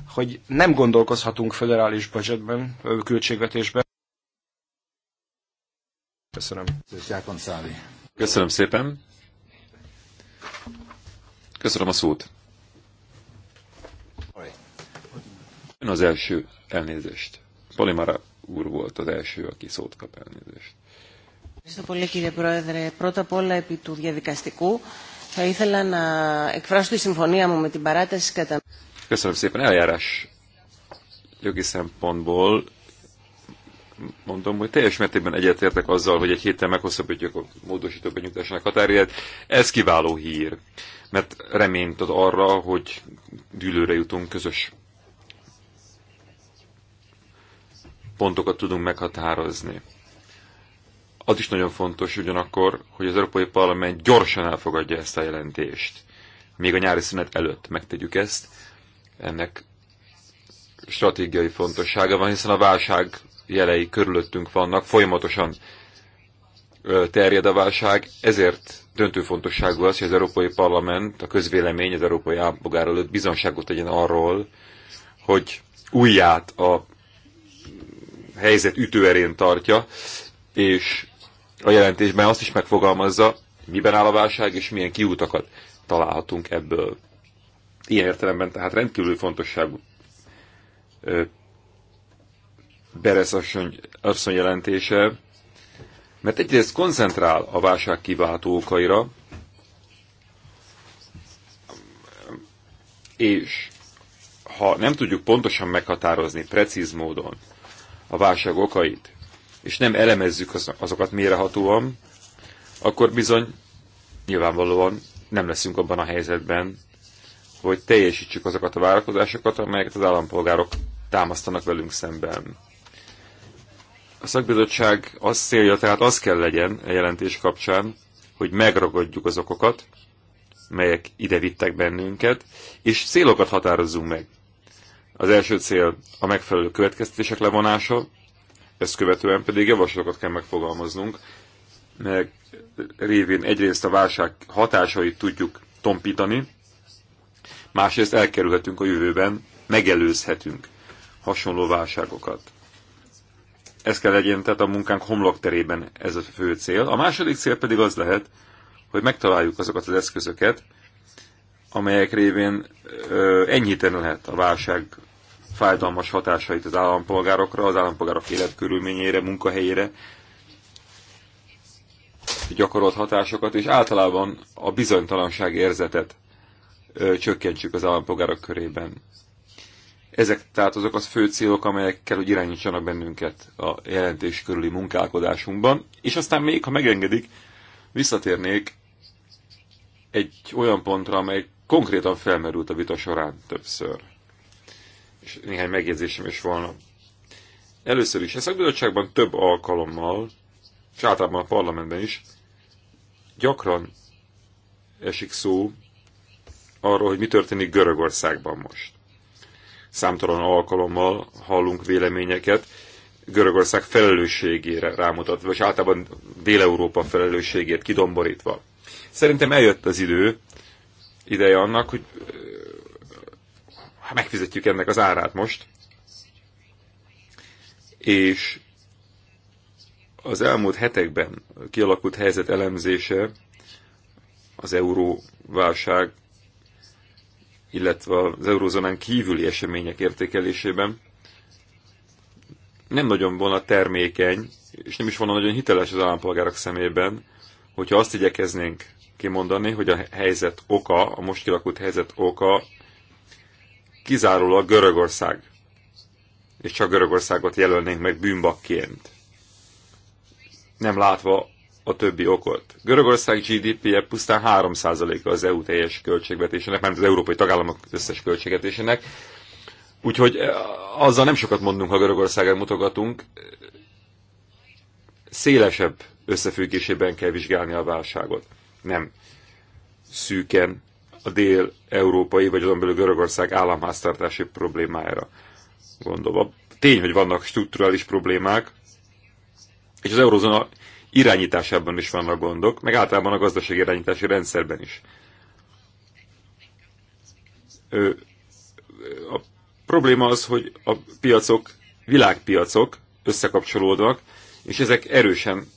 hogy nem gondolkozhatunk föderális budgetben, költségvetésben. Köszönöm. Köszönöm szépen. Köszönöm a szót. Ön az első elnézést. Polimara úr volt az első, aki szót kap elnézést. Ευχαριστώ πολύ κύριε Πρόεδρε. Πρώτα απ' όλα επί του διαδικαστικού θα ήθελα να εκφράσω τη συμφωνία μου με την παράταση κατά... Köszönöm szépen, eljárás jogi szempontból mondom, hogy teljes mértékben egyetértek azzal, hogy egy héttel meghosszabbítjuk a módosító benyújtásának határidőt. Ez kiváló hír, mert reményt ad arra, hogy dűlőre jutunk közös pontokat tudunk meghatározni. Az is nagyon fontos ugyanakkor, hogy az Európai Parlament gyorsan elfogadja ezt a jelentést. Még a nyári szünet előtt megtegyük ezt. Ennek stratégiai fontossága van, hiszen a válság jelei körülöttünk vannak, folyamatosan terjed a válság, ezért döntő fontosságú az, hogy az Európai Parlament, a közvélemény az európai állampolgár előtt bizonságot tegyen arról, hogy újját a helyzet ütőerén tartja, és a jelentésben azt is megfogalmazza, miben áll a válság, és milyen kiútakat találhatunk ebből. Ilyen értelemben tehát rendkívül fontosságú Beres asszony, asszony jelentése, mert egyrészt koncentrál a válság kiváltó okaira, és ha nem tudjuk pontosan meghatározni, precíz módon, a válság okait, és nem elemezzük azokat mérehatóan, akkor bizony nyilvánvalóan nem leszünk abban a helyzetben, hogy teljesítsük azokat a várakozásokat, amelyeket az állampolgárok támasztanak velünk szemben. A szakbizottság az célja, tehát az kell legyen a jelentés kapcsán, hogy megragadjuk az okokat, melyek ide vittek bennünket, és célokat határozzunk meg. Az első cél a megfelelő következtetések levonása, ezt követően pedig javaslatokat kell megfogalmaznunk, meg révén egyrészt a válság hatásait tudjuk tompítani, másrészt elkerülhetünk a jövőben, megelőzhetünk hasonló válságokat. Ez kell legyen tehát a munkánk homlokterében ez a fő cél. A második cél pedig az lehet, hogy megtaláljuk azokat az eszközöket, amelyek révén ö, enyhíteni lehet a válság fájdalmas hatásait az állampolgárokra, az állampolgárok életkörülményére, munkahelyére gyakorolt hatásokat, és általában a bizonytalanság érzetet ö, csökkentsük az állampolgárok körében. Ezek tehát azok az fő célok, amelyekkel úgy irányítsanak bennünket a jelentés körüli munkálkodásunkban. És aztán még, ha megengedik, visszatérnék egy olyan pontra, amely konkrétan felmerült a vita során többször és néhány megjegyzésem is volna. Először is, a szakbizottságban több alkalommal, és általában a parlamentben is, gyakran esik szó arról, hogy mi történik Görögországban most. Számtalan alkalommal hallunk véleményeket Görögország felelősségére rámutatva, és általában Dél-Európa felelősségét kidomborítva. Szerintem eljött az idő, ideje annak, hogy megfizetjük ennek az árát most, és az elmúlt hetekben kialakult helyzet elemzése, az euróválság, illetve az eurózónán kívüli események értékelésében nem nagyon volna termékeny, és nem is volna nagyon hiteles az állampolgárok szemében, hogyha azt igyekeznénk kimondani, hogy a helyzet oka, a most kialakult helyzet oka kizárólag Görögország, és csak Görögországot jelölnénk meg bűnbakként, nem látva a többi okot. Görögország GDP-je pusztán 3%-a az EU teljes költségvetésének, mert az európai tagállamok összes költségvetésének, úgyhogy e, azzal nem sokat mondunk, ha Görögországon mutogatunk, szélesebb összefüggésében kell vizsgálni a válságot. Nem szűken a dél-európai, vagy azon belül Görögország államháztartási problémájára gondolva. Tény, hogy vannak strukturális problémák, és az eurozóna irányításában is vannak gondok, meg általában a gazdaság irányítási rendszerben is. A probléma az, hogy a piacok, világpiacok összekapcsolódnak, és ezek erősen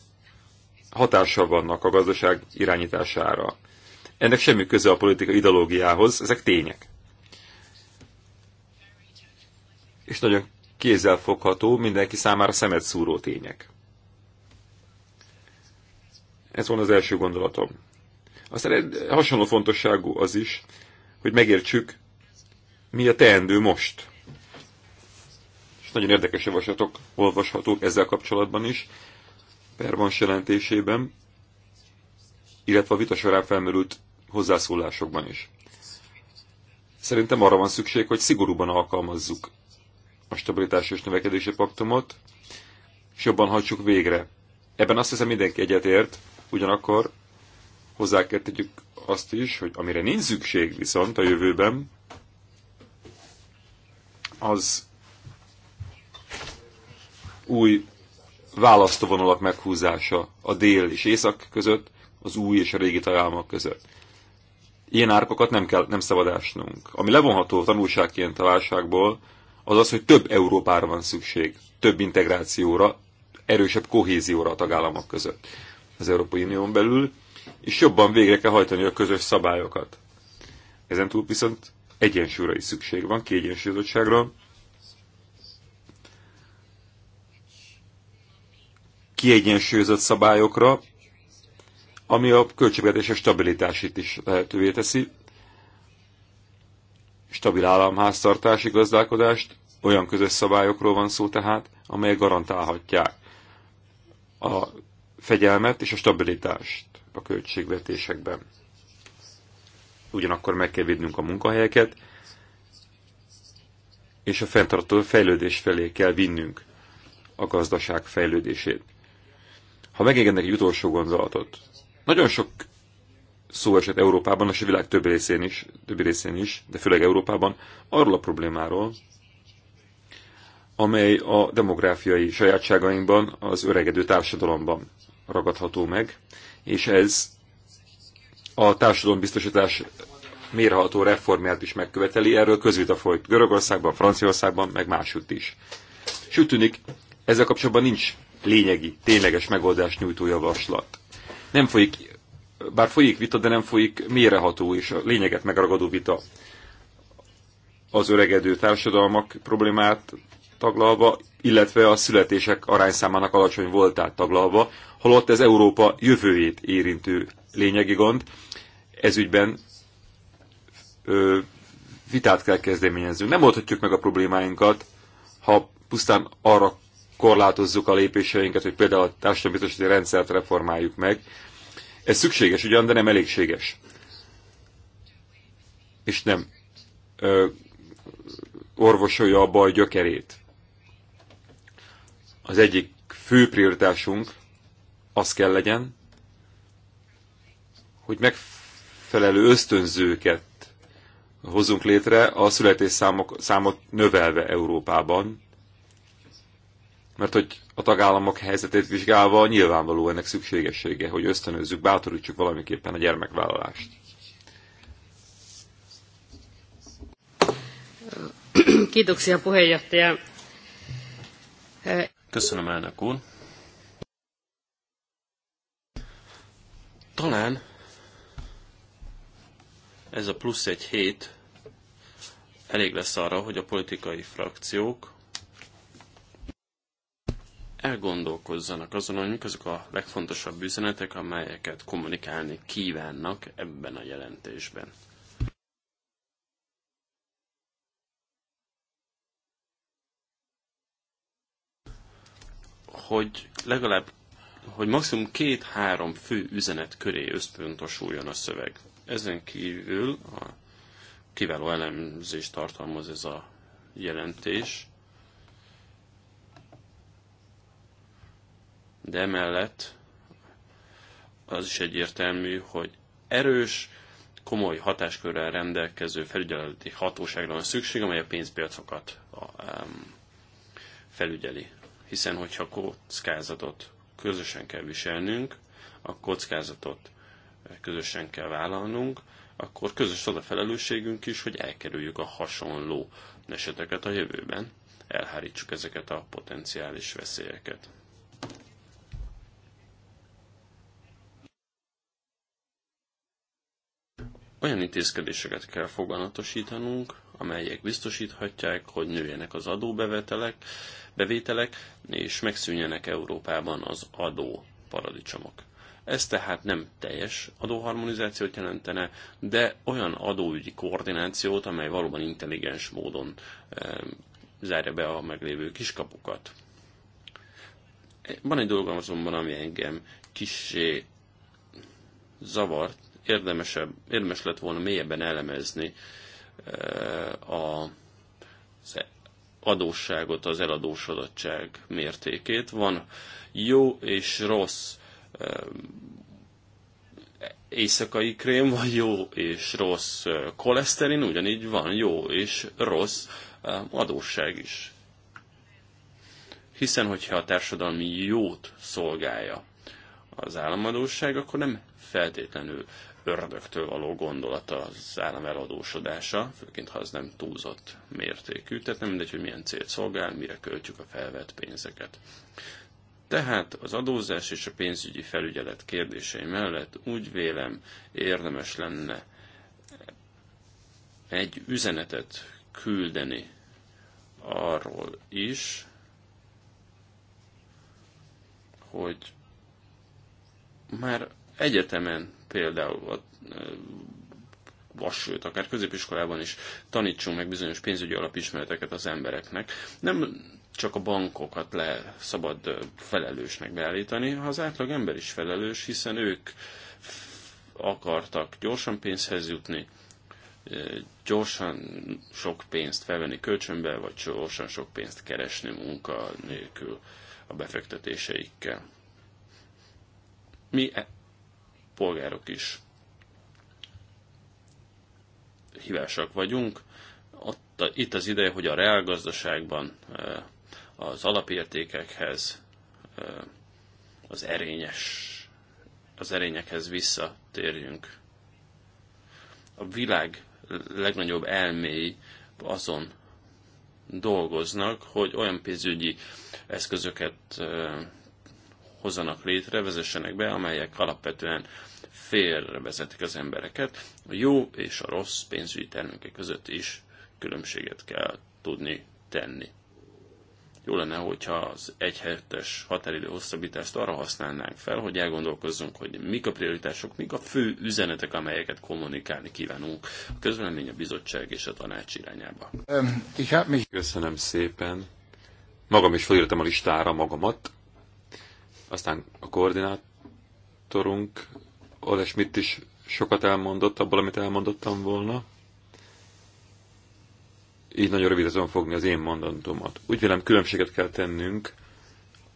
hatással vannak a gazdaság irányítására. Ennek semmi köze a politika ideológiához, ezek tények. És nagyon kézzelfogható, mindenki számára szemet szúró tények. Ez van az első gondolatom. Aztán hasonló fontosságú az is, hogy megértsük, mi a teendő most. És nagyon érdekes javaslatok olvashatók ezzel kapcsolatban is, Pervans jelentésében, illetve a vita során felmerült hozzászólásokban is. Szerintem arra van szükség, hogy szigorúban alkalmazzuk a stabilitás és növekedési paktumot, és jobban hagyjuk végre. Ebben azt hiszem mindenki egyetért, ugyanakkor hozzá kell tegyük azt is, hogy amire nincs szükség viszont a jövőben, az új választóvonalak meghúzása a dél és észak között, az új és a régi találmak között. Ilyen árkokat nem, kell, nem szabad ásnunk. Ami levonható tanulságként a válságból, az az, hogy több Európára van szükség, több integrációra, erősebb kohézióra a tagállamok között az Európai Unión belül, és jobban végre kell hajtani a közös szabályokat. Ezen túl viszont egyensúlyra is szükség van, kiegyensúlyozottságra. Kiegyensúlyozott szabályokra, ami a költségvetéses stabilitásit is lehetővé teszi, stabil államháztartási gazdálkodást, olyan közös szabályokról van szó tehát, amelyek garantálhatják a fegyelmet és a stabilitást a költségvetésekben. Ugyanakkor meg kell védnünk a munkahelyeket, és a fenntartó fejlődés felé kell vinnünk a gazdaság fejlődését. Ha megengednek egy utolsó gondolatot, nagyon sok szó esett Európában, és a világ több részén is, több részén is, de főleg Európában, arról a problémáról, amely a demográfiai sajátságainkban, az öregedő társadalomban ragadható meg, és ez a társadalombiztosítás mérható reformját is megköveteli, erről közvita folyt Görögországban, Franciaországban, meg máshogy is. És úgy tűnik, ezzel kapcsolatban nincs lényegi, tényleges megoldást nyújtó javaslat nem folyik, bár folyik vita, de nem folyik méreható és a lényeget megragadó vita az öregedő társadalmak problémát taglalva, illetve a születések arányszámának alacsony voltát taglalva, holott ez Európa jövőjét érintő lényegi gond. Ezügyben ö, vitát kell kezdeményezni. Nem oldhatjuk meg a problémáinkat, ha pusztán arra korlátozzuk a lépéseinket, hogy például a társadalombiztosítási rendszert reformáljuk meg. Ez szükséges ugyan, de nem elégséges. És nem ö, orvosolja a baj gyökerét. Az egyik fő prioritásunk az kell legyen, hogy megfelelő ösztönzőket hozunk létre a születésszámot növelve Európában, mert hogy a tagállamok helyzetét vizsgálva nyilvánvaló ennek szükségessége, hogy ösztönözzük, bátorítsuk valamiképpen a gyermekvállalást. Kiitoksia puheenjohtaja. Köszönöm elnök úr. Talán ez a plusz egy hét elég lesz arra, hogy a politikai frakciók elgondolkozzanak azon, hogy mik azok a legfontosabb üzenetek, amelyeket kommunikálni kívánnak ebben a jelentésben. Hogy legalább, hogy maximum két-három fő üzenet köré összpontosuljon a szöveg. Ezen kívül a kiváló elemzést tartalmaz ez a jelentés de emellett az is egyértelmű, hogy erős, komoly hatáskörrel rendelkező felügyeleti hatóságra van szükség, amely a pénzpiacokat felügyeli. Hiszen, hogyha kockázatot közösen kell viselnünk, a kockázatot eh, közösen kell vállalnunk, akkor közös az a felelősségünk is, hogy elkerüljük a hasonló eseteket a jövőben, elhárítsuk ezeket a potenciális veszélyeket. Olyan intézkedéseket kell foganatosítanunk, amelyek biztosíthatják, hogy nőjenek az adóbevetelek, bevételek, és megszűnjenek Európában az adó paradicsomok. Ez tehát nem teljes adóharmonizációt jelentene, de olyan adóügyi koordinációt, amely valóban intelligens módon e, zárja be a meglévő kiskapukat. Van egy dolog azonban, ami engem kissé zavart, érdemesebb, érdemes lett volna mélyebben elemezni eh, a, az adósságot, az eladósodottság mértékét. Van jó és rossz eh, éjszakai krém, van jó és rossz eh, koleszterin, ugyanígy van jó és rossz adósság is. Hiszen, hogyha a társadalmi jót szolgálja az államadóság, akkor nem feltétlenül ördögtől való gondolata az állam eladósodása, főként ha az nem túlzott mértékű, tehát nem mindegy, hogy milyen célt szolgál, mire költjük a felvett pénzeket. Tehát az adózás és a pénzügyi felügyelet kérdései mellett úgy vélem érdemes lenne egy üzenetet küldeni arról is, hogy már egyetemen például a vas, sőt, akár középiskolában is tanítsunk meg bizonyos pénzügyi alapismereteket az embereknek. Nem csak a bankokat le szabad felelősnek beállítani, ha az átlag ember is felelős, hiszen ők akartak gyorsan pénzhez jutni, gyorsan sok pénzt felvenni kölcsönbe, vagy gyorsan sok pénzt keresni munka nélkül a befektetéseikkel. Mi e- polgárok is hívásak vagyunk. Ott, itt az ideje, hogy a reálgazdaságban eh, az alapértékekhez, eh, az erényes, az erényekhez visszatérjünk. A világ legnagyobb elméi azon dolgoznak, hogy olyan pénzügyi eszközöket eh, hozzanak létre, vezessenek be, amelyek alapvetően félrevezetik az embereket. A jó és a rossz pénzügyi termékek között is különbséget kell tudni tenni. Jó lenne, hogyha az egyhetes határidő hosszabbítást arra használnánk fel, hogy elgondolkozzunk, hogy mik a prioritások, mik a fő üzenetek, amelyeket kommunikálni kívánunk a közvélemény, a bizottság és a tanács irányába. Köszönöm szépen. Magam is felírtam a listára magamat, aztán a koordinátorunk Ole is sokat elmondott abból, amit elmondottam volna. Így nagyon rövid azon fogni az én mondandómat. Úgy vélem, különbséget kell tennünk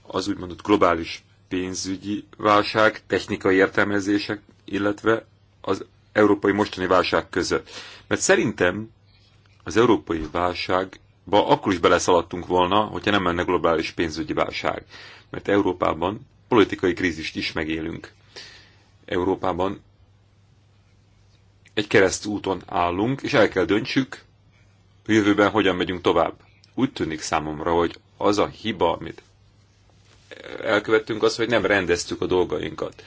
az úgymondott globális pénzügyi válság, technikai értelmezések, illetve az európai mostani válság között. Mert szerintem az európai válságba akkor is beleszaladtunk volna, hogyha nem lenne globális pénzügyi válság. Mert Európában politikai krízist is megélünk. Európában egy keresztúton állunk, és el kell döntsük, hogy jövőben hogyan megyünk tovább. Úgy tűnik számomra, hogy az a hiba, amit elkövettünk, az, hogy nem rendeztük a dolgainkat.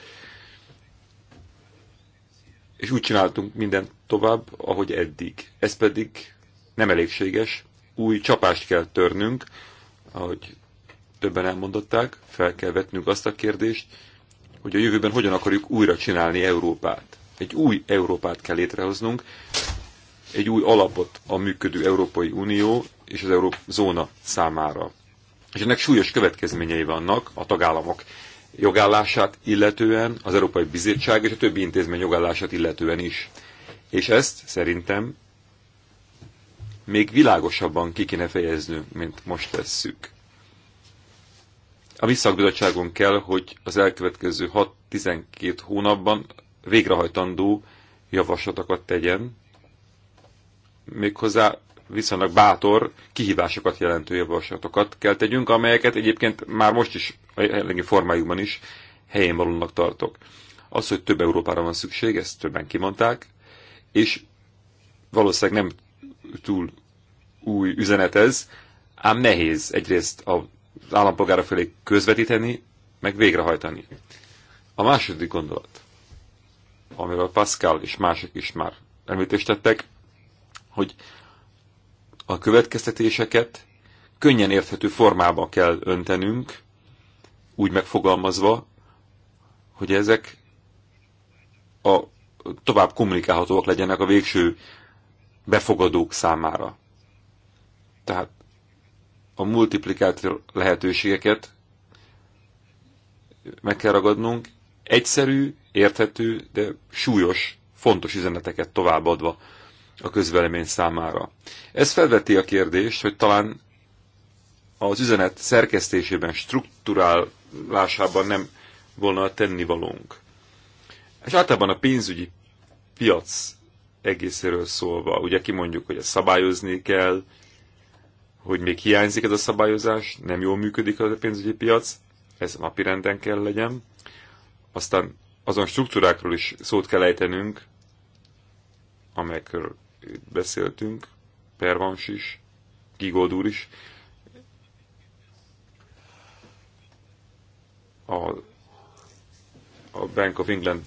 És úgy csináltunk mindent tovább, ahogy eddig. Ez pedig nem elégséges, új csapást kell törnünk, ahogy többen elmondották, fel kell vetnünk azt a kérdést, hogy a jövőben hogyan akarjuk újra csinálni Európát. Egy új Európát kell létrehoznunk, egy új alapot a működő Európai Unió és az Eurózóna számára. És ennek súlyos következményei vannak a tagállamok jogállását illetően, az Európai Bizottság és a többi intézmény jogállását illetően is. És ezt szerintem még világosabban ki kéne fejeznünk, mint most tesszük. A visszakbizottságon kell, hogy az elkövetkező 6-12 hónapban végrehajtandó javaslatokat tegyen, méghozzá viszonylag bátor, kihívásokat jelentő javaslatokat kell tegyünk, amelyeket egyébként már most is, a jelenlegi formájukban is helyén valónak tartok. Az, hogy több Európára van szükség, ezt többen kimondták, és valószínűleg nem túl új üzenet ez, ám nehéz egyrészt a az állampolgára felé közvetíteni, meg végrehajtani. A második gondolat, amiről Pascal és mások is már említést tettek, hogy a következtetéseket könnyen érthető formába kell öntenünk, úgy megfogalmazva, hogy ezek a tovább kommunikálhatóak legyenek a végső befogadók számára. Tehát a multiplikátor lehetőségeket meg kell ragadnunk, egyszerű, érthető, de súlyos, fontos üzeneteket továbbadva a közvelemény számára. Ez felveti a kérdést, hogy talán az üzenet szerkesztésében, struktúrálásában nem volna a tennivalónk. És általában a pénzügyi piac egészéről szólva, ugye kimondjuk, hogy ezt szabályozni kell, hogy még hiányzik ez a szabályozás, nem jól működik a pénzügyi piac, ez napirenden kell legyen. Aztán azon struktúrákról is szót kell ejtenünk, amelyekről beszéltünk, Pervans is, Gigold úr is. A, a Bank of England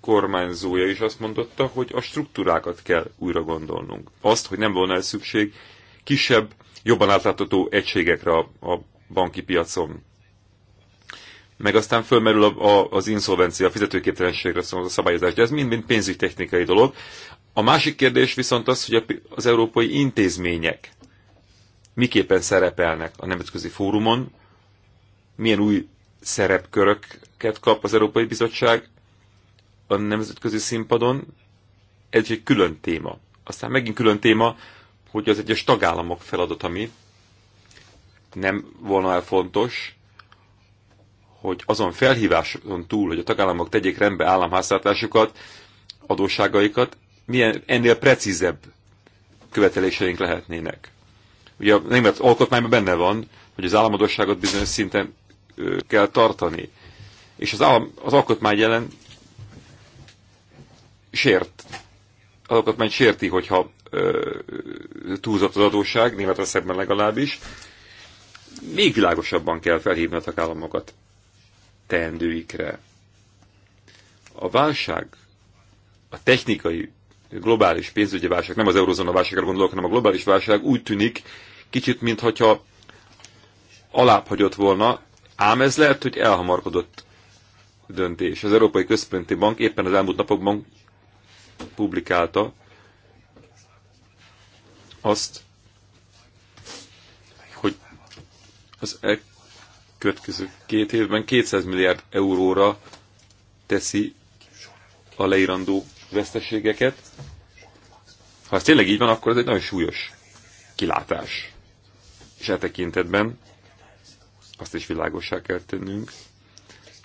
kormányzója is azt mondotta, hogy a struktúrákat kell újra gondolnunk. Azt, hogy nem volna ez szükség kisebb, jobban átlátható egységekre a, a banki piacon. Meg aztán fölmerül a, a, az inszolvencia, a fizetőképtelenségre a szabályozás, de ez mind-mind pénzügy technikai dolog. A másik kérdés viszont az, hogy az európai intézmények miképpen szerepelnek a nemzetközi fórumon, milyen új szerepköröket kap az Európai Bizottság a nemzetközi színpadon, ez egy külön téma. Aztán megint külön téma hogy az egyes tagállamok feladat, ami nem volna el fontos, hogy azon felhíváson túl, hogy a tagállamok tegyék rendbe államháztartásukat, adósságaikat, milyen ennél precízebb követeléseink lehetnének. Ugye a német alkotmányban benne van, hogy az államadóságot bizonyos szinten kell tartani. És az, állam, az alkotmány jelen sért, az alkotmány sérti, hogyha túlzott az adósság, Németországban legalábbis, még világosabban kell felhívni a tagállamokat teendőikre. A válság, a technikai, globális pénzügyi válság, nem az eurozóna válságra gondolok, hanem a globális válság úgy tűnik, kicsit, mintha alábbhagyott volna, ám ez lehet, hogy elhamarkodott döntés. Az Európai Központi Bank éppen az elmúlt napokban publikálta, azt, hogy az e következő két évben 200 milliárd euróra teszi a leírandó veszteségeket. Ha ez tényleg így van, akkor ez egy nagyon súlyos kilátás. És e tekintetben azt is világosá kell tennünk,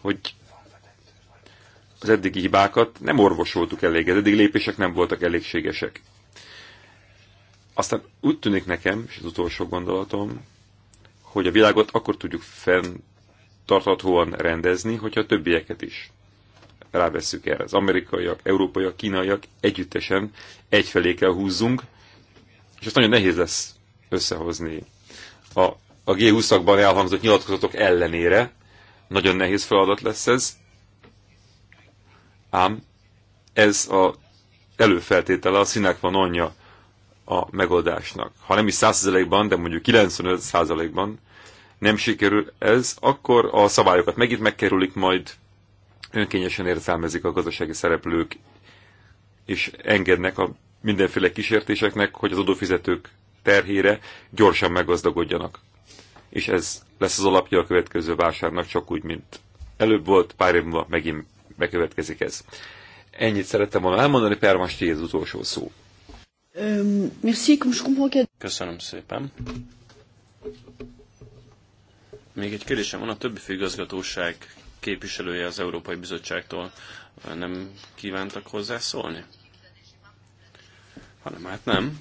hogy az eddigi hibákat nem orvosoltuk elég, az eddig lépések nem voltak elégségesek. Aztán úgy tűnik nekem, és az utolsó gondolatom, hogy a világot akkor tudjuk fenntarthatóan rendezni, hogyha a többieket is rávesszük erre. Az amerikaiak, európaiak, kínaiak együttesen egyfelé kell húzzunk, és azt nagyon nehéz lesz összehozni. A, a G20-akban elhangzott nyilatkozatok ellenére nagyon nehéz feladat lesz ez, ám ez a előfeltétele a színek van anyja a megoldásnak. Ha nem is 100%-ban, de mondjuk 95%-ban nem sikerül ez, akkor a szabályokat megint megkerülik, majd önkényesen értelmezik a gazdasági szereplők, és engednek a mindenféle kísértéseknek, hogy az adófizetők terhére gyorsan meggazdagodjanak. És ez lesz az alapja a következő vásárnak, csak úgy, mint előbb volt, pár év múlva megint bekövetkezik ez. Ennyit szerettem volna elmondani, Permasti az utolsó szó. Euh, Köszönöm szépen. Még egy kérdésem van, a többi főigazgatóság képviselője az Európai Bizottságtól nem kívántak hozzászólni? Hanem hát nem.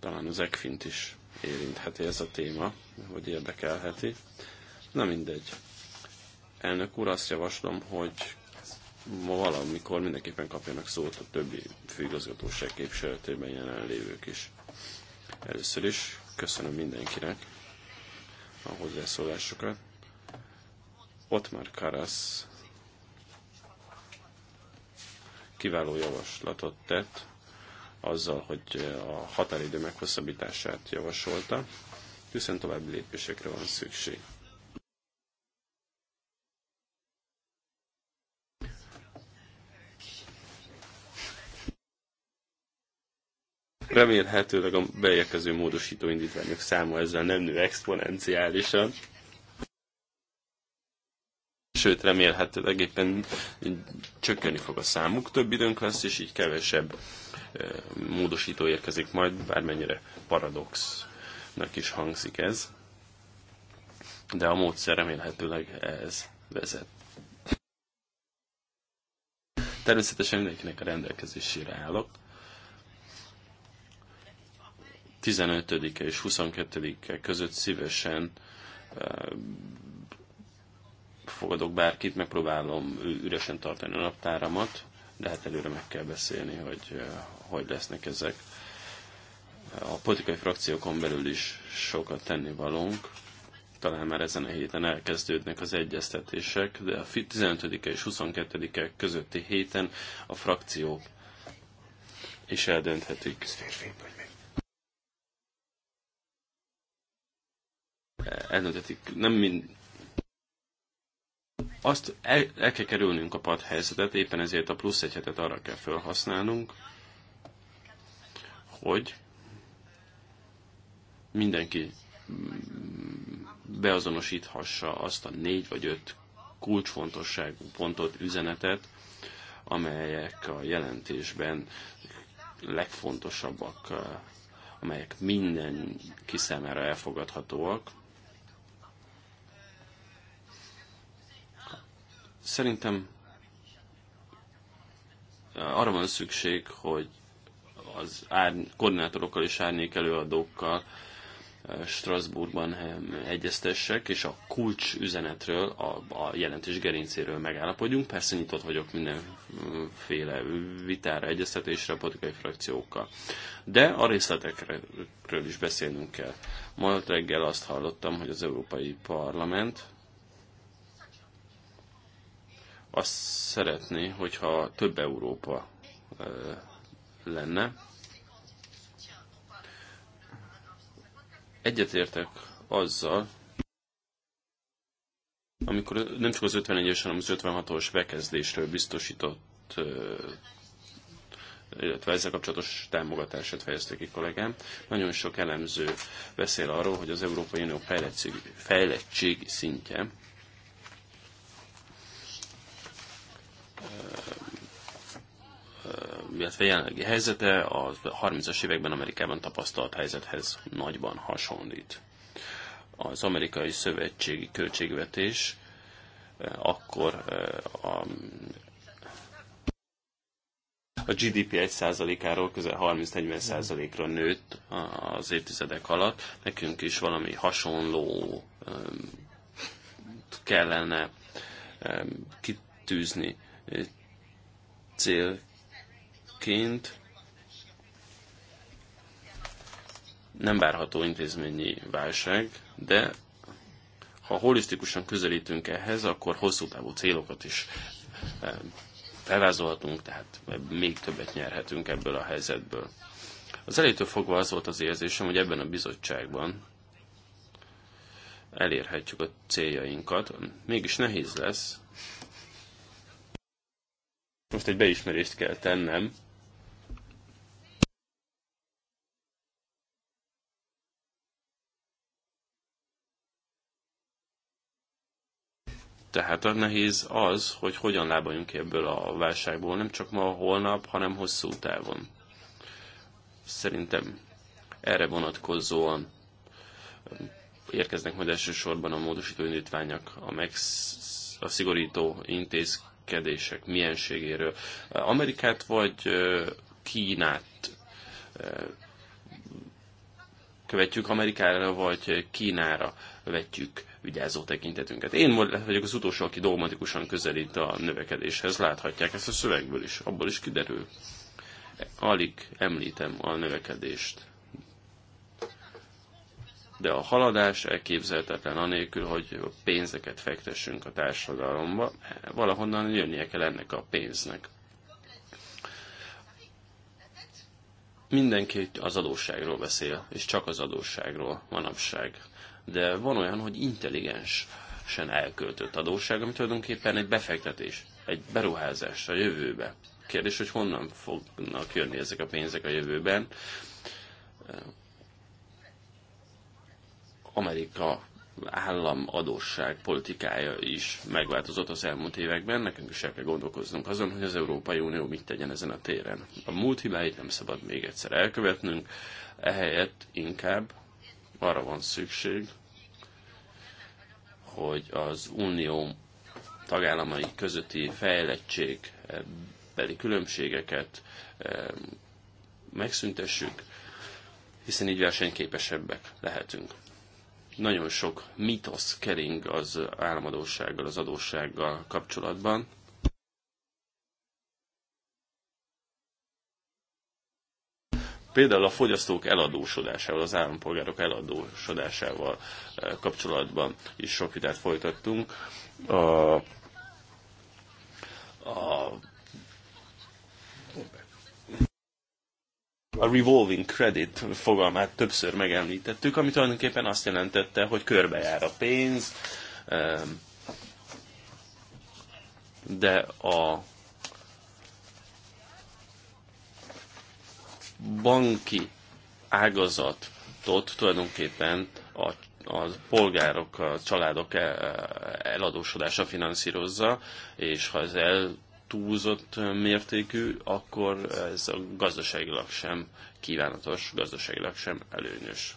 Talán az ECFINT is érintheti ez a téma, hogy érdekelheti. Na mindegy. Elnök úr, azt javaslom, hogy ma valamikor mindenképpen kapjanak szót a többi főigazgatóság képviseletében jelenlévők is. Először is köszönöm mindenkinek a hozzászólásokat. Ott már Karasz kiváló javaslatot tett azzal, hogy a határidő meghosszabbítását javasolta, hiszen további lépésekre van szükség. Remélhetőleg a beérkező módosító indítványok száma ezzel nem nő exponenciálisan. Sőt, remélhetőleg éppen csökkenni fog a számuk, több időnk lesz, és így kevesebb eh, módosító érkezik majd, bármennyire paradoxnak is hangzik ez. De a módszer remélhetőleg ez vezet. Természetesen mindenkinek a rendelkezésére állok. 15-e és 22-e között szívesen fogadok bárkit, megpróbálom üresen tartani a naptáramat, de hát előre meg kell beszélni, hogy hogy lesznek ezek. A politikai frakciókon belül is sokat valunk. talán már ezen a héten elkezdődnek az egyeztetések, de a 15-e és 22-e közötti héten a frakciók is eldönthetik. Ez férfi, vagy elnöntetik. Nem mind... Azt el, el kell kerülnünk a helyzetet, éppen ezért a plusz egy hetet arra kell felhasználnunk, hogy mindenki mm, beazonosíthassa azt a négy vagy öt kulcsfontosságú pontot, üzenetet, amelyek a jelentésben legfontosabbak, eh, amelyek mindenki számára elfogadhatóak. Szerintem arra van szükség, hogy az ár, koordinátorokkal és árnyék előadókkal Strasbourgban egyeztessek, és a kulcs üzenetről, a, a jelentés gerincéről megállapodjunk. Persze nyitott vagyok mindenféle vitára, egyeztetésre politikai frakciókkal. De a részletekről is beszélnünk kell. Ma reggel azt hallottam, hogy az Európai Parlament azt szeretné, hogyha több Európa lenne. Egyetértek azzal, amikor nem csak az 51-es, hanem az 56-os bekezdésről biztosított, illetve ezzel kapcsolatos támogatását fejezte ki kollégám. Nagyon sok elemző beszél arról, hogy az Európai Unió fejlettség, fejlettség szintje illetve jelenlegi helyzete a 30-as években Amerikában tapasztalt helyzethez nagyban hasonlít. Az amerikai szövetségi költségvetés akkor a a GDP 1%-áról közel 30-40%-ra nőtt az évtizedek alatt. Nekünk is valami hasonló kellene kitűzni célként nem várható intézményi válság, de ha holisztikusan közelítünk ehhez, akkor hosszú távú célokat is eh, felvázolhatunk, tehát még többet nyerhetünk ebből a helyzetből. Az elétől fogva az volt az érzésem, hogy ebben a bizottságban elérhetjük a céljainkat. Mégis nehéz lesz, most egy beismerést kell tennem. Tehát a nehéz az, hogy hogyan lábaljunk ki ebből a válságból, nem csak ma, holnap, hanem hosszú távon. Szerintem erre vonatkozóan um, érkeznek majd elsősorban a módosító indítványok, a, megsz- a szigorító intézkedések, viselkedések mienségéről. Amerikát vagy Kínát követjük Amerikára, vagy Kínára vetjük vigyázó tekintetünket. Én vagyok az utolsó, aki dogmatikusan közelít a növekedéshez, láthatják ezt a szövegből is, abból is kiderül. Alig említem a növekedést de a haladás elképzelhetetlen anélkül, hogy pénzeket fektessünk a társadalomba, valahonnan jönnie kell ennek a pénznek. Mindenki az adósságról beszél, és csak az adósságról manapság. De van olyan, hogy intelligensen elköltött adósság, ami tulajdonképpen egy befektetés, egy beruházás a jövőbe. Kérdés, hogy honnan fognak jönni ezek a pénzek a jövőben Amerika adósság politikája is megváltozott az elmúlt években, nekünk is el kell gondolkoznunk azon, hogy az Európai Unió mit tegyen ezen a téren. A múlt hibáit nem szabad még egyszer elkövetnünk, ehelyett inkább arra van szükség, hogy az unió tagállamai közötti eh, beli különbségeket eh, megszüntessük, hiszen így versenyképesebbek lehetünk. Nagyon sok mitosz kering az államadósággal, az adóssággal kapcsolatban. Például a fogyasztók eladósodásával, az állampolgárok eladósodásával eh, kapcsolatban is sok vitát folytattunk. A, a a revolving credit fogalmát többször megemlítettük, ami tulajdonképpen azt jelentette, hogy körbejár a pénz, de a banki ágazatot tulajdonképpen a, a polgárok, a családok e, e, eladósodása finanszírozza, és ha ez el túlzott mértékű, akkor ez a gazdaságilag sem kívánatos, gazdaságilag sem előnyös.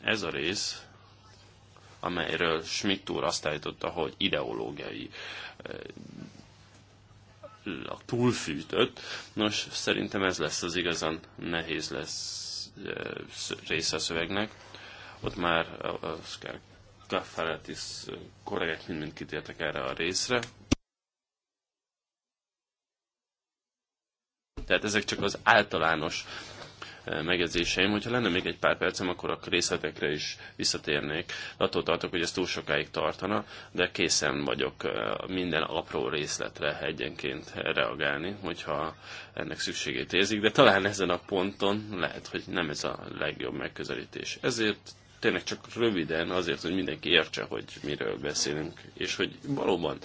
Ez a rész, amelyről Schmidt úr azt állította, hogy ideológiai a túlfűtött. Nos, szerintem ez lesz az igazán nehéz lesz része a szövegnek. Ott már Oscar Kaffaretis kollégák mind-mind kitértek erre a részre. Tehát ezek csak az általános megjegyzéseim. Hogyha lenne még egy pár percem, akkor a részletekre is visszatérnék. Attól tartok, hogy ez túl sokáig tartana, de készen vagyok minden apró részletre egyenként reagálni, hogyha ennek szükségét érzik, de talán ezen a ponton lehet, hogy nem ez a legjobb megközelítés. Ezért tényleg csak röviden, azért, hogy mindenki értse, hogy miről beszélünk, és hogy valóban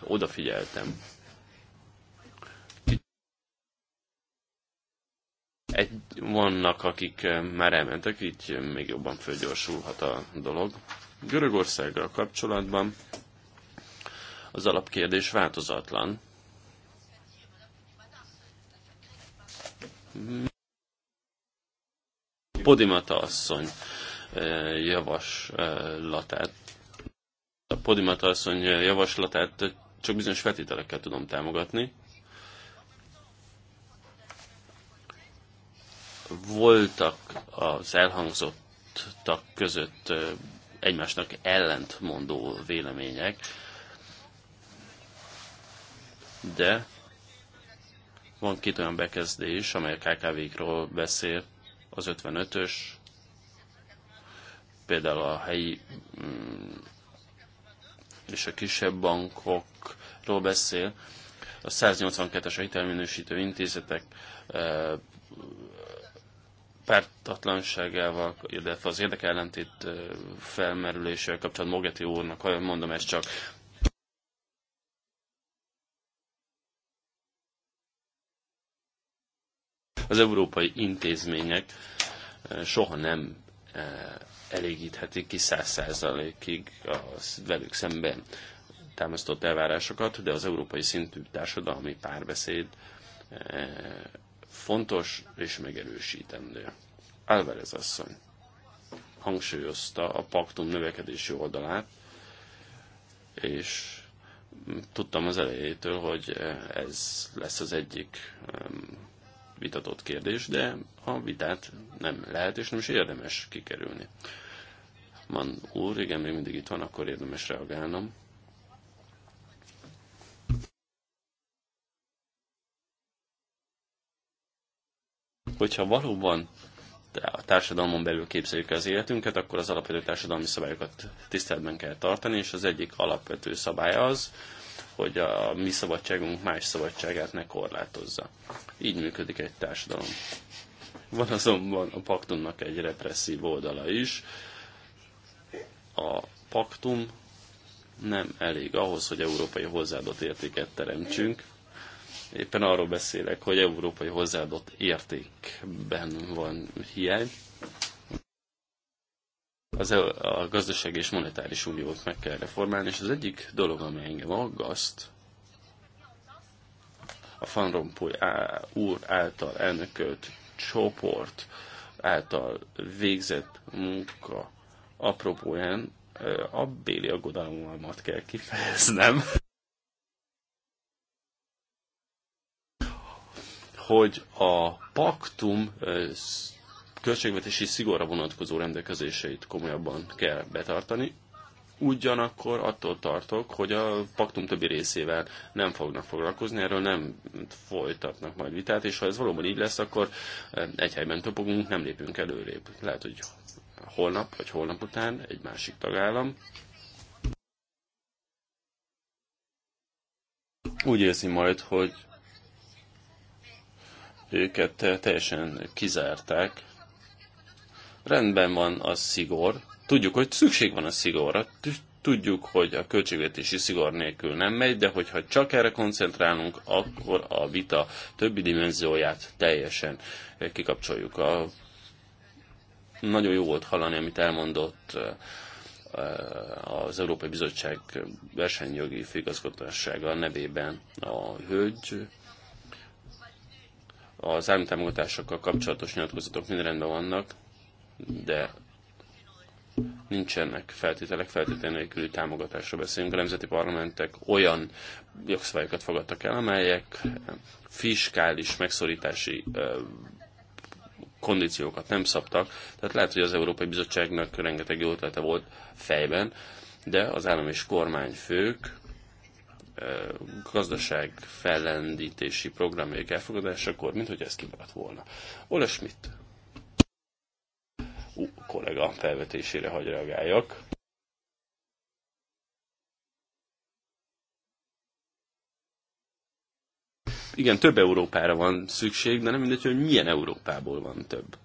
odafigyeltem Egy, vannak, akik eh, már elmentek, így még jobban fölgyorsulhat a dolog. Görögországgal kapcsolatban az alapkérdés változatlan. Podimata asszony eh, javaslatát. A Podimata asszony javaslatát csak bizonyos feltételekkel tudom támogatni. voltak az elhangzottak között egymásnak ellentmondó vélemények, de van két olyan bekezdés, amely a KKV-król beszél, az 55-ös, például a helyi mm, és a kisebb bankokról beszél, a 182-es a hitelminősítő intézetek pártatlanságával, illetve az érdekellentét felmerülésével kapcsolatban Mogeti úrnak, ha mondom ez csak, az európai intézmények soha nem elégíthetik ki száz százalékig a velük szemben támasztott elvárásokat, de az európai szintű társadalmi párbeszéd fontos és megerősítendő. Álvarez asszony hangsúlyozta a paktum növekedési oldalát, és tudtam az elejétől, hogy ez lesz az egyik vitatott kérdés, de a vitát nem lehet és nem is érdemes kikerülni. Man úr, igen, még mindig itt van, akkor érdemes reagálnom. hogyha valóban a társadalmon belül képzeljük az életünket, akkor az alapvető társadalmi szabályokat tiszteletben kell tartani, és az egyik alapvető szabály az, hogy a mi szabadságunk más szabadságát ne korlátozza. Így működik egy társadalom. Van azonban a paktumnak egy represszív oldala is. A paktum nem elég ahhoz, hogy európai hozzáadott értéket teremtsünk, Éppen arról beszélek, hogy európai hozzáadott értékben van hiány. Az e- a gazdasági és monetáris uniót meg kell reformálni, és az egyik dolog, ami engem aggaszt, a Van Rompuy úr által elnökölt csoport által végzett munka apropóján abbéli aggodalmamat kell kifejeznem. hogy a paktum költségvetési szigorra vonatkozó rendelkezéseit komolyabban kell betartani, ugyanakkor attól tartok, hogy a paktum többi részével nem fognak foglalkozni, erről nem folytatnak majd vitát, és ha ez valóban így lesz, akkor egy helyben topogunk, nem lépünk előrébb. Lehet, hogy holnap vagy holnap után egy másik tagállam úgy érzi majd, hogy őket eh, teljesen kizárták. Rendben van a szigor, tudjuk, hogy szükség van a szigorra, tudjuk, hogy a költségvetési szigor nélkül nem megy, de hogyha csak erre koncentrálunk, akkor a vita többi dimenzióját teljesen eh, kikapcsoljuk. A... Nagyon jó volt hallani, amit elmondott eh, az Európai Bizottság versenyjogi főigazgatósága nevében a hölgy, az állami támogatásokkal kapcsolatos nyilatkozatok minden rendben vannak, de nincsenek feltételek, feltétel nélküli támogatásra beszélünk. A nemzeti parlamentek olyan jogszabályokat fogadtak el, amelyek fiskális megszorítási kondíciókat nem szabtak, tehát lehet, hogy az Európai Bizottságnak rengeteg jó ötlete volt fejben, de az állam és kormányfők gazdaság fellendítési programjaik elfogadásakor, mint hogy ez kimaradt volna. Ola Schmidt uh, kollega felvetésére hagy reagáljak. Igen, több Európára van szükség, de nem mindegy, hogy milyen Európából van több.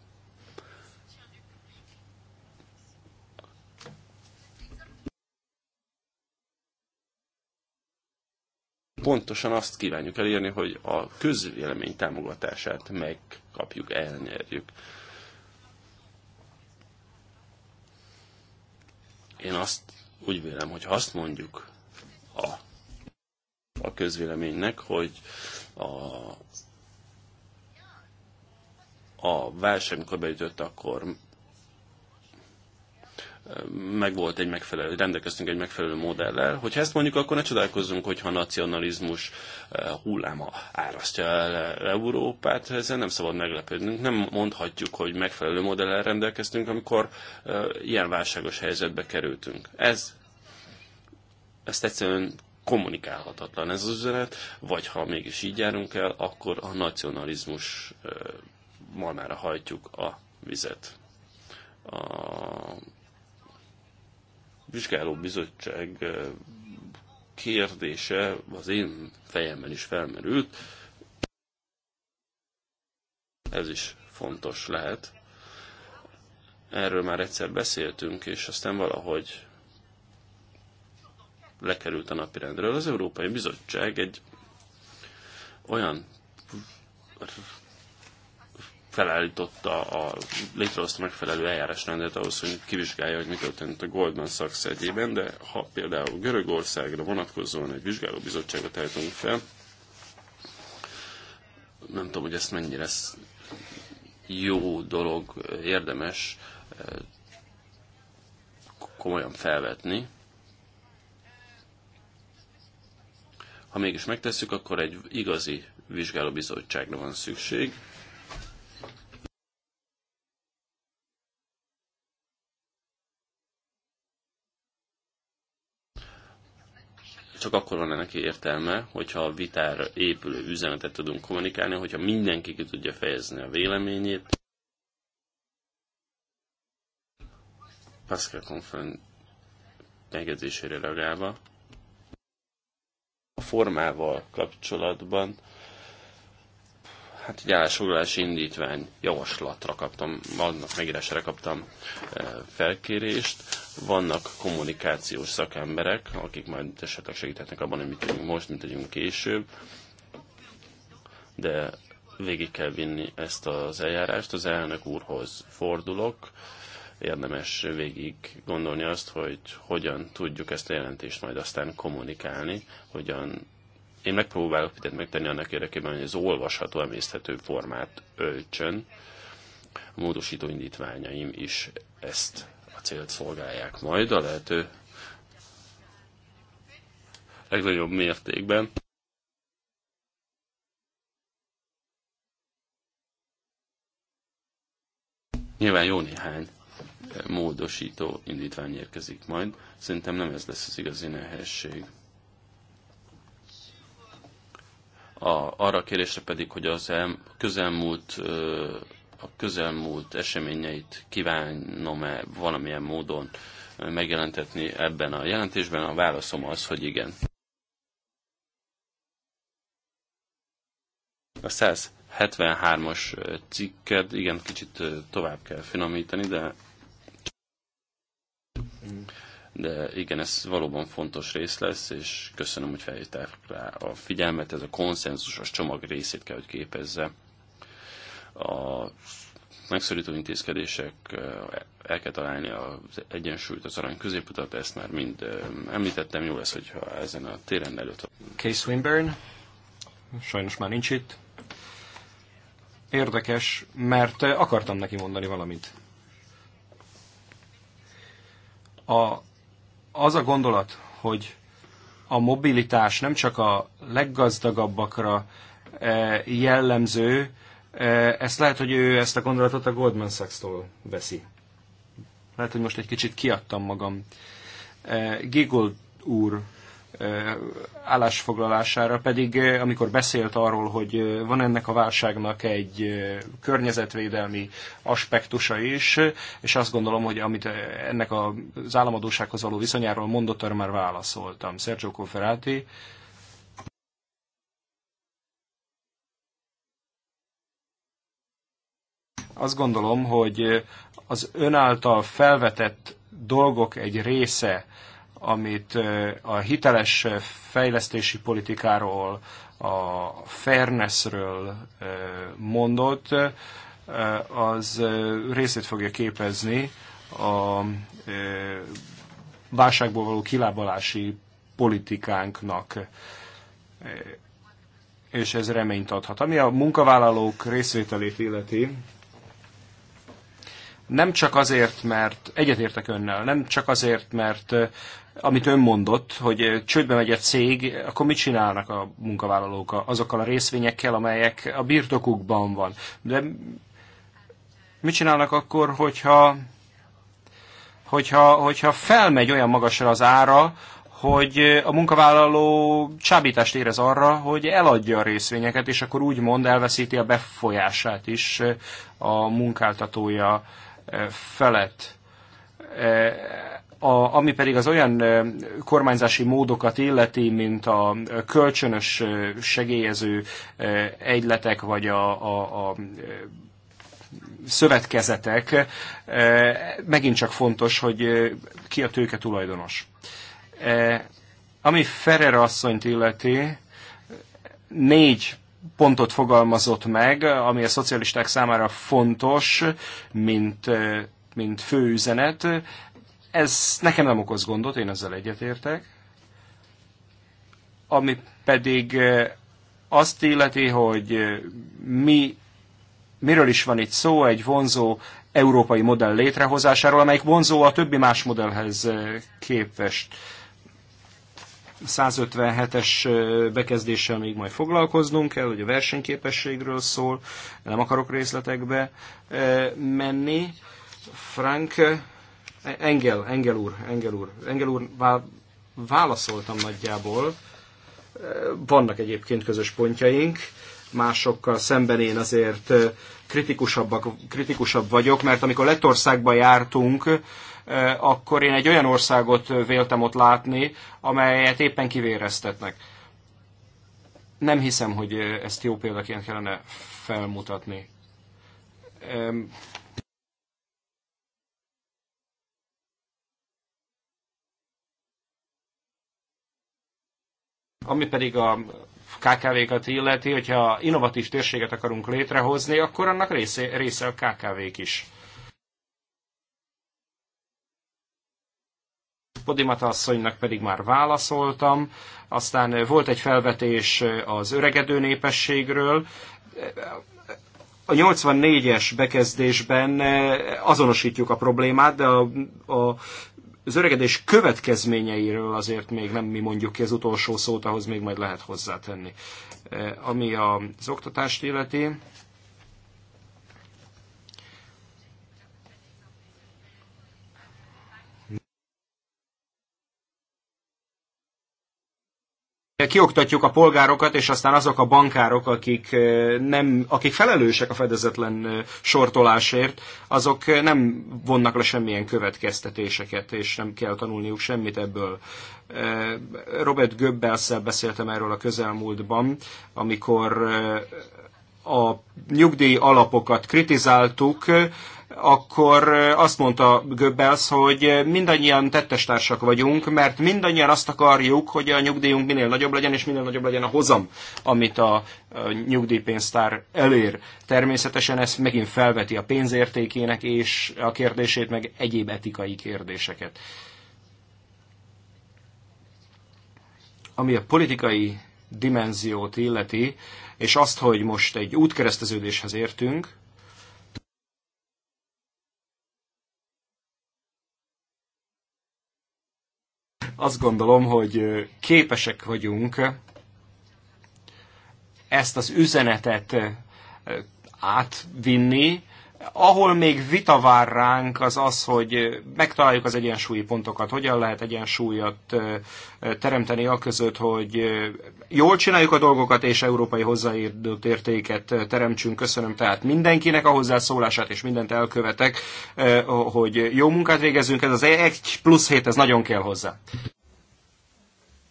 Pontosan azt kívánjuk elérni, hogy a közvélemény támogatását megkapjuk, elnyerjük. Én azt úgy vélem, hogy ha azt mondjuk a, a közvéleménynek, hogy a, a válság, amikor beütött, akkor meg volt egy megfelelő, rendelkeztünk egy megfelelő modellel. Hogyha ezt mondjuk, akkor ne csodálkozzunk, hogyha a nacionalizmus eh, hulláma árasztja el Európát, ezzel nem szabad meglepődnünk. Nem mondhatjuk, hogy megfelelő modellel rendelkeztünk, amikor eh, ilyen válságos helyzetbe kerültünk. Ez, ezt egyszerűen kommunikálhatatlan ez az üzenet, vagy ha mégis így járunk el, akkor a nacionalizmus eh, malmára hajtjuk a vizet. A vizsgáló bizottság kérdése az én fejemben is felmerült. Ez is fontos lehet. Erről már egyszer beszéltünk, és aztán valahogy lekerült a napirendről. Az Európai Bizottság egy olyan felállította, a, létrehozta megfelelő eljárásrendet ahhoz, hogy kivizsgálja, hogy mi történt a Goldman Sachs egyében, de ha például Görögországra vonatkozóan egy vizsgálóbizottságot állítunk fel, nem tudom, hogy ezt mennyire ez jó dolog, érdemes e, komolyan felvetni. Ha mégis megtesszük, akkor egy igazi vizsgálóbizottságra van szükség, csak akkor van ennek értelme, hogyha a vitára épülő üzenetet tudunk kommunikálni, hogyha mindenki ki tudja fejezni a véleményét. Pascal Confront megjegyzésére reagálva, a formával kapcsolatban hát egy állásfoglalási indítvány javaslatra kaptam, annak megírására kaptam e, felkérést. Vannak kommunikációs szakemberek, akik majd esetleg segíthetnek abban, hogy mit tudjunk most, mit tudjunk később, de végig kell vinni ezt az eljárást. Az elnök úrhoz fordulok, érdemes végig gondolni azt, hogy hogyan tudjuk ezt a jelentést majd aztán kommunikálni, hogyan én megpróbálok mindent megtenni annak érdekében, hogy az olvasható, emészthető formát öltsön. A módosító indítványaim is ezt a célt szolgálják majd a lehető legnagyobb mértékben. Nyilván jó néhány módosító indítvány érkezik majd. Szerintem nem ez lesz az igazi nehézség. a, arra a kérésre pedig, hogy az el, közelmúlt, a közelmúlt eseményeit kívánom-e valamilyen módon megjelentetni ebben a jelentésben, a válaszom az, hogy igen. A 173-as cikket, igen, kicsit tovább kell finomítani, de de igen, ez valóban fontos rész lesz, és köszönöm, hogy felhívták rá a figyelmet, ez a konszenzusos csomag részét kell, hogy képezze. A megszorító intézkedések, el kell találni az egyensúlyt, az arany középutat, ezt már mind említettem, jó lesz, hogyha ezen a téren előtt. Case Swinburne, sajnos már nincs itt. Érdekes, mert akartam neki mondani valamit. A az a gondolat, hogy a mobilitás nem csak a leggazdagabbakra e, jellemző, e, ezt lehet, hogy ő ezt a gondolatot a Goldman Sachs-tól veszi. Lehet, hogy most egy kicsit kiadtam magam. E, Giggold úr állásfoglalására, pedig amikor beszélt arról, hogy van ennek a válságnak egy környezetvédelmi aspektusa is, és azt gondolom, hogy amit ennek az államadósághoz való viszonyáról mondott, arra már válaszoltam. Sergio Conferati. Azt gondolom, hogy az önáltal felvetett dolgok egy része, amit a hiteles fejlesztési politikáról, a fairnessről mondott, az részét fogja képezni a válságból való kilábalási politikánknak, és ez reményt adhat. Ami a munkavállalók részvételét illeti, nem csak azért, mert egyetértek önnel, nem csak azért, mert amit ön mondott, hogy csődbe megy a cég, akkor mit csinálnak a munkavállalók azokkal a részvényekkel, amelyek a birtokukban van? De mit csinálnak akkor, hogyha, hogyha, hogyha felmegy olyan magasra az ára, hogy a munkavállaló csábítást érez arra, hogy eladja a részvényeket, és akkor úgymond elveszíti a befolyását is a munkáltatója felett. E, a, ami pedig az olyan e, kormányzási módokat illeti, mint a kölcsönös e, segélyező egyletek, vagy a, a, a szövetkezetek, megint csak fontos, hogy ki a tőke tulajdonos. Ami Ferrer asszonyt illeti, négy pontot fogalmazott meg, ami a szocialisták számára fontos, mint, mint fő üzenet. Ez nekem nem okoz gondot, én ezzel egyetértek. Ami pedig azt illeti, hogy mi, miről is van itt szó, egy vonzó európai modell létrehozásáról, amelyik vonzó a többi más modellhez képest 157-es bekezdéssel még majd foglalkoznunk kell, hogy a versenyképességről szól, nem akarok részletekbe menni. Frank, Engel, Engel úr, Engel úr, Engel úr, válaszoltam nagyjából. Vannak egyébként közös pontjaink, másokkal szemben én azért kritikusabbak, kritikusabb vagyok, mert amikor Lettországba jártunk, Eh, akkor én egy olyan országot eh, véltem ott látni, amelyet éppen kivéreztetnek. Nem hiszem, hogy eh, ezt jó példaként kellene felmutatni. Ami pedig a KKV-kat illeti, hogyha innovatív térséget akarunk létrehozni, akkor annak része, része a KKV-k is. Podimata asszonynak pedig már válaszoltam. Aztán eh, volt egy felvetés eh, az öregedő népességről. A 84-es bekezdésben eh, azonosítjuk a problémát, de a, a az öregedés következményeiről azért még nem mi mondjuk ki az utolsó szót, ahhoz még majd lehet hozzátenni. Ami az oktatást illeti, kioktatjuk a polgárokat, és aztán azok a bankárok, akik, nem, akik felelősek a fedezetlen sortolásért, azok nem vonnak le semmilyen következtetéseket, és nem kell tanulniuk semmit ebből. Robert Göbbelszel beszéltem erről a közelmúltban, amikor a nyugdíj alapokat kritizáltuk, akkor azt mondta Goebbels, hogy mindannyian tettestársak vagyunk, mert mindannyian azt akarjuk, hogy a nyugdíjunk minél nagyobb legyen, és minél nagyobb legyen a hozam, amit a nyugdíjpénztár elér. Természetesen ez megint felveti a pénzértékének és a kérdését, meg egyéb etikai kérdéseket. Ami a politikai dimenziót illeti, és azt, hogy most egy útkereszteződéshez értünk, Azt gondolom, hogy képesek vagyunk ezt az üzenetet átvinni, ahol még vita vár ránk, az az, hogy megtaláljuk az egyensúlyi pontokat, hogyan lehet egyensúlyat teremteni a között, hogy jól csináljuk a dolgokat, és európai hozzáadott értéket teremtsünk. Köszönöm tehát mindenkinek a hozzászólását, és mindent elkövetek, hogy jó munkát végezzünk. Ez az egy plusz hét, ez nagyon kell hozzá.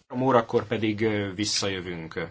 A órakor pedig visszajövünk.